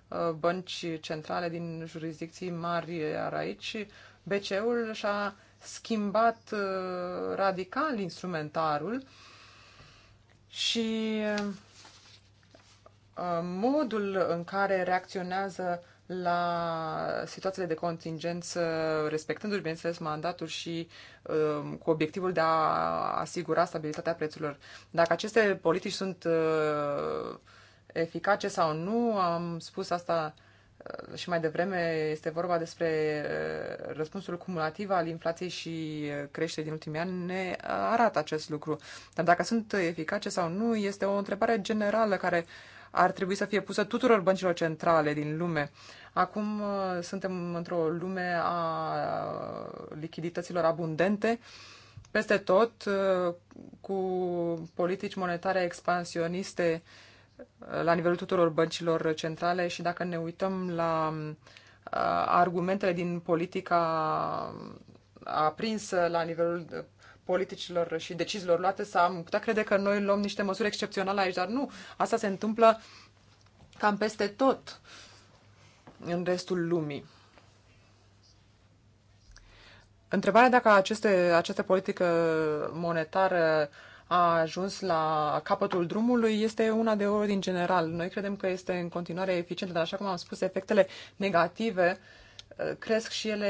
uh, bănci centrale din jurisdicții mari, iar aici BCE-ul și-a schimbat uh, radical instrumentarul și uh, modul în care reacționează la situațiile de contingență, respectându-și, bineînțeles, mandatul și um, cu obiectivul de a asigura stabilitatea prețurilor. Dacă aceste politici sunt uh, eficace sau nu, am spus asta uh, și mai devreme, este vorba despre uh, răspunsul cumulativ al inflației și uh, creșterii din ultimii ani, ne arată acest lucru. Dar dacă sunt eficace sau nu, este o întrebare generală care uh, ar trebui să fie pusă tuturor băncilor centrale din lume. Acum uh, suntem într-o lume a lichidităților abundente peste tot uh, cu politici monetare expansioniste uh, la nivelul tuturor băncilor centrale și dacă ne uităm la argumentele din politica aprinsă la nivelul politicilor și deciziilor luate, să am putea crede că noi luăm niște măsuri excepționale aici, dar nu. Asta se întâmplă cam peste tot în restul lumii. Întrebarea dacă aceste, această politică monetară a ajuns la capătul drumului este una de ordin general. Noi credem că este în continuare eficientă, dar așa cum am spus, efectele negative uh, cresc și ele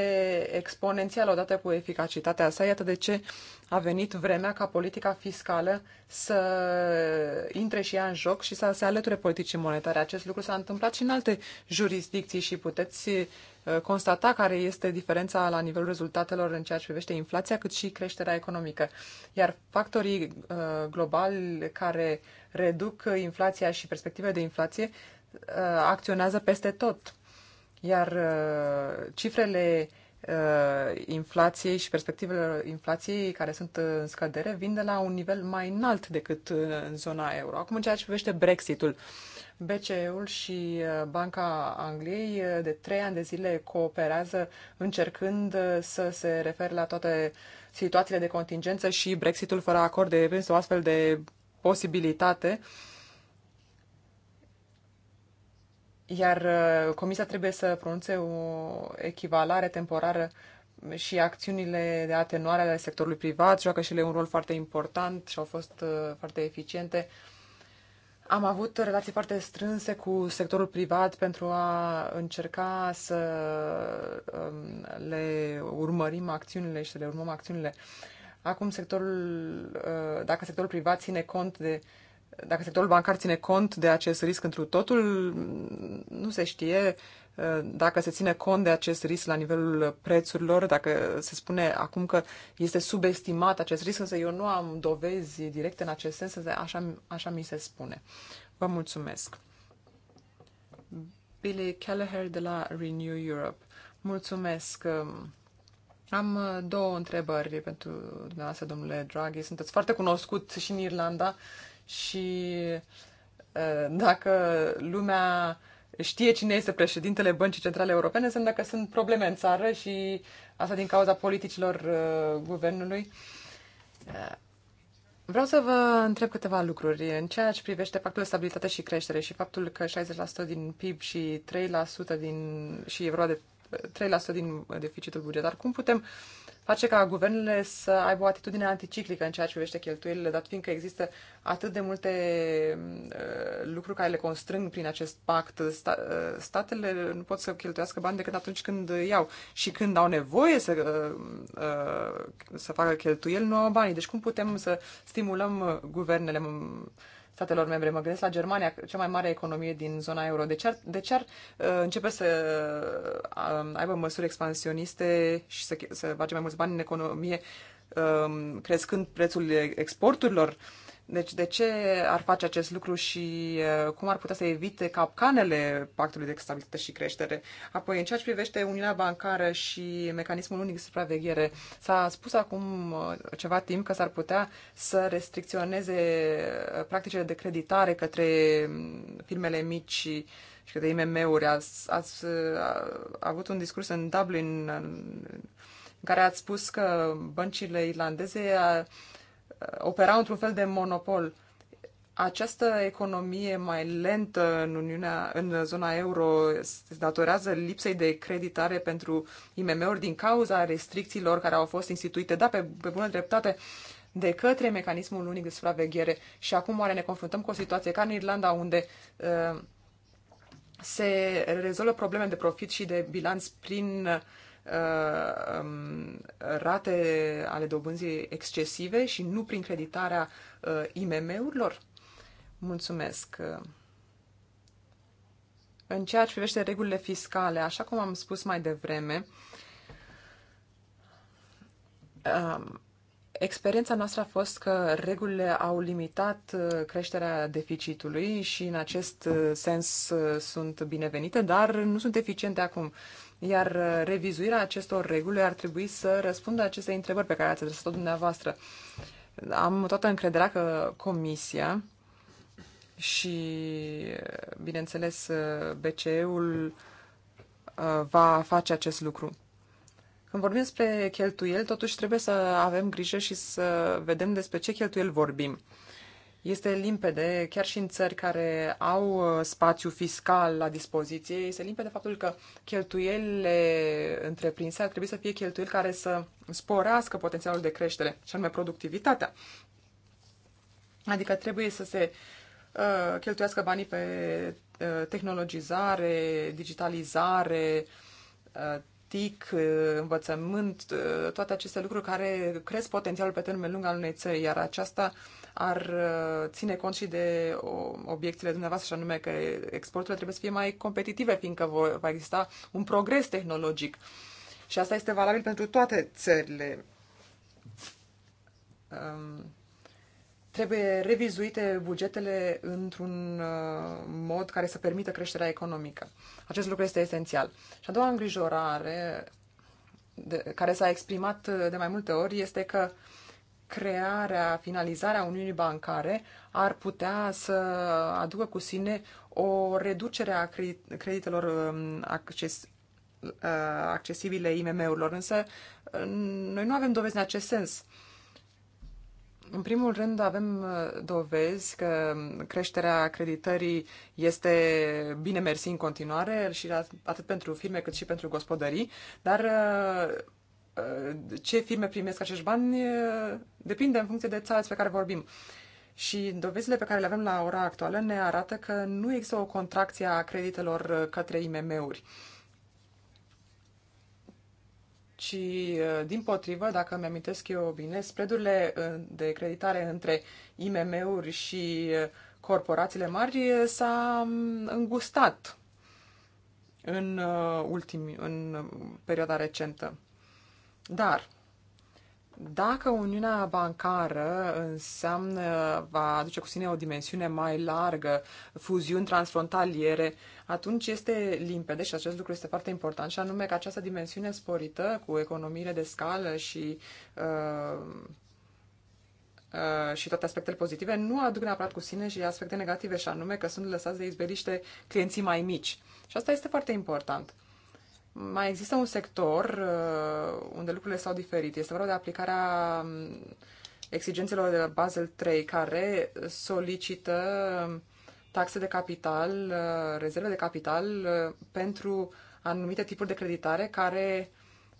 exponențial odată cu eficacitatea sa. Iată de ce a venit vremea ca politica fiscală să intre și ea în joc și să se alăture politicii monetare. Acest lucru s-a întâmplat și în alte jurisdicții și puteți uh, constata care este diferența la nivelul rezultatelor în ceea ce privește inflația, cât și creșterea economică. Iar factorii uh, globali care reduc inflația și perspective de inflație uh, acționează peste tot iar uh, cifrele uh, inflației și perspectivele inflației care sunt uh, în scădere vin de la un nivel mai înalt decât în zona euro. Acum, în ceea ce privește Brexitul, BCE-ul și Banca Angliei de trei ani de zile cooperează încercând să se refere la toate situațiile de contingență și Brexitul fără acord de prins o astfel de posibilitate uh, Iar uh, comisia trebuie să pronunțe o echivalare temporară și acțiunile de atenuare ale sectorului privat joacă și ele un rol foarte important și au fost uh, foarte eficiente. Am avut relații foarte strânse cu sectorul privat pentru a încerca să um, le urmărim acțiunile și să le urmăm acțiunile. Acum, sectorul, uh, dacă sectorul privat ține cont de uh, dacă sectorul bancar ține cont de acest risc întru totul, nu se știe uh, dacă se ține cont de acest risc la nivelul prețurilor, dacă se spune acum că este subestimat acest risc, însă eu nu am dovezi directe în acest sens, însă așa, așa mi se spune. Vă mulțumesc. Billy Kelleher de la Renew Europe. Mulțumesc. Um, am uh, două întrebări pentru dumneavoastră, domnule Draghi. Sunteți foarte cunoscut și în Irlanda și ă, dacă lumea știe cine este președintele Băncii Centrale Europene, înseamnă că sunt probleme în țară și asta din cauza politicilor ă, guvernului. Ă, vreau să vă întreb câteva lucruri în ceea ce privește pactul de stabilitate și creștere și faptul că 60% din PIB și 3% din, și e vorba de 3% din deficitul bugetar. Cum putem uh, face ca guvernele să aibă o atitudine anticiclică în ceea ce privește cheltuielile, dat fiindcă există atât de multe mm, uh, lucruri care le constrâng prin acest pact. Sta, uh, statele nu pot să cheltuiască bani decât atunci când iau și când au nevoie să, uh, uh să facă cheltuieli, nu au bani. Deci cum putem să stimulăm guvernele? Mm, statelor membre. Mă gândesc la Germania, cea mai mare economie din zona euro. De ce ar, de ce ar uh, începe să uh, aibă măsuri expansioniste și să, să face mai mulți bani în economie, uh, crescând prețul exporturilor? Uh, deci de ce ar face acest lucru și cum ar putea să evite capcanele pactului de stabilitate și creștere? Apoi, în ceea ce privește Uniunea Bancară și mecanismul unic de supraveghere, s-a spus acum ceva timp că s-ar putea să restricționeze practicile de creditare către firmele mici și către IMM-uri. Ați, ați avut un discurs în Dublin în care ați spus că băncile irlandeze Uh, opera într-un fel de monopol. Această economie mai lentă în, Uniunea, în zona euro se datorează lipsei de creditare pentru IMM-uri din cauza restricțiilor care au fost instituite, da, pe, pe bună dreptate, de către mecanismul unic de supraveghere. Și acum oare ne confruntăm cu o situație ca în Irlanda, unde uh, se rezolvă probleme de profit și de bilanț prin uh, Uh, um, rate ale dobânzii excesive și nu prin creditarea uh, IMM-urilor? Mulțumesc! În ceea ce privește regulile fiscale, așa cum am spus mai devreme, um, experiența noastră a fost că regulile au limitat uh, creșterea deficitului și în acest sens sunt binevenite, dar nu sunt eficiente acum. Iar uh, revizuirea acestor reguli ar trebui să răspundă aceste întrebări pe care ați adresat-o dumneavoastră. Am toată încrederea că Comisia și, bineînțeles, uh, BCE-ul uh, va face acest lucru. Când vorbim despre cheltuieli, totuși trebuie să avem grijă și să vedem despre ce cheltuieli vorbim. Este limpede, chiar și în țări care au uh, spațiu fiscal la dispoziție, este limpede faptul că cheltuielile întreprinse ar trebui să fie cheltuieli care să sporească potențialul de creștere, și anume productivitatea. Adică trebuie să se uh, cheltuiască banii pe uh, tehnologizare, digitalizare, uh, TIC, uh, învățământ, uh, toate aceste lucruri care cresc potențialul pe termen lung al unei țări, iar aceasta ar uh, ține cont și de obiecțiile dumneavoastră, și anume că exporturile trebuie să fie mai competitive, fiindcă va exista un progres tehnologic. Și asta este valabil pentru toate țările. Um, trebuie revizuite bugetele într-un uh, mod care să permită creșterea economică. Acest lucru este esențial. Și a doua îngrijorare de, care s-a exprimat uh, de mai multe ori este că uh, crearea, finalizarea Uniunii Bancare ar putea să aducă cu sine o reducere a creditelor um, acces, uh, accesibile IMM-urilor, însă uh, noi nu avem dovezi în acest sens. În primul rând avem uh, dovezi că um, creșterea creditării este bine mersi în continuare și atât pentru firme cât și pentru gospodării, dar Uh, ce firme primesc acești bani uh, depinde în funcție de țara despre care vorbim. Și dovezile pe care le avem la ora actuală ne arată că nu există o contracție a creditelor uh, către IMM-uri. Ci, din potrivă, dacă îmi amintesc eu bine, spreadurile de creditare între IMM-uri și corporațiile mari s-a um, îngustat în, ultimii, în perioada recentă. Dar dacă Uniunea Bancară înseamnă, va aduce cu sine o dimensiune mai largă, fuziuni transfrontaliere, atunci este limpede și acest lucru este foarte important, și anume că această dimensiune sporită cu economiile de scală și, uh, uh, și toate aspectele pozitive nu aduc neapărat cu sine și aspecte negative, și anume că sunt lăsați de izbeliște clienții mai mici. Și asta este foarte important mai există un sector uh, unde lucrurile s-au diferit. Este vorba de aplicarea um, exigențelor de la Basel 3 care solicită um, taxe de capital, uh, rezerve de capital uh, pentru anumite tipuri de creditare care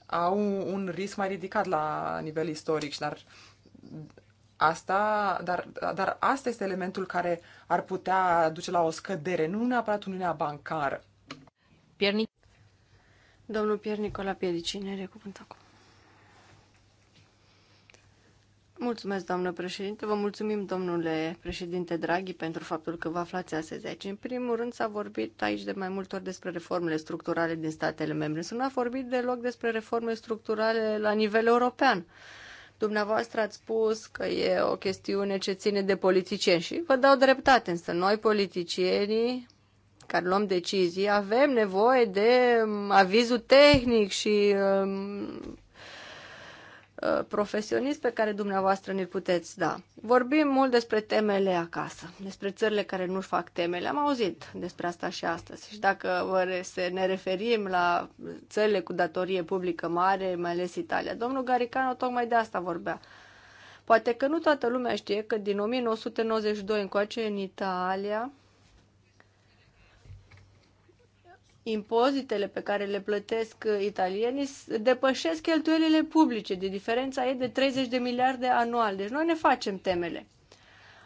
au un risc mai ridicat la nivel istoric, dar asta, dar, dar asta este elementul care ar putea duce la o scădere, nu neapărat uniunea bancară. Pierre Domnul Pier Nicola Piedicini are cuvânt acum. Mulțumesc, doamnă președinte. Vă mulțumim, domnule președinte Draghi, pentru faptul că vă aflați astăzi aici. În primul rând, s-a vorbit aici de mai multe ori despre reformele structurale din statele membre. Să nu a vorbit deloc despre reforme structurale la nivel european. Dumneavoastră ați spus că e o chestiune ce ține de politicieni și vă dau dreptate, însă noi politicienii care luăm decizii, avem nevoie de um, avizul tehnic și um, uh, profesionist pe care dumneavoastră ne puteți da. Vorbim mult despre temele acasă, despre țările care nu-și fac temele. Am auzit despre asta și astăzi. Și dacă vă ne referim la țările cu datorie publică mare, mai ales Italia, domnul Garicano tocmai de asta vorbea. Poate că nu toată lumea știe că din 1992 încoace în Italia impozitele pe care le plătesc uh, italienii depășesc cheltuielile publice, de diferența e de 30 de miliarde anual. Deci noi ne facem temele.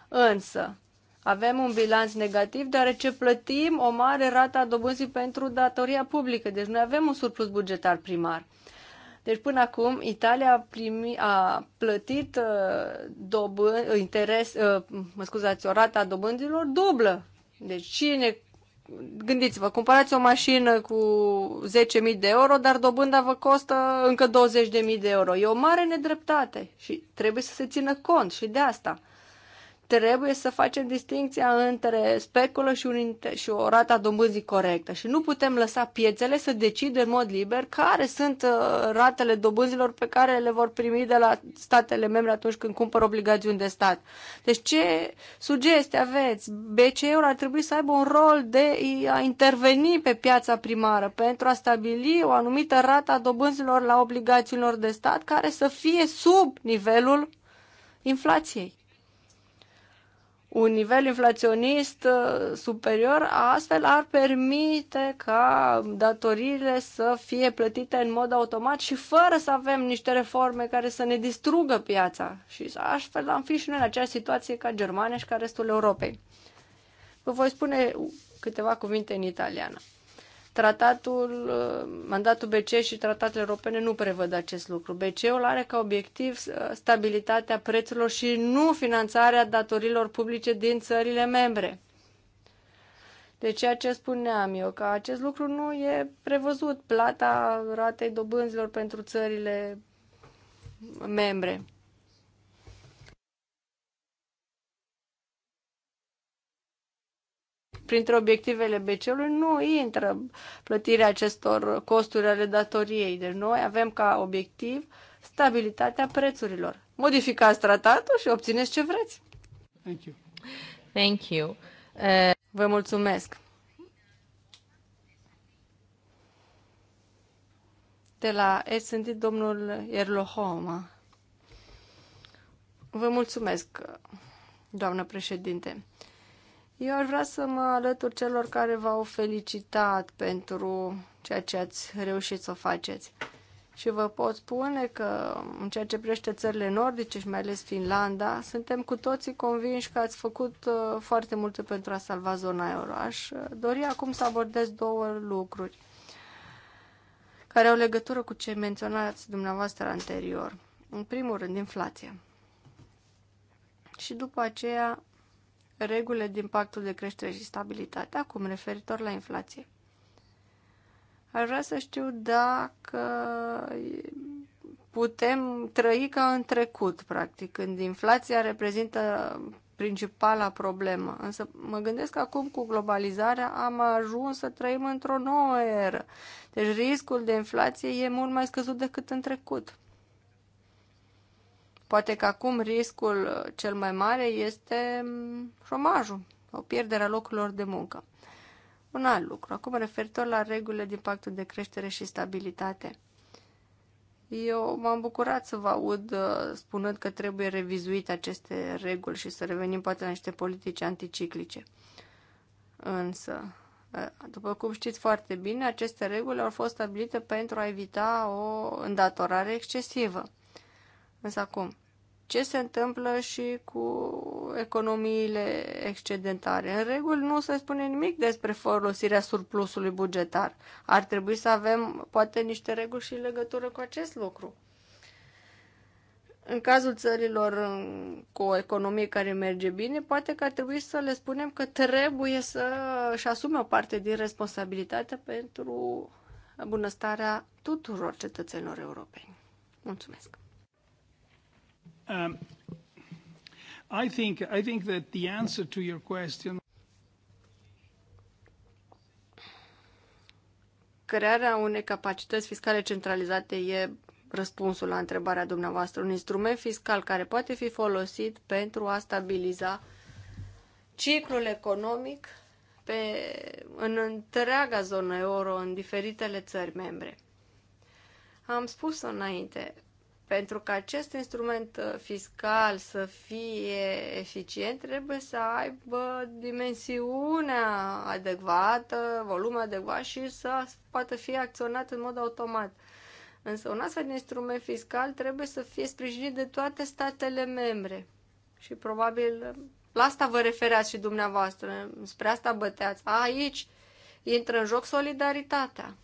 Însă, avem un bilanț negativ deoarece plătim o mare rată a dobânzii pentru datoria publică. Deci noi avem un surplus bugetar primar. Deci până acum Italia a, primi, a plătit uh, dobân, uh, interes, uh, mă scuzați, o rată a dobânzilor dublă. Deci cine gândiți-vă, cumpărați o mașină cu 10.000 de euro, dar dobânda vă costă încă 20.000 de euro. E o mare nedreptate și trebuie să se țină cont și de asta trebuie să facem distinția între speculă și, un, și o rata dobânzii corectă și nu putem lăsa piețele să decidă în mod liber care sunt uh, ratele dobânzilor pe care le vor primi de la statele membre atunci când cumpără obligațiuni de stat. Deci ce sugestii aveți? BCE-ul ar trebui să aibă un rol de a interveni pe piața primară pentru a stabili o anumită rată a dobânzilor la obligațiunilor de stat care să fie sub nivelul inflației un nivel inflaționist uh, superior, astfel ar permite ca datoriile să fie plătite în mod automat și fără să avem niște reforme care să ne distrugă piața. Și astfel am fi și noi în aceeași situație ca Germania și ca restul Europei. Vă voi spune câteva cuvinte în italiană. Tratatul, uh, mandatul BCE și tratatele europene nu prevăd acest lucru. BCE-ul are ca obiectiv uh, stabilitatea prețurilor și nu finanțarea datorilor publice din țările membre. De deci, ceea ce spuneam eu, că acest lucru nu e prevăzut, plata ratei dobânzilor pentru țările membre. printre obiectivele BC-ului nu intră plătirea acestor costuri ale datoriei. Deci noi avem ca obiectiv stabilitatea prețurilor. Modificați tratatul și obțineți ce vreți. Thank you. Thank you. Uh... Vă mulțumesc. De la S&D, domnul Erlohoma. Vă mulțumesc, doamnă președinte. Eu aș vrea să mă alătur celor care v-au felicitat pentru ceea ce ați reușit să faceți. Și vă pot spune că în ceea ce privește țările nordice și mai ales Finlanda, suntem cu toții convinși că ați făcut uh, foarte multe pentru a salva zona euro. Aș uh, dori acum să abordez două lucruri care au legătură cu ce menționați dumneavoastră anterior. În primul rând, inflația. Și după aceea, regulile din pactul de creștere și stabilitate. Acum, referitor la inflație. Aș vrea să știu dacă putem trăi ca în trecut, practic, când inflația reprezintă principala problemă. Însă mă gândesc că acum cu globalizarea am ajuns să trăim într-o nouă eră. Deci riscul de inflație e mult mai scăzut decât în trecut. Poate că acum riscul uh, cel mai mare este mm, șomajul, o pierdere a locurilor de muncă. Un alt lucru, acum referitor la regulile din pactul de creștere și stabilitate. Eu m-am bucurat să vă aud uh, spunând că trebuie revizuit aceste reguli și să revenim poate la niște politici anticiclice. Însă, uh, după cum știți foarte bine, aceste reguli au fost stabilite pentru a evita o îndatorare excesivă. Însă acum, ce se întâmplă și cu economiile excedentare? În regulă nu se spune nimic despre folosirea surplusului bugetar. Ar trebui să avem poate niște reguli și legătură cu acest lucru. În cazul țărilor cu o economie care merge bine, poate că ar trebui să le spunem că trebuie să își asume o parte din responsabilitatea pentru bunăstarea tuturor cetățenilor europeni. Mulțumesc! Um, I think, I think that the answer to your question Crearea unei capacități fiscale centralizate e răspunsul la întrebarea dumneavoastră. Un instrument fiscal care poate fi folosit pentru a stabiliza ciclul economic pe, în întreaga zonă euro, în diferitele țări membre. Am spus înainte, pentru că acest instrument uh, fiscal să fie eficient, trebuie să aibă dimensiunea adecvată, volum adecvat și să poată fi acționat în mod automat. Însă un astfel de instrument fiscal trebuie să fie sprijinit de toate statele membre. Și probabil uh, la asta vă refereați și dumneavoastră, spre asta băteați. aici intră în joc solidaritatea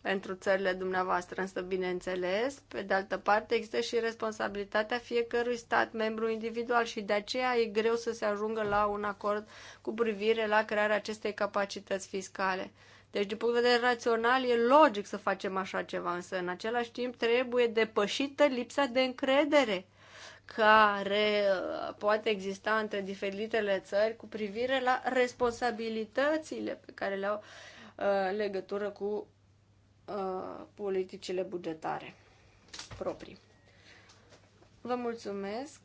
pentru țările dumneavoastră, însă, bineînțeles, pe de altă parte, există și responsabilitatea fiecărui stat membru individual și de aceea e greu să se ajungă la un acord cu privire la crearea acestei capacități fiscale. Deci, din punct de vedere rațional, e logic să facem așa ceva, însă, în același timp, trebuie depășită lipsa de încredere care uh, poate exista între diferitele țări cu privire la responsabilitățile pe care le au uh, legătură cu Uh, politicile bugetare proprii. Vă mulțumesc!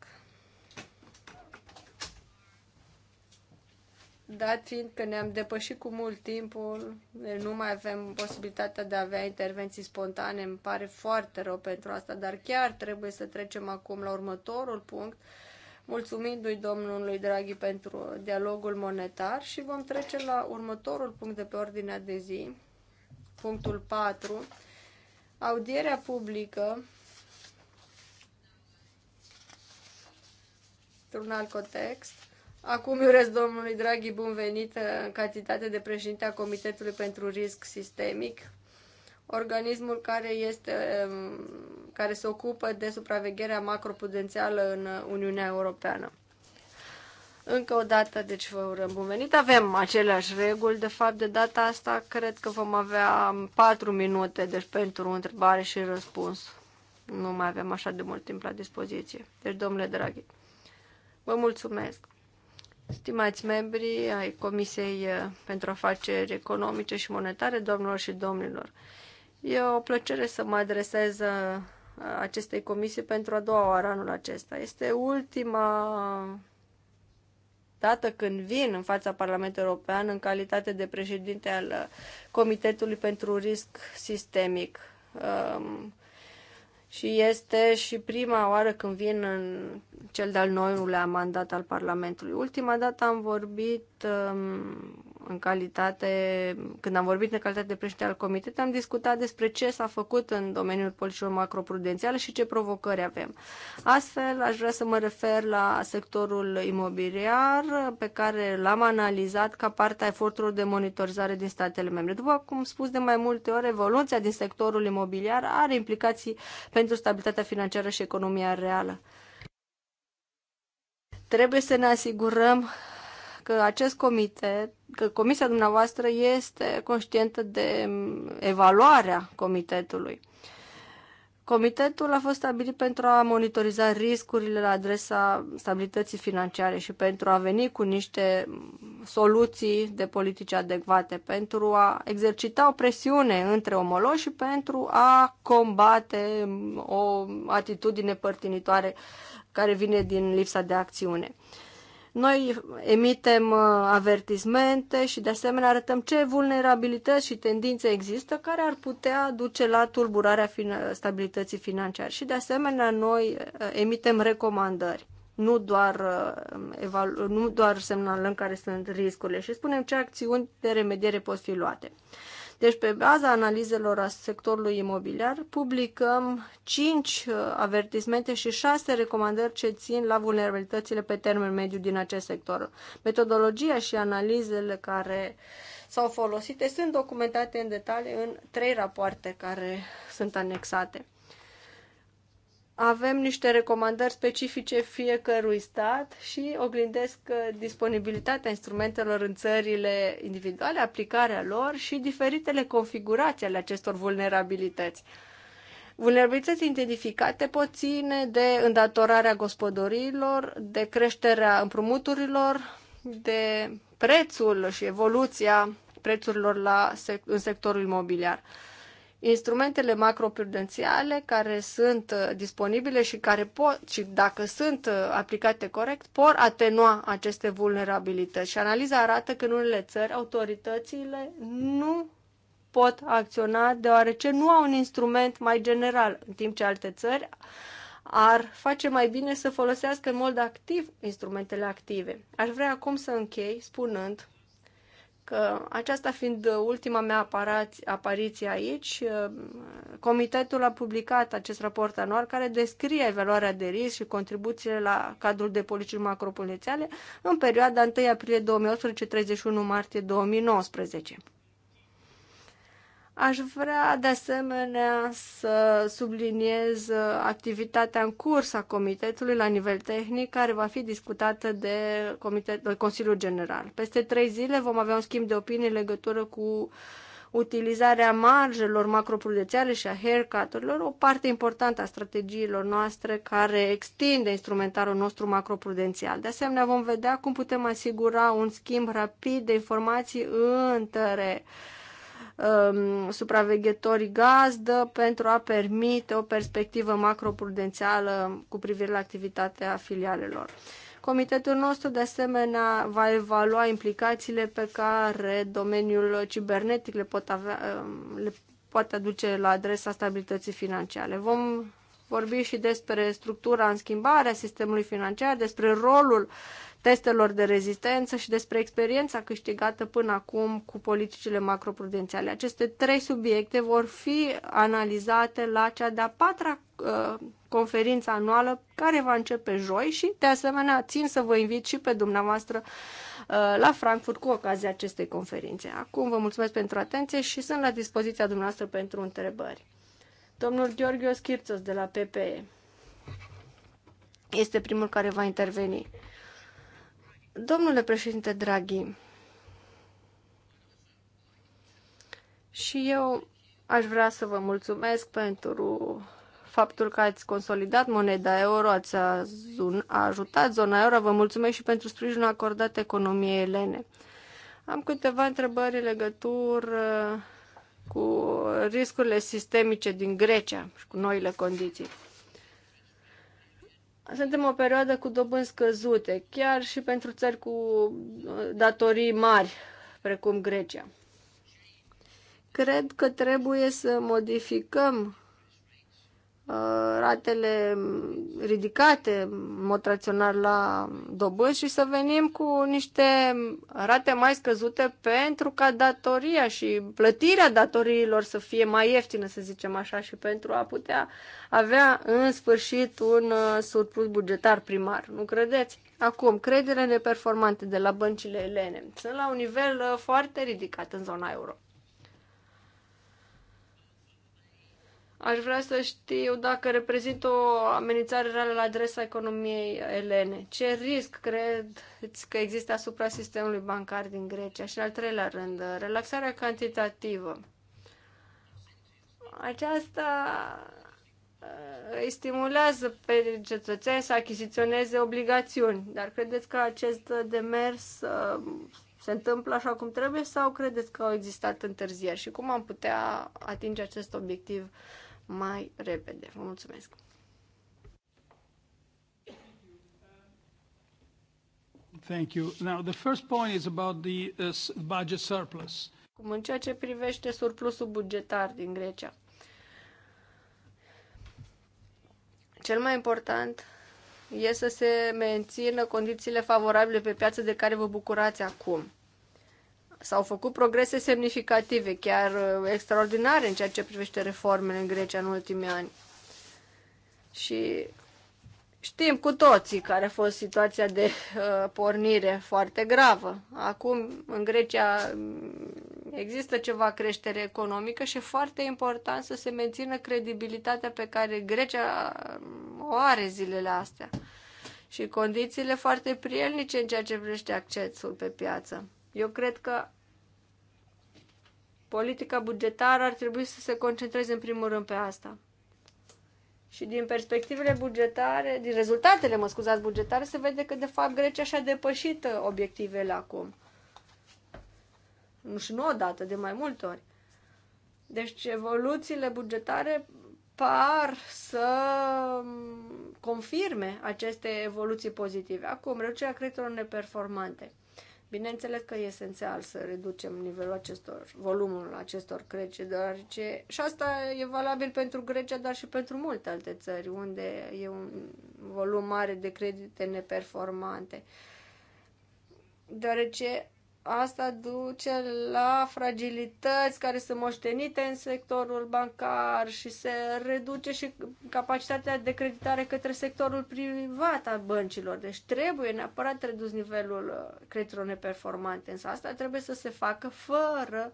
Dat fiind că ne-am depășit cu mult timpul, nu mai avem posibilitatea de a avea intervenții spontane, îmi pare foarte rău pentru asta, dar chiar trebuie să trecem acum la următorul punct, mulțumindu-i domnului Draghi pentru dialogul monetar și vom trece la următorul punct de pe ordinea de zi, punctul 4, audierea publică într-un alt context. Acum îi urez domnului Draghi bun venit în calitate de președinte a Comitetului pentru Risc Sistemic, organismul care, este, um, care se ocupă de supravegherea macroprudențială în Uniunea Europeană. Încă o dată, deci vă urăm bun venit. Avem aceleași reguli, de fapt, de data asta cred că vom avea 4 minute, deci pentru întrebare și răspuns. Nu mai avem așa de mult timp la dispoziție. Deci, domnule Draghi, vă mulțumesc. Stimați membri ai Comisiei eh, pentru Afaceri Economice și Monetare, domnilor și domnilor, e o plăcere să mă adresez eh, acestei comisii pentru a doua oară anul acesta. Este ultima dată când vin în fața Parlamentului European în calitate de președinte al uh, Comitetului pentru Risc Sistemic. Um, și este și prima oară când vin în cel de-al noilea mandat al Parlamentului. Ultima dată am vorbit um, în calitate, când am vorbit în calitate de președinte al comitetului, am discutat despre ce s-a făcut în domeniul politicilor macroprudențiale și ce provocări avem. Astfel, aș vrea să mă refer la sectorul imobiliar, pe care l-am analizat ca parte a eforturilor de monitorizare din statele membre. După cum spus de mai multe ori, evoluția din sectorul imobiliar are implicații pentru stabilitatea financiară și economia reală. Trebuie să ne asigurăm că acest comitet, că comisia dumneavoastră este conștientă de mm, evaluarea comitetului. Comitetul a fost stabilit pentru a monitoriza riscurile la adresa stabilității financiare și pentru a veni cu niște mm, soluții de politici adecvate, pentru a exercita o presiune între omoloși și pentru a combate mm, o atitudine părtinitoare care vine din lipsa de acțiune. Uh, noi emitem uh, avertismente și de asemenea arătăm ce vulnerabilități și tendințe există care ar putea duce la tulburarea stabilității financiare. Și de asemenea noi uh, emitem recomandări nu doar, uh, evalu- nu doar semnalăm care sunt riscurile și spunem ce acțiuni de remediere pot fi luate. Deci, pe baza analizelor a sectorului imobiliar, publicăm 5 uh, avertismente și 6 recomandări ce țin la vulnerabilitățile pe termen mediu din acest sector. Metodologia și analizele care s-au folosit sunt documentate în detalii în trei rapoarte care sunt anexate avem niște recomandări specifice fiecărui stat și oglindesc uh, disponibilitatea instrumentelor în țările individuale, aplicarea lor și diferitele configurații ale acestor vulnerabilități. Vulnerabilități identificate pot ține de îndatorarea gospodăriilor, de creșterea împrumuturilor, de prețul și evoluția prețurilor la, în sectorul imobiliar instrumentele macroprudențiale care sunt uh, disponibile și care pot, și dacă sunt uh, aplicate corect, pot atenua aceste vulnerabilități. Și analiza arată că în unele țări autoritățile nu pot acționa deoarece nu au un instrument mai general, în timp ce alte țări ar face mai bine să folosească în mod activ instrumentele active. Aș vrea acum să închei spunând că aceasta fiind ultima mea apariție aici, uh, comitetul a publicat acest raport anual care descrie evaluarea de risc și contribuțiile la cadrul de politici macropolițiale în perioada 1 aprilie 2018-31 martie 2019. Aș vrea de asemenea să subliniez activitatea în curs a comitetului la nivel tehnic, care va fi discutată de, comitet, de Consiliul General. Peste trei zile vom avea un schimb de opinii în legătură cu utilizarea marjelor macroprudențiale și a haircut-urilor, o parte importantă a strategiilor noastre care extinde instrumentarul nostru macroprudențial. De asemenea, vom vedea cum putem asigura un schimb rapid de informații între uh, Um, supraveghetorii gazdă pentru a permite o perspectivă macroprudențială cu privire la activitatea filialelor. Comitetul nostru, de asemenea, va evalua implicațiile pe care domeniul cibernetic le, pot avea, um, le poate aduce la adresa stabilității financiare. Vom vorbi și despre structura în schimbare a sistemului financiar, despre rolul uh, testelor de rezistență și despre experiența câștigată până acum cu politicile macroprudențiale. Aceste trei subiecte vor fi analizate la cea de-a patra uh, conferință anuală care va începe joi și, de asemenea, țin să vă invit și pe dumneavoastră uh, la Frankfurt cu ocazia acestei conferințe. Acum vă mulțumesc pentru atenție și sunt la dispoziția dumneavoastră pentru întrebări. Domnul Gheorghe Schirțos de la PPE este primul care va interveni. Domnule președinte Draghi, și eu aș vrea să vă mulțumesc pentru faptul că ați consolidat moneda euro, ați ajutat zona euro, vă mulțumesc și pentru sprijinul acordat economiei elene. Am câteva întrebări în legătură cu riscurile sistemice din Grecia și cu noile condiții suntem o perioadă cu dobânzi scăzute, chiar și pentru țări cu uh, datorii mari, precum Grecia. Cred că trebuie să modificăm Uh, ratele ridicate în la dobânzi și să venim cu niște rate mai scăzute pentru ca datoria și plătirea datoriilor să fie mai ieftină, să zicem așa, și pentru a putea avea în sfârșit un uh, surplus bugetar primar. Nu credeți? Acum, creditele neperformante de la băncile elene sunt la un nivel uh, foarte ridicat în zona euro. Aș vrea să știu dacă reprezintă o amenințare reală la adresa economiei elene. Ce risc credeți că există asupra sistemului bancar din Grecia? Și în al treilea rând, relaxarea cantitativă. Aceasta îi uh, stimulează pe cetățeni să achiziționeze obligațiuni. Dar credeți că acest demers uh, se întâmplă așa cum trebuie sau credeți că au existat întârzieri și cum am putea atinge acest obiectiv mai repede. Vă mulțumesc! Thank you. Now, the first point is about the uh, budget surplus. Cum în ceea ce privește surplusul bugetar din Grecia. Cel mai important e să se mențină condițiile favorabile pe piață de care vă bucurați acum. S-au făcut progrese semnificative, chiar uh, extraordinare în ceea ce privește reformele în Grecia în ultimii ani. Și știm cu toții care a fost situația de uh, pornire foarte gravă. Acum, în Grecia, mm, există ceva creștere economică și e foarte important să se mențină credibilitatea pe care Grecia mm, o are zilele astea și condițiile foarte prielnice în ceea ce privește accesul pe piață. Eu cred că Politica bugetară ar trebui să se concentreze în primul rând pe asta. Și din perspectivele bugetare, din rezultatele, mă scuzați, bugetare, se vede că, de fapt, Grecia și-a depășit uh, obiectivele acum. Nu și nu odată, de mai multe ori. Deci, evoluțiile bugetare par să um, confirme aceste evoluții pozitive. Acum, reducerea creditelor neperformante – Bineînțeles că e esențial să reducem nivelul acestor, volumul acestor crece, deoarece și asta e valabil pentru Grecia, dar și pentru multe alte țări, unde e un volum mare de credite neperformante. Deoarece asta duce la fragilități care sunt moștenite în sectorul bancar și se reduce și capacitatea de creditare către sectorul privat al băncilor. Deci trebuie neapărat redus nivelul uh, creditelor neperformante, însă asta trebuie să se facă fără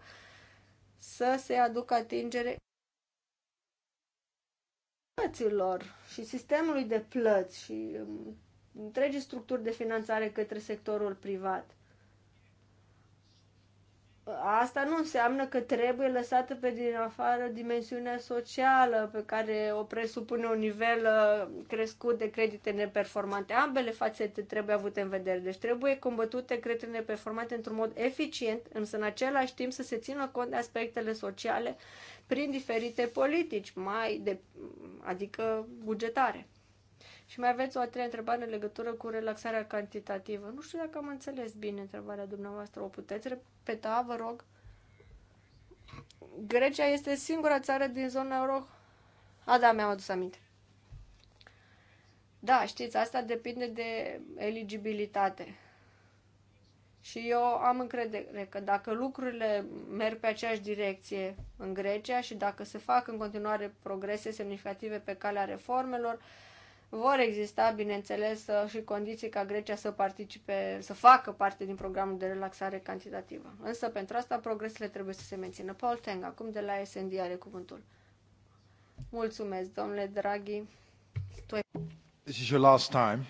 să se aducă atingere plăților și sistemului de plăți și um, întregii structuri de finanțare către sectorul privat. Asta nu înseamnă că trebuie lăsată pe din afară dimensiunea socială pe care o presupune un nivel uh, crescut de credite neperformante. Ambele fațete trebuie avute în vedere. Deci trebuie combătute credite neperformante într-un mod eficient, însă în același timp să se țină cont de aspectele sociale prin diferite politici, mai de, adică bugetare. Și mai aveți o a treia întrebare în legătură cu relaxarea cantitativă. Nu știu dacă am înțeles bine întrebarea dumneavoastră. O puteți repeta, vă rog? Grecia este singura țară din zona euro? A, da, mi-am adus aminte. Da, știți, asta depinde de eligibilitate. Și eu am încredere că dacă lucrurile merg pe aceeași direcție în Grecia și dacă se fac în continuare progrese semnificative pe calea reformelor, uh, vor exista, bineînțeles, uh, și condiții ca Grecia să participe, să facă parte din programul de relaxare cantitativă. Însă, pentru asta, progresele trebuie să se mențină. Paul Teng, acum de la SND, are cuvântul. Mulțumesc, domnule Draghi. This is your last time.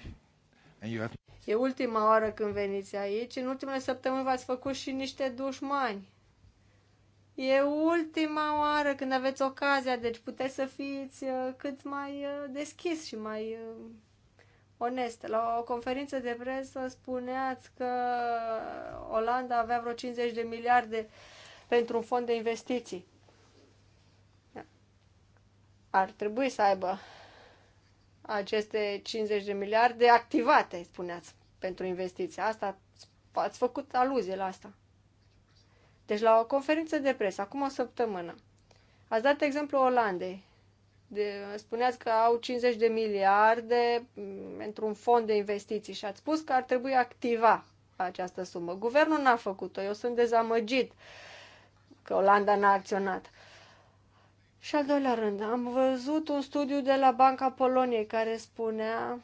And you have... E ultima oară când veniți aici. În ultimele săptămâni v-ați făcut și niște dușmani. E ultima oară când aveți ocazia, deci puteți să fiți uh, cât mai uh, deschis și mai uh, onest. La o conferință de presă spuneați că Olanda avea vreo 50 de miliarde pentru un fond de investiții. Da. Ar trebui să aibă aceste 50 de miliarde activate, spuneați, pentru investiții. Asta ați făcut aluzie la asta. Deci la o conferință de presă, acum o săptămână, ați dat exemplu Olandei. De, spuneați că au 50 de miliarde pentru mm, un fond de investiții și ați spus că ar trebui activa această sumă. Guvernul n-a făcut-o, eu sunt dezamăgit că Olanda n-a acționat. Și al doilea rând, am văzut un studiu de la Banca Poloniei care spunea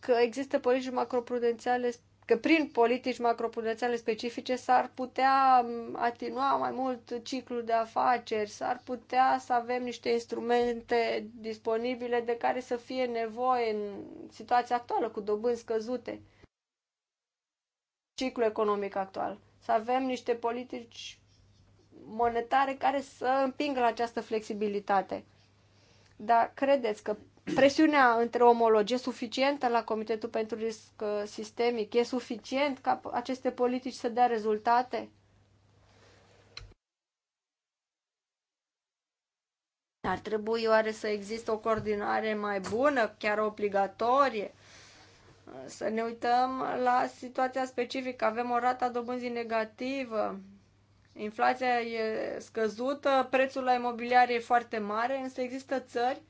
că există politici macroprudențiale că prin politici macroprudențiale specifice s-ar putea mm, atinua mai mult ciclul de afaceri, s-ar putea să avem niște instrumente disponibile de care să fie nevoie în situația actuală cu dobânzi scăzute. Ciclul economic actual. Să avem niște politici monetare care să împingă la această flexibilitate. Dar credeți că presiunea între omologi e suficientă la Comitetul pentru Risc uh, Sistemic? E suficient ca aceste politici să dea rezultate? Ar trebui oare să există o coordinare mai bună, chiar obligatorie? Să ne uităm la situația specifică. Avem o rată a dobânzii negativă, inflația e scăzută, prețul la imobiliare e foarte mare, însă există țări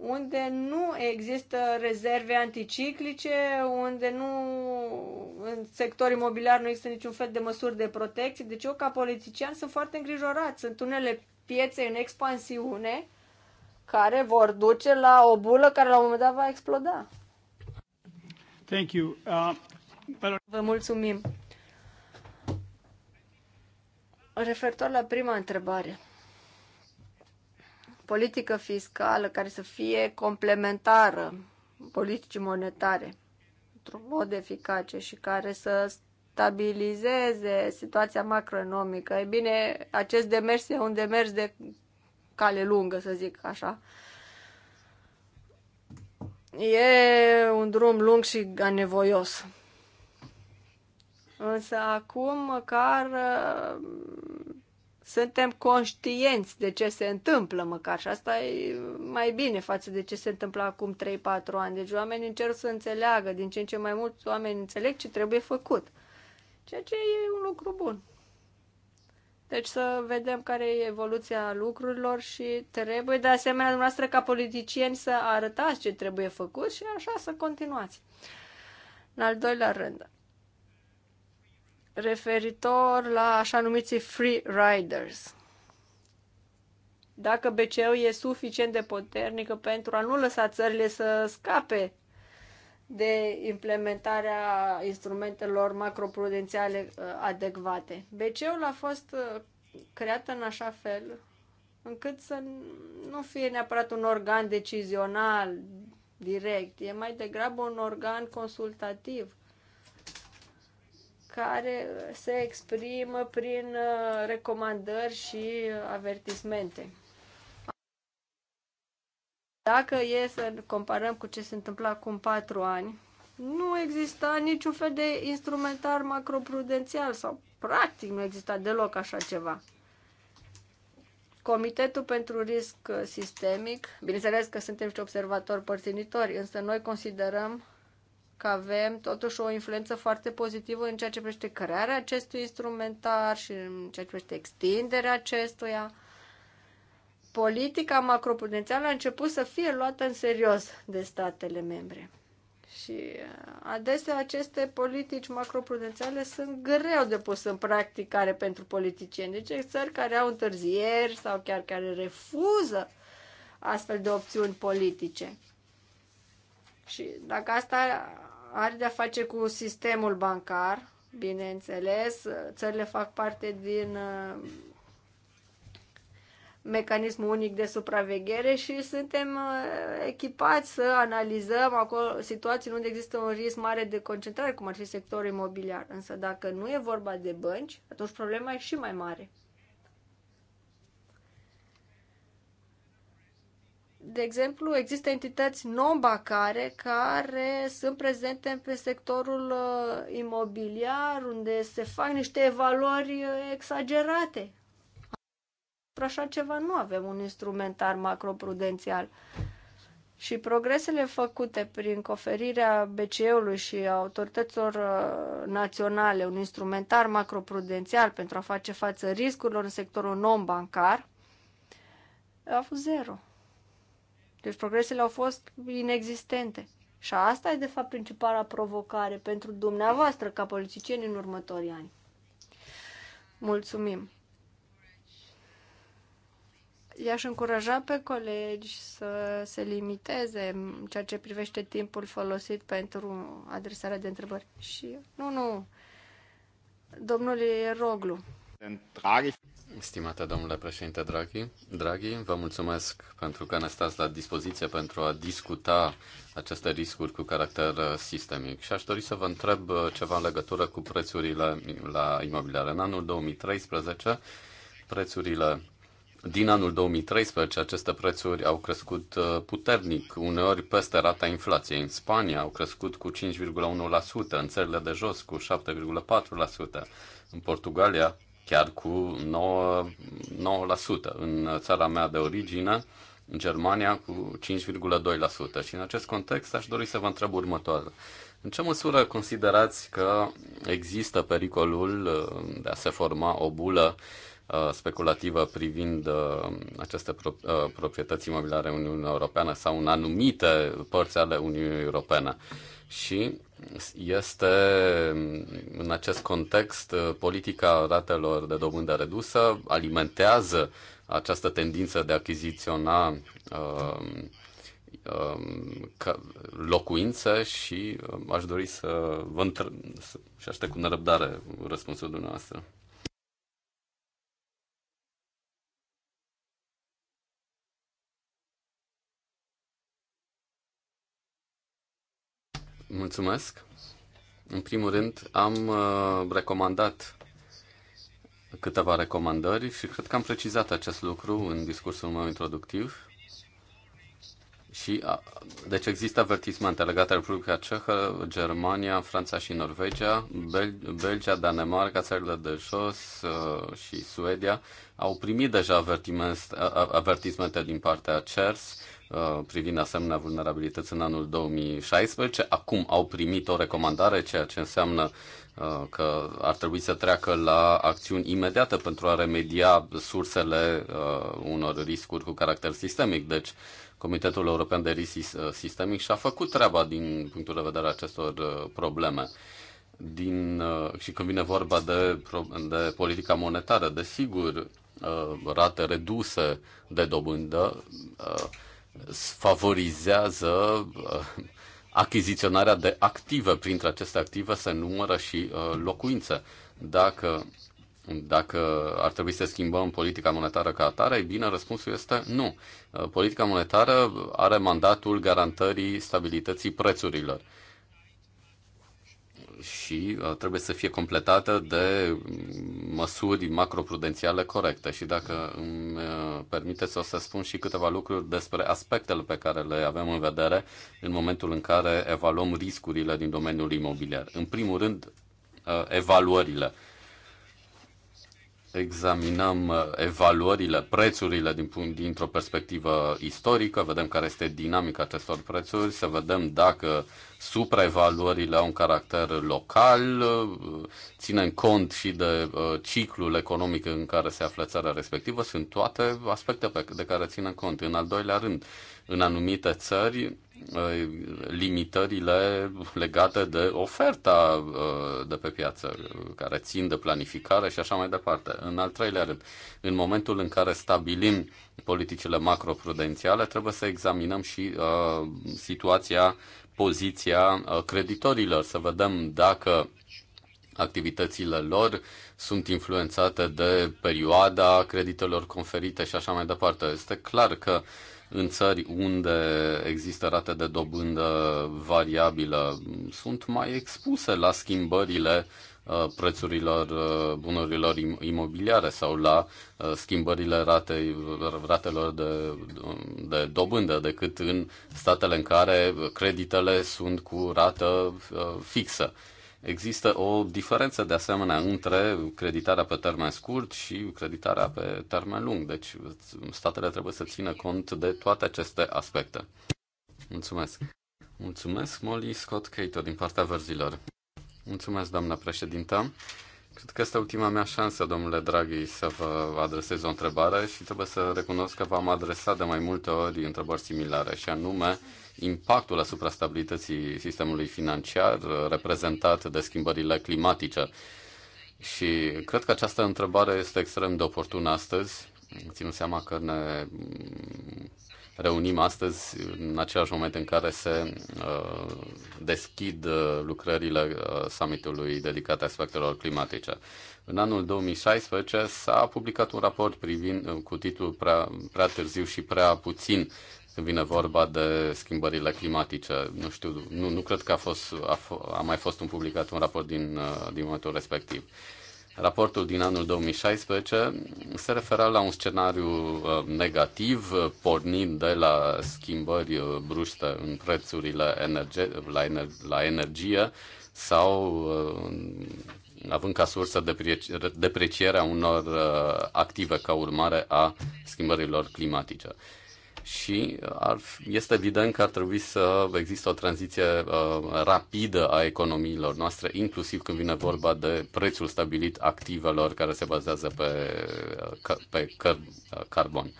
unde nu există rezerve anticiclice, unde nu în sector imobiliar nu există niciun fel de măsuri de protecție. Deci eu ca politician sunt foarte îngrijorat. Sunt unele piețe în expansiune care vor duce la o bulă care la un moment dat va exploda. Thank you. Uh, but... Vă mulțumim. Referitor la prima întrebare politică fiscală care să fie complementară politicii monetare într-un mod eficace și care să stabilizeze situația macroeconomică. E bine, acest demers e un demers de cale lungă, să zic așa. E un drum lung și anevoios. Însă acum măcar suntem conștienți de ce se întâmplă măcar și asta e mai bine față de ce se întâmplă acum 3-4 ani. Deci oamenii încerc să înțeleagă, din ce în ce mai mulți oameni înțeleg ce trebuie făcut. Ceea ce e un lucru bun. Deci să vedem care e evoluția lucrurilor și trebuie de asemenea dumneavoastră ca politicieni să arătați ce trebuie făcut și așa să continuați. În al doilea rând, referitor la așa numiții free riders. Dacă BCE-ul e suficient de puternică pentru a nu lăsa țările să scape de implementarea instrumentelor macroprudențiale uh, adecvate. BCE-ul a fost uh, creat în așa fel încât să nu fie neapărat un organ decizional direct, e mai degrabă un organ consultativ care se exprimă prin uh, recomandări și avertismente. Dacă e să comparăm cu ce se întâmpla acum patru ani, nu exista niciun fel de instrumentar macroprudențial sau practic nu exista deloc așa ceva. Comitetul pentru risc sistemic, bineînțeles că suntem și observatori părținitori, însă noi considerăm că avem totuși o influență foarte pozitivă în ceea ce privește crearea acestui instrumentar și în ceea ce privește extinderea acestuia. Politica macroprudențială a început să fie luată în serios de statele membre. Și uh, adesea aceste politici macroprudențiale sunt greu de pus în practicare pentru politicieni. Deci țări care au întârzieri sau chiar care refuză astfel de opțiuni politice. Și dacă asta are de-a face cu sistemul bancar, bineînțeles. Țările fac parte din uh, mecanismul unic de supraveghere și suntem uh, echipați să analizăm acolo situații unde există un risc mare de concentrare, cum ar fi sectorul imobiliar. Însă dacă nu e vorba de bănci, atunci problema e și mai mare. de exemplu, există entități non-bancare care sunt prezente pe sectorul uh, imobiliar, unde se fac niște evaluări uh, exagerate. Așa ceva nu avem un instrumentar macroprudențial. Și progresele făcute prin conferirea BCE-ului și autorităților uh, naționale un instrumentar macroprudențial pentru a face față riscurilor în sectorul non-bancar a fost zero. Deci progresele au fost inexistente. Și asta e, de fapt, principala provocare pentru dumneavoastră ca politicieni în următorii ani. Mulțumim! i-aș încuraja pe colegi să se limiteze în ceea ce privește timpul folosit pentru adresarea de întrebări. Și nu, nu, domnul Roglu. Stimate domnule președinte Draghi, Draghi, vă mulțumesc pentru că ne stați la dispoziție pentru a discuta aceste riscuri cu caracter uh, sistemic. Și aș dori să vă întreb uh, ceva în legătură cu prețurile la imobiliare. În anul 2013, prețurile din anul 2013 aceste prețuri au crescut uh, puternic, uneori peste rata inflației. În Spania au crescut cu 5,1%, în țările de jos cu 7,4%, în Portugalia chiar cu 9%, 9% în țara mea de origine, în Germania cu 5,2%. Și în acest context aș dori să vă întreb următoarele. În ce măsură considerați că există pericolul uh, de a se forma o bulă uh, speculativă privind uh, aceste proprietăți imobiliare Uniunii europene Europeană sau în anumite părți ale Uniunii Europene? Și este în acest context politica ratelor de dobândă redusă alimentează această tendință de a achiziționa uh, uh, locuințe și um, aș dori să vă întreb și aștept cu nerăbdare răspunsul dumneavoastră. Mulțumesc. În primul rând, am uh, recomandat câteva recomandări și cred că am precizat acest lucru în discursul meu introductiv. Și, deci există avertismente legate de Republica Cehă, Germania, Franța și Norvegia, Bel- Belgia, Danemarca, țările de jos uh, și Suedia au primit deja avertismente din partea CERS Uh, privind asemenea vulnerabilități în anul 2016. Acum au primit o recomandare, ceea ce înseamnă uh, că ar trebui să treacă la acțiuni imediate pentru a remedia sursele uh, unor riscuri cu caracter sistemic. Deci, Comitetul European de Risc Sistemic și-a făcut treaba din punctul de vedere acestor probleme. Din, și când vine vorba de, de politica monetară, desigur, rate reduse de dobândă favorizează uh, achiziționarea de active. Printre aceste active se numără și uh, locuințe. Dacă, dacă ar trebui să schimbăm politica monetară ca atare, e bine, răspunsul este nu. Uh, politica monetară are mandatul garantării stabilității prețurilor și uh, trebuie să fie completată de măsuri macroprudențiale corecte. Și dacă îmi uh, permiteți, o să spun și câteva lucruri despre aspectele pe care le avem în vedere în momentul în care evaluăm riscurile din domeniul imobiliar. În primul rând, uh, evaluările examinăm evaluările, prețurile din, dintr-o perspectivă istorică, vedem care este dinamica acestor prețuri, să vedem dacă supraevaluările au un caracter local, ținem cont și de uh, ciclul economic în care se află țara respectivă, sunt toate aspecte de care ținem cont. În al doilea rând, în anumite țări, uh, limitările legate de oferta uh, de pe piață, care țin de planificare și așa mai departe. În al treilea rând, în momentul în care stabilim politicile macroprudențiale, trebuie să examinăm și uh, situația uh, poziția uh, creditorilor, să vedem dacă activitățile lor sunt influențate de perioada creditelor conferite și așa mai departe. Este clar că în țări unde există rate de dobândă variabilă sunt mai expuse la schimbările uh, Uh, prețurilor uh, bunurilor imobiliare sau la uh, schimbările ratei, ratelor de, de dobândă decât în statele în care creditele sunt cu rată fixă. Există o diferență de asemenea între creditarea pe termen scurt și creditarea pe termen lung. Deci statele trebuie să țină cont de toate aceste aspecte. Mulțumesc! Mulțumesc, Molly Scott Cato, din partea verzilor. Mulțumesc, doamna președintă. Cred că este ultima mea șansă, domnule Draghi, să vă adresez o întrebare și trebuie să recunosc că v-am adresat de mai multe ori întrebări similare, și anume impactul asupra stabilității sistemului financiar reprezentat de schimbările climatice. Și cred că această întrebare este extrem de oportună astăzi, ținând seama că ne reunim astăzi în același moment în care se uh, deschid uh, lucrările uh, summitului dedicate aspectelor climatice. În anul 2016 s-a publicat un raport privind cu titlul prea, prea târziu și prea puțin când vine vorba de schimbările climatice. Nu știu, nu, nu cred că a, fost, a, a mai fost un publicat un raport din, din momentul respectiv. Raportul din anul 2016 se refera la un scenariu uh, negativ, uh, pornind de la schimbări uh, bruște în prețurile energe- la, ener- la energie sau având ca sursă deprecierea unor active ca urmare a schimbărilor climatice și uh, ar, este evident că ar trebui să există o tranziție uh, rapidă a economiilor noastre, inclusiv când vine vorba de prețul stabilit activelor care se bazează pe, uh, pe car- uh, carbon.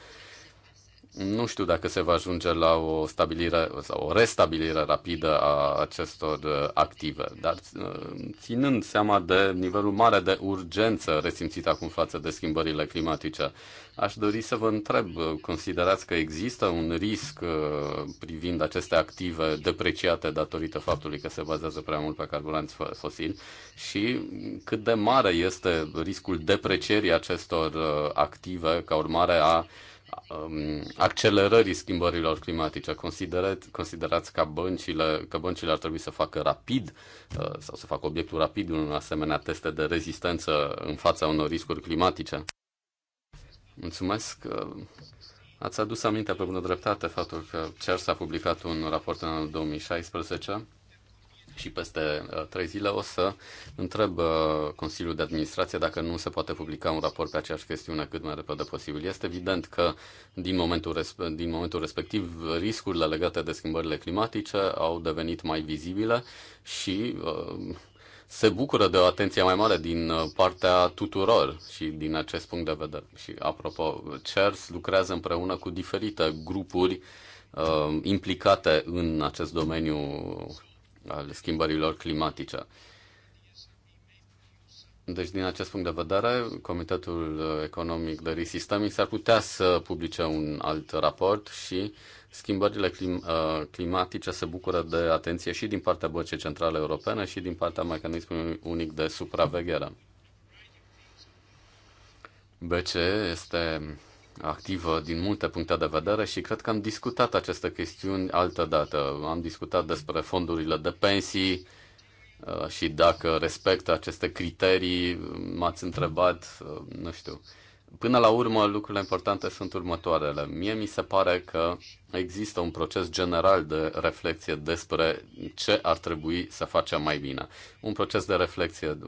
Nu știu dacă se va ajunge la o stabilire sau o restabilire rapidă a acestor active, dar ținând seama de nivelul mare de urgență resimțit acum față de schimbările climatice, Aș dori să vă întreb, uh, considerați că există un risc uh, privind aceste active depreciate datorită faptului că se bazează prea mult pe carburanți fosili și cât de mare este riscul deprecierii acestor uh, active ca urmare a um, accelerării schimbărilor climatice. Considerați, considerați ca băncile, că băncile ar trebui să facă rapid sau să facă obiectul rapid un asemenea teste de rezistență în fața unor riscuri climatice? Mulțumesc. Ați adus aminte pe bună dreptate faptul că CER s-a publicat un raport în anul 2016 și peste uh, trei zile o să întreb uh, Consiliul de Administrație dacă nu se poate publica un raport pe aceeași chestiune cât mai repede posibil. Este evident că din momentul, din momentul respectiv riscurile legate de schimbările climatice au devenit mai vizibile și uh, se bucură de o atenție mai mare din uh, partea tuturor și din acest punct de vedere. Și apropo, CERS lucrează împreună cu diferite grupuri uh, implicate în acest domeniu al schimbărilor climatice. Deci, din acest punct de vedere, Comitetul Economic de Risistemic s-ar putea să publice un alt raport și uh, schimbările clim, uh, climatice se bucură de atenție și din partea Băncii Centrale Europene și din partea mecanismului unic de supraveghere. BCE este activă din multe puncte de vedere și cred că am discutat aceste chestiuni altă dată. Am discutat despre fondurile de pensii uh, și dacă respectă aceste criterii. M-ați întrebat, uh, nu știu, Până la urmă, lucrurile importante sunt următoarele. Mie mi se pare că există un proces general de reflexie despre ce ar trebui să facem mai bine. Un proces de reflexie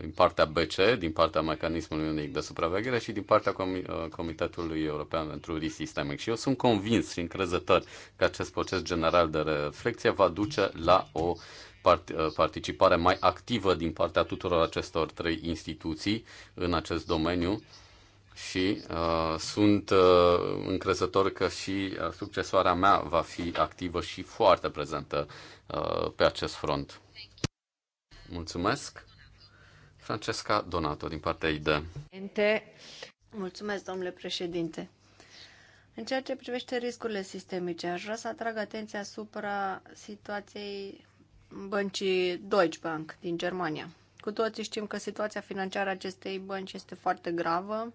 din partea BC, din partea Mecanismului Unic de Supraveghere și din partea Com- uh, Comitetului European pentru Risc Sistemic. Și eu sunt convins și încrezător că acest proces general de reflexie va duce la o uh, participare mai activă din partea tuturor acestor trei instituții în acest domeniu și uh, sunt uh, încrezător că și uh, succesoarea mea va fi activă și foarte prezentă uh, pe acest front. Mulțumesc! Francesca Donato, din partea ID. Mulțumesc, domnule președinte. În ceea ce privește riscurile sistemice, aș vrea să atrag atenția asupra situației băncii Deutsche Bank din Germania. Cu toții știm că situația financiară a acestei bănci este foarte gravă,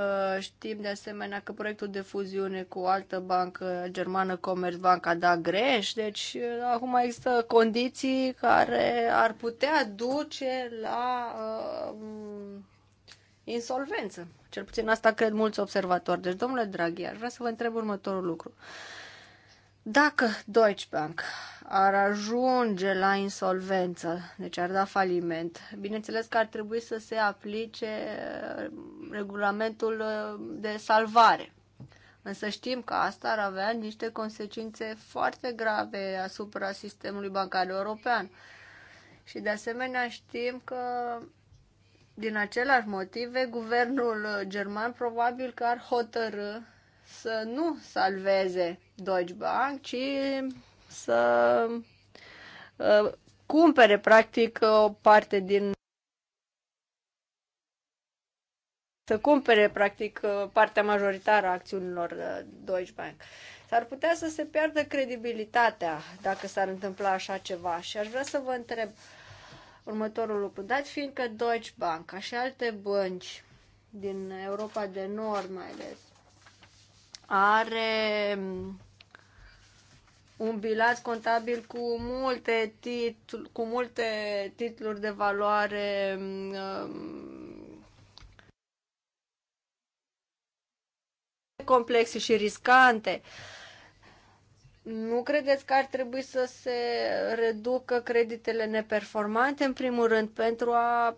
Uh, știm de asemenea că proiectul de fuziune cu o altă bancă germană, Commerzbank, a dat greș, deci uh, acum există condiții care ar putea duce la uh, insolvență. Cel puțin asta cred mulți observatori. Deci, domnule Draghi, aș vrea să vă întreb următorul lucru. Uh, dacă Deutsche Bank ar ajunge la insolvență, deci ar da faliment, bineînțeles că ar trebui să se aplice uh, regulamentul uh, de salvare. Însă știm că asta ar avea niște consecințe foarte grave asupra sistemului bancar european. Și de asemenea știm că din același motive, guvernul german probabil că ar hotărâ să nu salveze Deutsche Bank, ci să uh, cumpere practic o parte din să cumpere practic uh, partea majoritară a acțiunilor uh, Deutsche Bank. S-ar putea să se piardă credibilitatea dacă s-ar întâmpla așa ceva și aș vrea să vă întreb următorul lucru. Dat fiindcă Deutsche Bank, ca și alte bănci din Europa de Nord mai ales, are mm, un bilanț contabil cu multe, titl- cu multe titluri de valoare mm, complexe și riscante. Nu credeți că ar trebui să se reducă creditele neperformante, în primul rând, pentru a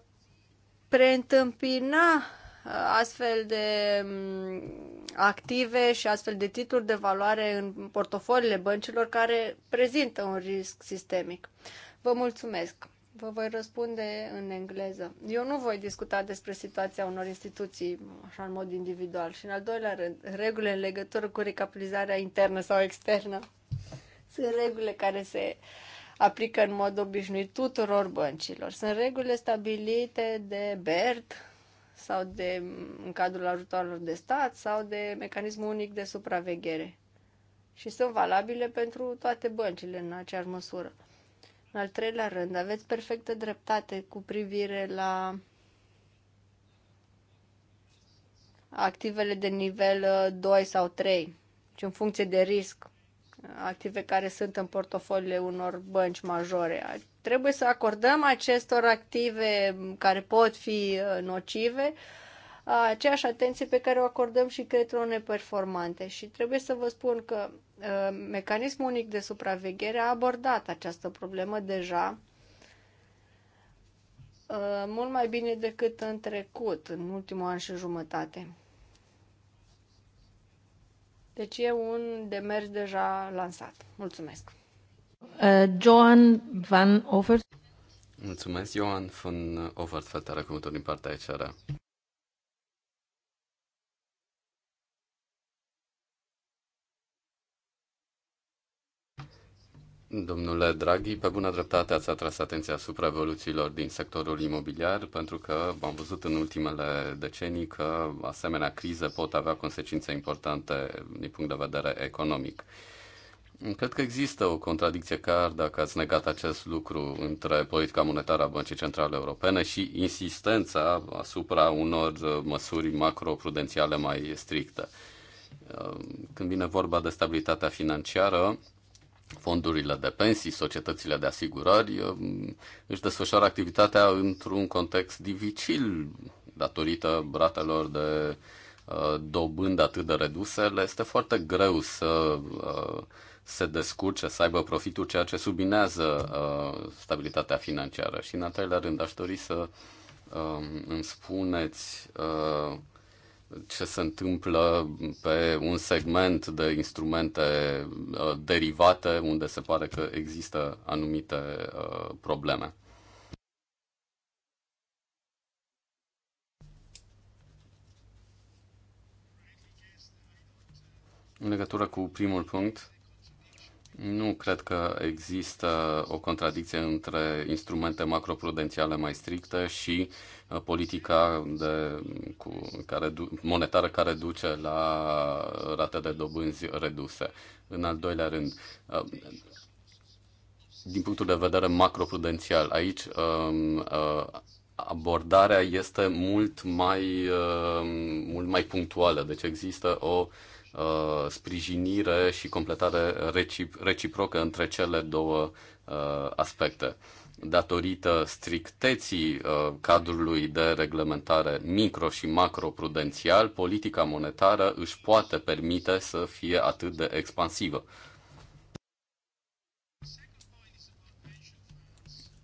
preîntâmpina uh, astfel de mm, active și astfel de titluri de valoare în portofoliile băncilor care prezintă un risc sistemic. Vă mulțumesc! Vă voi răspunde în engleză. Eu nu voi discuta despre situația unor instituții așa în mod individual. Și în al doilea rând, regulile în legătură cu recapitalizarea internă sau externă sunt regulile care se aplică în mod obișnuit tuturor băncilor. Sunt regulile stabilite de BERT, sau de, în cadrul ajutoarelor de stat sau de mecanismul unic de supraveghere. Și sunt valabile pentru toate băncile în aceeași măsură. În al treilea rând, aveți perfectă dreptate cu privire la activele de nivel 2 uh, sau 3, ci în funcție de risc, active care sunt în portofoliile unor bănci majore. Trebuie să acordăm acestor active care pot fi uh, nocive aceeași atenție pe care o acordăm și creditelor neperformante. Și trebuie să vă spun că uh, mecanismul unic de supraveghere a abordat această problemă deja uh, mult mai bine decât în trecut, în ultimul an și jumătate. Deci e un demers deja lansat. Mulțumesc! Johan uh, Joan Van Overt. Mulțumesc, Joan Van fata are cuvântul din partea ECR. Domnule Draghi, pe bună dreptate ați atras atenția asupra evoluțiilor din sectorul imobiliar, pentru că am văzut în ultimele decenii că asemenea crize pot avea consecințe importante din punct de vedere economic. Cred că există o contradicție chiar dacă ați negat acest lucru între politica monetară a Băncii Centrale Europene și insistența asupra unor măsuri macroprudențiale mai stricte. Când vine vorba de stabilitatea financiară, fondurile de pensii, societățile de asigurări își desfășoară activitatea într-un context dificil datorită bratelor de uh, dobândă atât de reduse, le este foarte greu să uh, se descurce, să aibă profitul, ceea ce subinează uh, stabilitatea financiară. Și în al treilea rând aș dori să uh, îmi spuneți uh, ce se întâmplă pe un segment de instrumente uh, derivate unde se pare că există anumite uh, probleme. În legătură cu primul punct, nu cred că există o contradicție între instrumente macroprudențiale mai stricte și uh, politica de, cu, care, monetară care duce la rate de dobânzi reduse. În al doilea rând, uh, din punctul de vedere macroprudențial, aici um, uh, abordarea este mult mai, mult mai punctuală, deci există o Uh, sprijinire și completare reciprocă între cele două uh, aspecte. Datorită stricteții uh, cadrului de reglementare micro și macroprudențial, politica monetară își poate permite să fie atât de expansivă.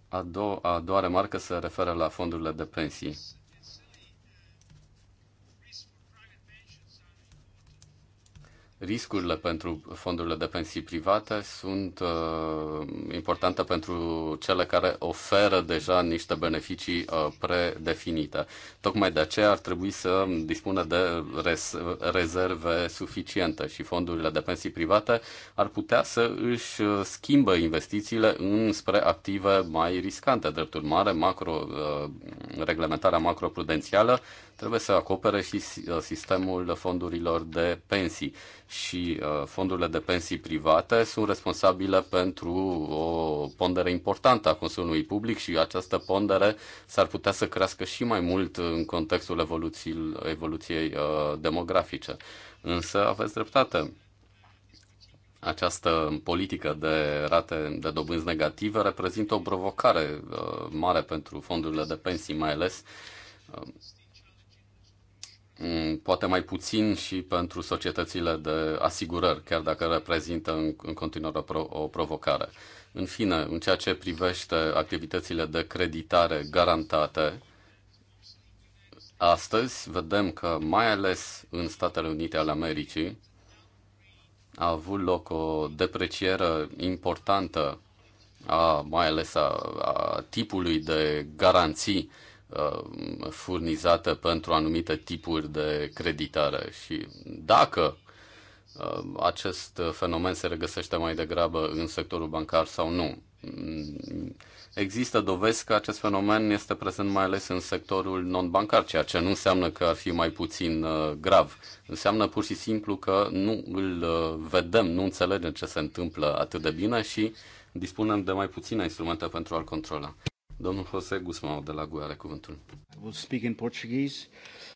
A, doua, a doua remarcă se referă la fondurile de pensii. riscurile pentru fondurile de pensii private sunt uh, importante pentru cele care oferă deja niște beneficii uh, predefinite. Tocmai de aceea ar trebui să dispună de res- rezerve suficiente și fondurile de pensii private ar putea să își uh, schimbă investițiile înspre active mai riscante. Drept urmare, macro, uh, reglementarea macroprudențială trebuie să acopere și uh, sistemul fondurilor de pensii. Și uh, fondurile de pensii private sunt responsabile pentru o pondere importantă a consumului public și această pondere s-ar putea să crească și mai mult în contextul evoluției, evoluției uh, demografice. Însă aveți dreptate această politică de rate de dobânzi negative reprezintă o provocare uh, mare pentru fondurile de pensii, mai ales uh, Mm, poate mai puțin și pentru societățile de asigurări, chiar dacă reprezintă în, în continuare o, o provocare. În fine, în ceea ce privește activitățile de creditare garantate, astăzi vedem că, mai ales în Statele Unite ale Americii, a avut loc o depreciere importantă, a, mai ales a, a tipului de garanții Uh, furnizată pentru anumite tipuri de creditare și dacă uh, acest fenomen se regăsește mai degrabă în sectorul bancar sau nu. Există dovezi că acest fenomen este prezent mai ales în sectorul non-bancar, ceea ce nu înseamnă că ar fi mai puțin uh, grav. Înseamnă pur și simplu că nu îl vedem, nu înțelegem ce se întâmplă atât de bine și dispunem de mai puține instrumente pentru a-l controla. Domnul José Guzmão de la GUE are cuvântul. Will speak in Portuguese.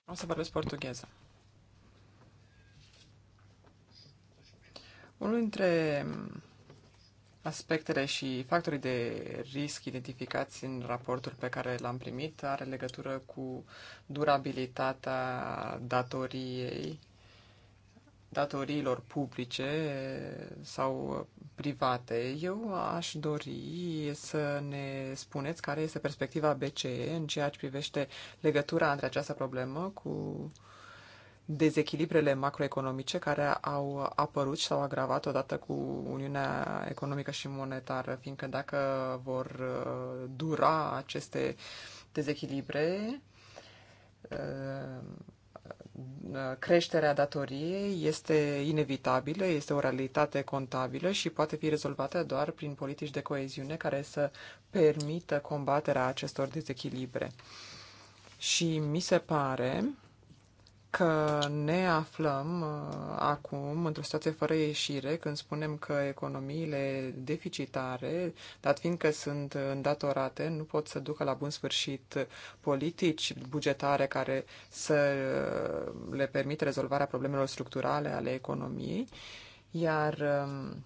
O să vorbesc portugheză. Unul dintre aspectele și factorii de risc identificați în raportul pe care l-am primit are legătură cu durabilitatea datoriei datoriilor publice sau private, eu aș dori să ne spuneți care este perspectiva BCE în ceea ce privește legătura între această problemă cu dezechilibrele macroeconomice care au apărut și s-au agravat odată cu Uniunea Economică și Monetară, fiindcă dacă vor uh, dura aceste dezechilibre, uh, creșterea datoriei este inevitabilă, este o realitate contabilă și poate fi rezolvată doar prin politici de coeziune care să permită combaterea acestor dezechilibre. Și mi se pare că ne aflăm uh, acum într-o situație fără ieșire când spunem că economiile deficitare, dat fiindcă sunt îndatorate, nu pot să ducă la bun sfârșit politici bugetare care să uh, le permită rezolvarea problemelor structurale ale economiei, iar um,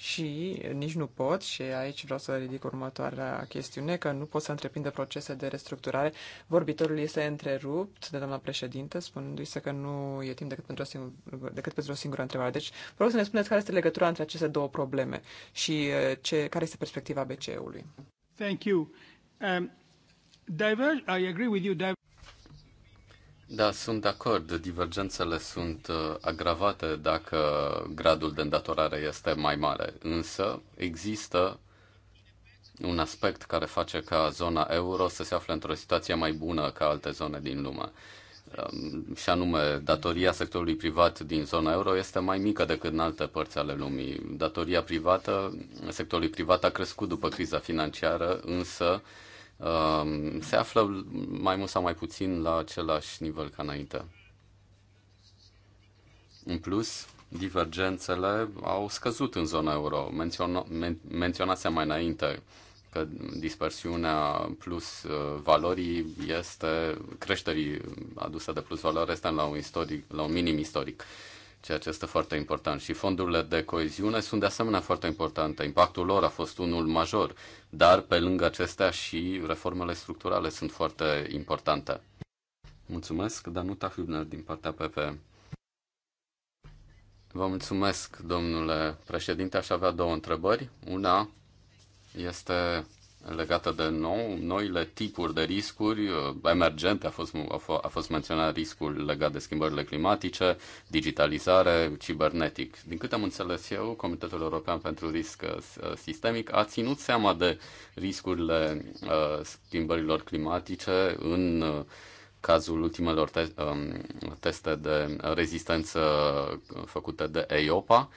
și nici nu pot și aici vreau să ridic următoarea chestiune, că nu pot să întreprindă procese de restructurare. Vorbitorul este întrerupt de doamna președintă, spunându-i să că nu e timp decât pentru, o singur, decât pentru o singură întrebare. Deci, vă rog să ne spuneți care este legătura între aceste două probleme și uh, ce, care este perspectiva BCE-ului. Thank you. Um, diver- I agree with you. Diver- da, sunt de acord. Divergențele sunt uh, agravate dacă gradul de îndatorare este mai mare. Însă există un aspect care face ca zona euro să se afle într-o situație mai bună ca alte zone din lume. Um, și anume, datoria sectorului privat din zona euro este mai mică decât în alte părți ale lumii. Datoria privată, sectorului privat a crescut după criza financiară, însă se află mai mult sau mai puțin la același nivel ca înainte. În plus, divergențele au scăzut în zona euro. Menționa, menționase mai înainte că dispersiunea plus uh, valorii este, creșterii aduse de plus valoare este la un, istoric, la un minim istoric. Uh, ceea ce este foarte important. Și fondurile de coeziune sunt de asemenea foarte importante. Impactul lor a fost unul major, dar pe lângă acestea și reformele structurale sunt foarte importante. Mulțumesc, Danuta Hübner din partea PP. Vă mulțumesc, domnule președinte. Aș avea două întrebări. Una este legată de nou, noile tipuri de riscuri uh, emergente, a fost, a, fost menționat riscul legat de schimbările climatice, digitalizare, cibernetic. Din câte am înțeles eu, Comitetul European pentru Risc uh, Sistemic a ținut seama de riscurile uh, schimbărilor climatice în cazul ultimelor te- um, teste de rezistență făcute de EIOPA.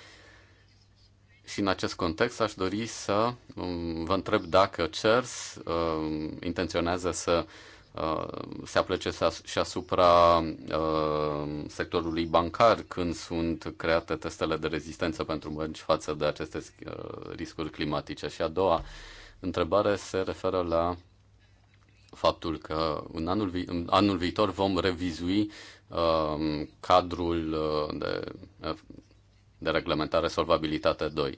Și în acest context aș dori să um, vă întreb dacă CERS um, intenționează să uh, se aplece și asupra uh, sectorului bancar când sunt create testele de rezistență pentru bănci față de aceste uh, riscuri climatice. Și a doua întrebare se referă la faptul că în anul, vi- în anul viitor vom revizui um, uh, cadrul de de reglementare Solvabilitate 2.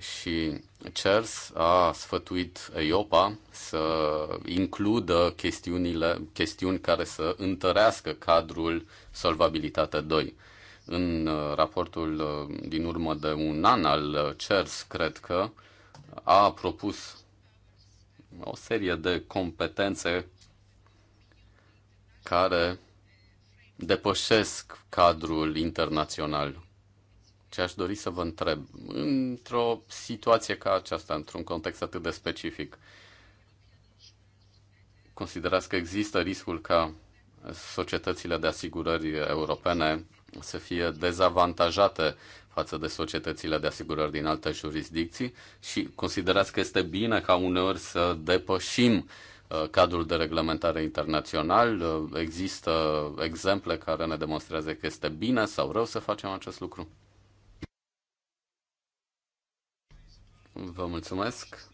Și CERS a sfătuit EIOPA să includă chestiunile, chestiuni care să întărească cadrul Solvabilitate 2 în uh, raportul uh, din urmă de un an al uh, CERS, cred că, a propus o serie de competențe care depășesc cadrul internațional ce aș dori să vă întreb, într-o situație ca aceasta, într-un context atât de specific, considerați că există riscul ca societățile de asigurări europene să fie dezavantajate față de societățile de asigurări din alte jurisdicții și considerați că este bine ca uneori să depășim uh, cadrul de reglementare internațional. Uh, există exemple care ne demonstrează că este bine sau rău să facem acest lucru? Vă mulțumesc.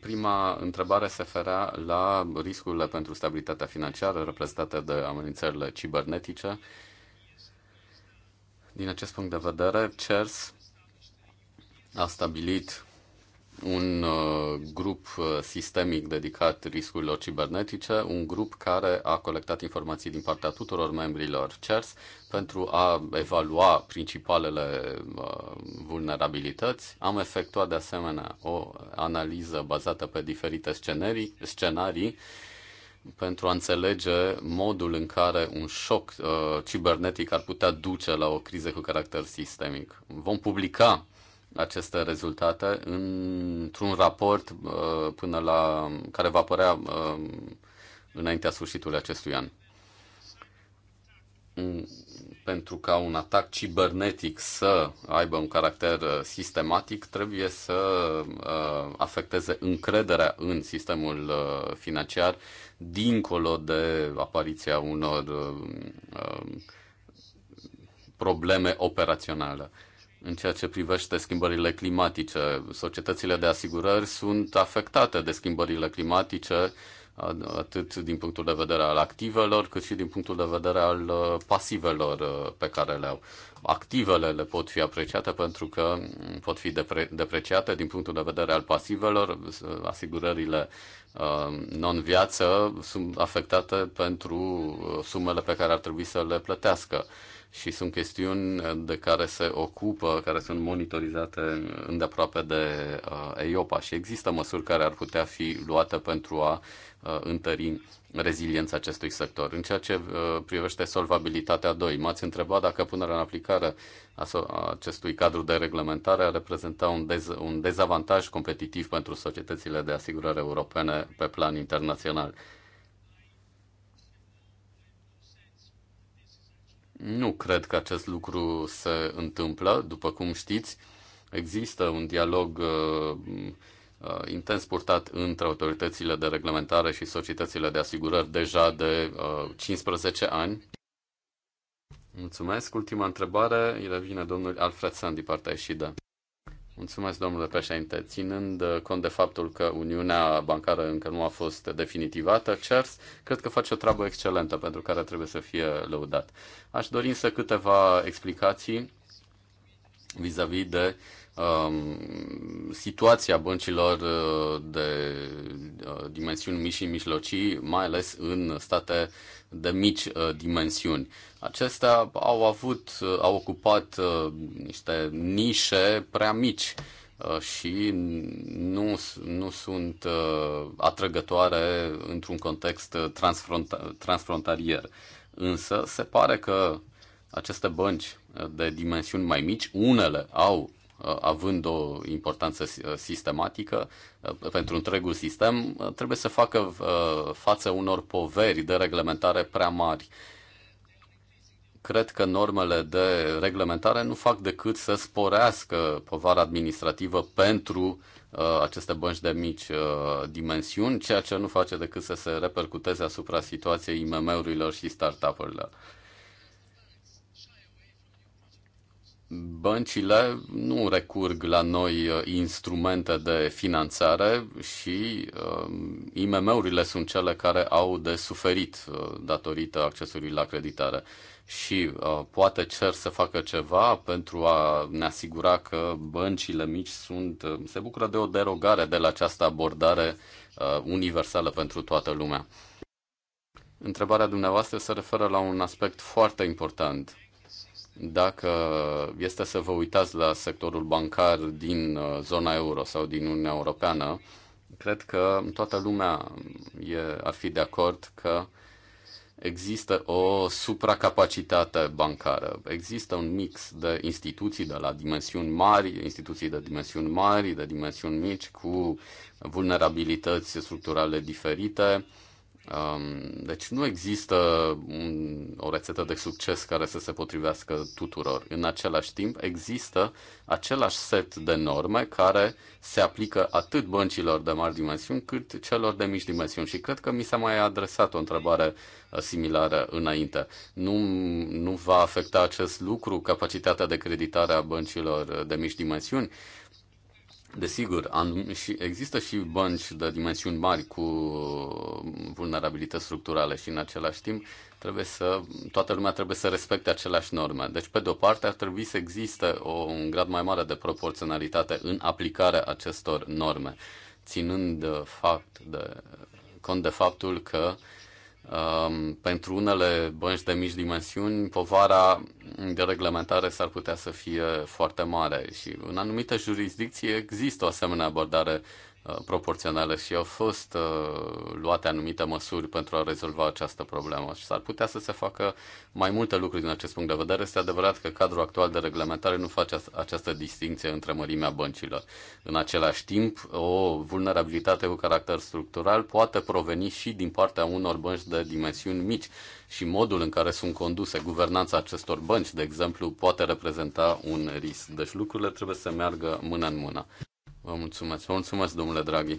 Prima întrebare se referea la riscurile pentru stabilitatea financiară reprezentate de amenințările cibernetice. Din acest punct de vedere, CERS a stabilit un uh, grup uh, sistemic dedicat riscurilor cibernetice, un grup care a colectat informații din partea tuturor membrilor CERS pentru a evalua principalele uh, vulnerabilități. Am efectuat de asemenea o analiză bazată pe diferite scenarii, scenarii pentru a înțelege modul în care un șoc uh, cibernetic ar putea duce la o criză cu caracter sistemic. Vom publica aceste rezultate într-un raport uh, până la care va apărea uh, înaintea sfârșitului acestui an. Mm, pentru ca un atac cibernetic să aibă un caracter uh, sistematic, trebuie să afecteze încrederea în sistemul financiar dincolo de apariția unor probleme operaționale. În ceea ce privește schimbările climatice, societățile de asigurări sunt afectate de schimbările climatice, atât din punctul de vedere al activelor, cât și din punctul de vedere al uh, pasivelor uh, pe care le au. Activele le pot fi apreciate pentru că pot fi depre- depreciate din punctul de vedere al pasivelor. Uh, asigurările non-viață sunt afectate pentru sumele pe care ar trebui să le plătească și sunt chestiuni uh, de care se ocupă, care sunt monitorizate îndeaproape de uh, EIOPA și există măsuri care ar putea fi luate pentru a uh, întări reziliența acestui sector. În ceea ce privește solvabilitatea 2, m-ați întrebat dacă punerea în aplicare a acestui cadru de reglementare a reprezenta un, dez- un dezavantaj competitiv pentru societățile de asigurare europene pe plan internațional. Nu cred că acest lucru se întâmplă. După cum știți, există un dialog uh, uh intens purtat între autoritățile de reglementare și societățile de asigurări deja de uh, 15 ani. Mulțumesc. Ultima întrebare îi revine domnul Alfred Sandi, din partea ieșită. Mulțumesc, domnule președinte. Ținând uh, cont de faptul că Uniunea Bancară încă nu a fost definitivată, CERS cred că face o treabă excelentă pentru care trebuie să fie lăudat. Aș dori însă câteva explicații vis-a-vis -vis de um, situația băncilor uh, de uh, dimensiuni mici și mijlocii, mai ales în state de mici uh, dimensiuni. Acestea au avut, uh, au ocupat uh, niște nișe prea mici uh, și nu, nu sunt uh, atrăgătoare într-un context uh, transfronta- transfrontalier. Însă se pare că aceste bănci uh, de dimensiuni mai mici, unele au Uh, având o importanță uh, sistematică uh, pentru întregul sistem, trebuie să facă față unor poveri de reglementare prea mari. Cred că normele de reglementare nu fac decât să sporească povara administrativă pentru aceste bănci de mici dimensiuni, ceea ce nu face decât să se repercuteze asupra situației IMM-urilor și startup-urilor băncile nu recurg la noi uh, instrumente de finanțare și um, IMM-urile sunt cele care au de suferit uh, datorită accesului la creditare. Și uh, poate cer să facă ceva pentru a ne asigura că băncile mici sunt, se bucură de o derogare de la această abordare universală pentru toată lumea. Întrebarea dumneavoastră se referă la un aspect foarte important dacă este să vă uitați la sectorul bancar din uh, zona euro sau din Uniunea Europeană, cred că toată lumea e, ar fi de acord că există o supracapacitate bancară. Există un mix de instituții de la dimensiuni mari, instituții de dimensiuni mari, de dimensiuni mici, cu vulnerabilități structurale diferite Um, deci nu există o rețetă de succes care să se potrivească tuturor. În același timp, există același set de norme care se aplică atât băncilor de mari dimensiuni cât celor de mici dimensiuni. Și cred că mi s-a mai adresat o întrebare uh, similară înainte. Nu, nu va afecta acest lucru capacitatea de creditare a băncilor uh, de mici dimensiuni? Desigur, există și bănci de dimensiuni mari cu vulnerabilități structurale și în același timp trebuie să, toată lumea trebuie să respecte aceleași norme. Deci, pe de o parte, ar trebui să existe o, un grad mai mare de proporționalitate în aplicarea acestor norme, ținând de fapt de, cont de faptul că uh, Um, pentru unele bănci de mici dimensiuni, povara de reglementare s-ar putea să fie foarte mare și în anumite jurisdicții există o asemenea abordare Uh, proporțională și au fost uh, luate anumite măsuri pentru a rezolva această problemă și s-ar putea să se facă mai multe lucruri din acest punct de vedere. Este adevărat că cadrul actual de reglementare nu face această distinție între mărimea băncilor. În același timp, o vulnerabilitate cu caracter structural poate proveni și din partea unor bănci de dimensiuni mici și modul în care sunt conduse guvernanța acestor bănci, de exemplu, poate reprezenta un risc. Deci lucrurile trebuie să meargă mână în mână. Vă mulțumesc. Vă mulțumesc, domnule Draghi.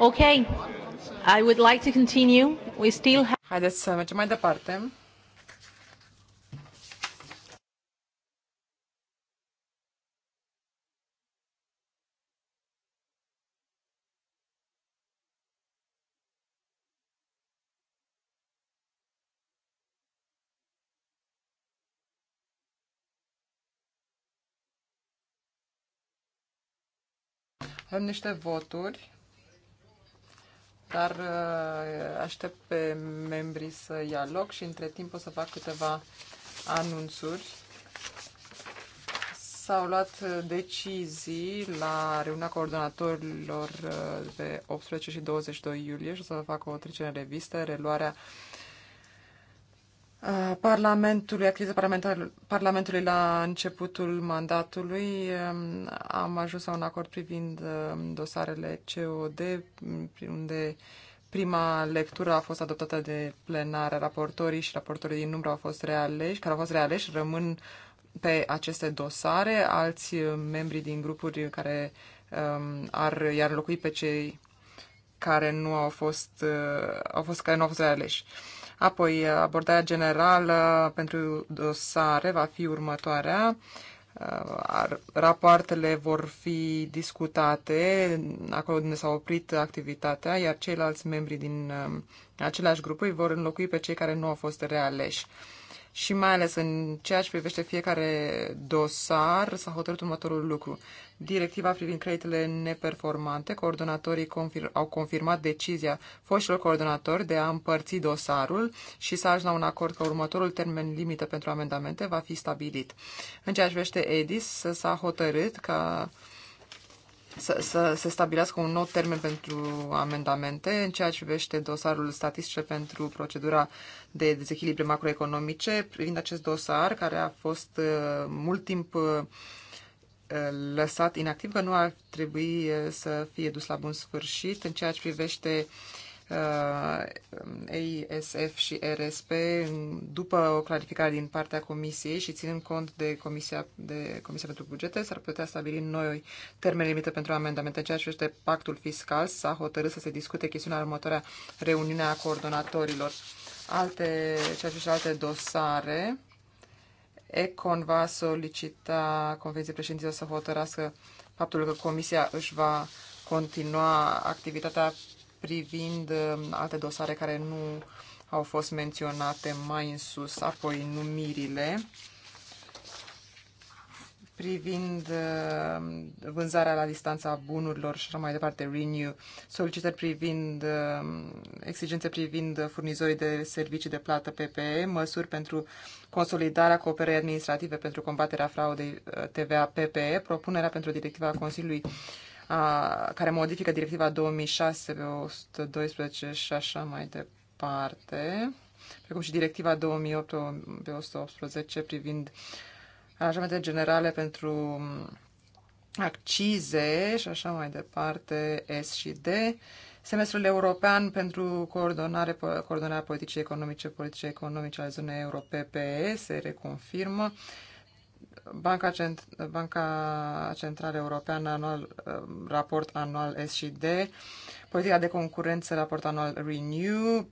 Ok, I would like to continue. We still have... Haideți să mergem mai departe. Avem niște voturi, dar uh, aștept pe membrii să ia loc și între timp o să fac câteva anunțuri. S-au luat uh, decizii la reuniunea coordonatorilor pe uh, 18 și 22 iulie și o să fac o trecere în revistă, reluarea uh, Uh, Parlamentului, activitatea Parlamentului la începutul mandatului. Um, am ajuns la un acord privind um, dosarele COD, unde prima lectură a fost adoptată de plenare, Raportorii și raportorii din număr au fost realeși, care au fost realeși rămân pe aceste dosare. Alți uh, membri din grupuri care um, ar iar locui pe cei care nu au fost, uh, au fost care nu au fost realeși. Uh, Apoi, abordarea generală pentru dosare va fi următoarea. Rapoartele vor fi discutate acolo unde s-a oprit activitatea, iar ceilalți membri din um, aceleași grupuri vor înlocui pe cei care nu au fost realeși și mai ales în ceea ce privește fiecare dosar s-a hotărât următorul lucru. Directiva privind creditele neperformante, coordonatorii confir- au confirmat decizia foștilor coordonatori de a împărți dosarul și să ajungă la un acord că următorul termen limită pentru amendamente va fi stabilit. În ceea ce privește EDIS, s-a hotărât ca că să, să se stabilească un nou termen pentru amendamente în ceea ce privește dosarul statistice pentru procedura de dezechilibre macroeconomice. Privind acest dosar, care a fost uh, mult timp uh, lăsat inactiv, că nu ar trebui uh, să fie dus la bun sfârșit în ceea ce privește Uh, ASF și RSP după o clarificare din partea Comisiei și ținând cont de Comisia, de Comisia pentru Bugete, s-ar putea stabili noi termene limite pentru amendamente. În ceea ce este pactul fiscal, s-a hotărât să se discute chestiunea următoarea reuniunea a coordonatorilor. Alte, ceea ce alte dosare, Econ va solicita Convenției Președinților să hotărască faptul că Comisia își va continua activitatea privind uh, alte dosare care nu au fost menționate mai în sus, apoi numirile privind uh, vânzarea la distanța bunurilor și așa mai departe, Renew, solicitări privind, uh, exigențe privind furnizorii de servicii de plată PPE, măsuri pentru consolidarea cooperării administrative pentru combaterea fraudei TVA PPE, propunerea pentru directiva Consiliului a, care modifică directiva 2006-112 și așa mai departe, precum și directiva 2008-118 privind aranjamentele generale pentru accize și așa mai departe, S și D, semestrul european pentru coordonare, coordonarea politicii economice, politice economice ale zonei euro, PPE, se reconfirmă, uh, Banca, Cent- Banca Centrală Europeană, anual, um, raport anual S și D, politica de concurență, raport anual Renew,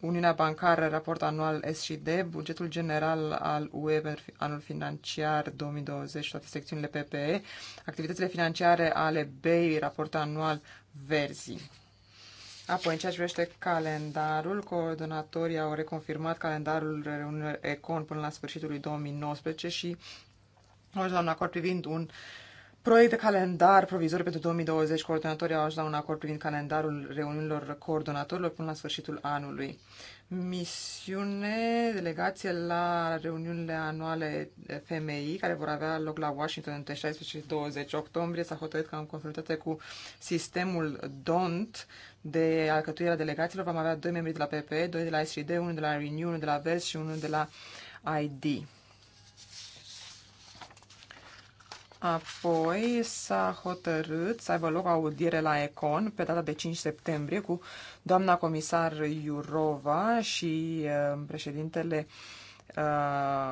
Uniunea Bancară, raport anual S și D, bugetul general al UE pentru anul financiar 2020 toate secțiunile PPE, activitățile financiare ale BEI, raport anual Verzi. Apoi, în ceea ce privește calendarul, coordonatorii au reconfirmat calendarul reuniunilor ECON până la sfârșitul lui 2019 și am ajuns la da un acord privind un proiect de calendar provizor pentru 2020. Coordonatorii au ajuns la da un acord privind calendarul reuniunilor coordonatorilor până la sfârșitul anului. Misiune, delegație la reuniunile anuale FMI, care vor avea loc la Washington între 16 și 20 octombrie, s-a hotărât că în conformitate cu sistemul DONT de alcătuirea delegațiilor vom avea doi membri de la PPE, doi de la SCD, unul de la Renew, unul de la VES și unul de la ID. Apoi s-a hotărât să aibă loc audiere la Econ pe data de 5 septembrie cu doamna comisar Iurova și uh, președintele uh,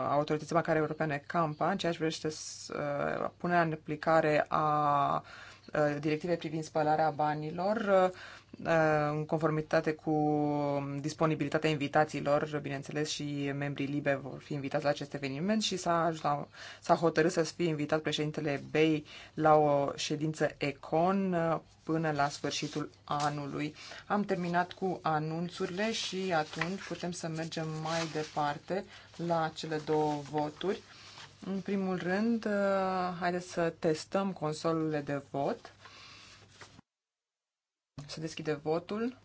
Autorității Bancare Europene Campa în ceea ce privește uh, punerea în aplicare a uh, directivei privind spălarea banilor. Uh, Uh, în conformitate cu disponibilitatea invitațiilor, bineînțeles, și membrii LIBE vor fi invitați la acest eveniment și s-a, s-a hotărât să fie invitat președintele Bay la o ședință ECON uh, până la sfârșitul anului. Am terminat cu anunțurile și atunci putem să mergem mai departe la cele două voturi. În primul rând, uh, haideți să testăm consolele de vot. Se deschide votul.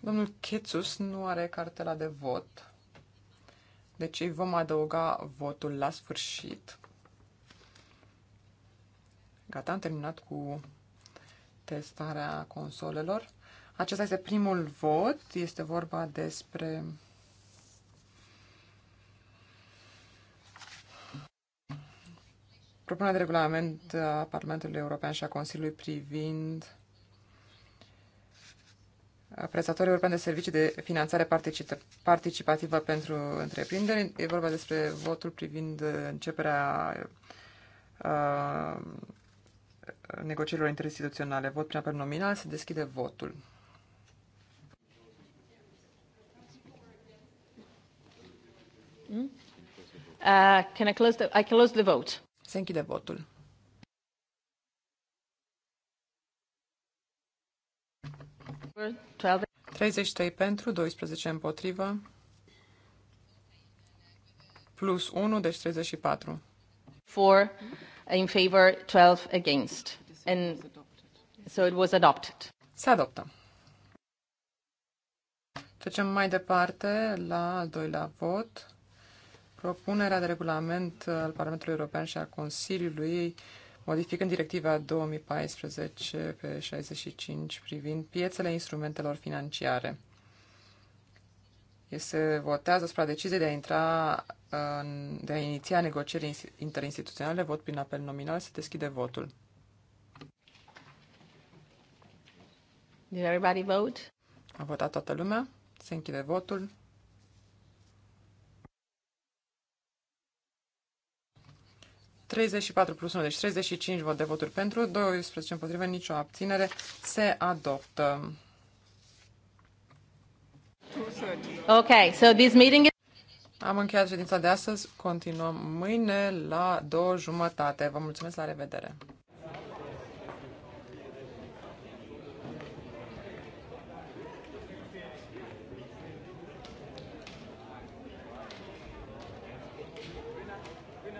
Domnul Chetsus nu are cartela de vot, deci îi vom adăuga votul la sfârșit. Gata, am terminat cu testarea consolelor. Acesta este primul vot, este vorba despre Propunerea de regulament a Parlamentului European și a Consiliului privind prestatorii europeni de servicii de finanțare participativă pentru întreprinderi. E vorba despre votul privind începerea negocierilor interinstituționale. Vot prin apel nominal. Se deschide votul. Hmm? Uh, can I close the, I close the vote. Se închide votul. Good. pentru, 12 împotrivă, plus 1, deci 34. 4 in favor, 12 against. And so it was adopted. Se adoptă. Trecem mai departe la al doilea vot. Propunerea de regulament al Parlamentului European și a Consiliului modificând directiva 2014 pe 65 privind piețele instrumentelor financiare. Se votează asupra deciziei de a intra în, de a iniția negocieri interinstituționale, vot prin apel nominal, se deschide votul. Did everybody vote? A votat toată lumea, se închide votul. 34 plus 1, deci 35 vot de voturi pentru, 12 împotrivă, nicio abținere. Se adoptă. Ok, so this meeting is... Am încheiat ședința de astăzi. Continuăm mâine la două jumătate. Vă mulțumesc, la revedere!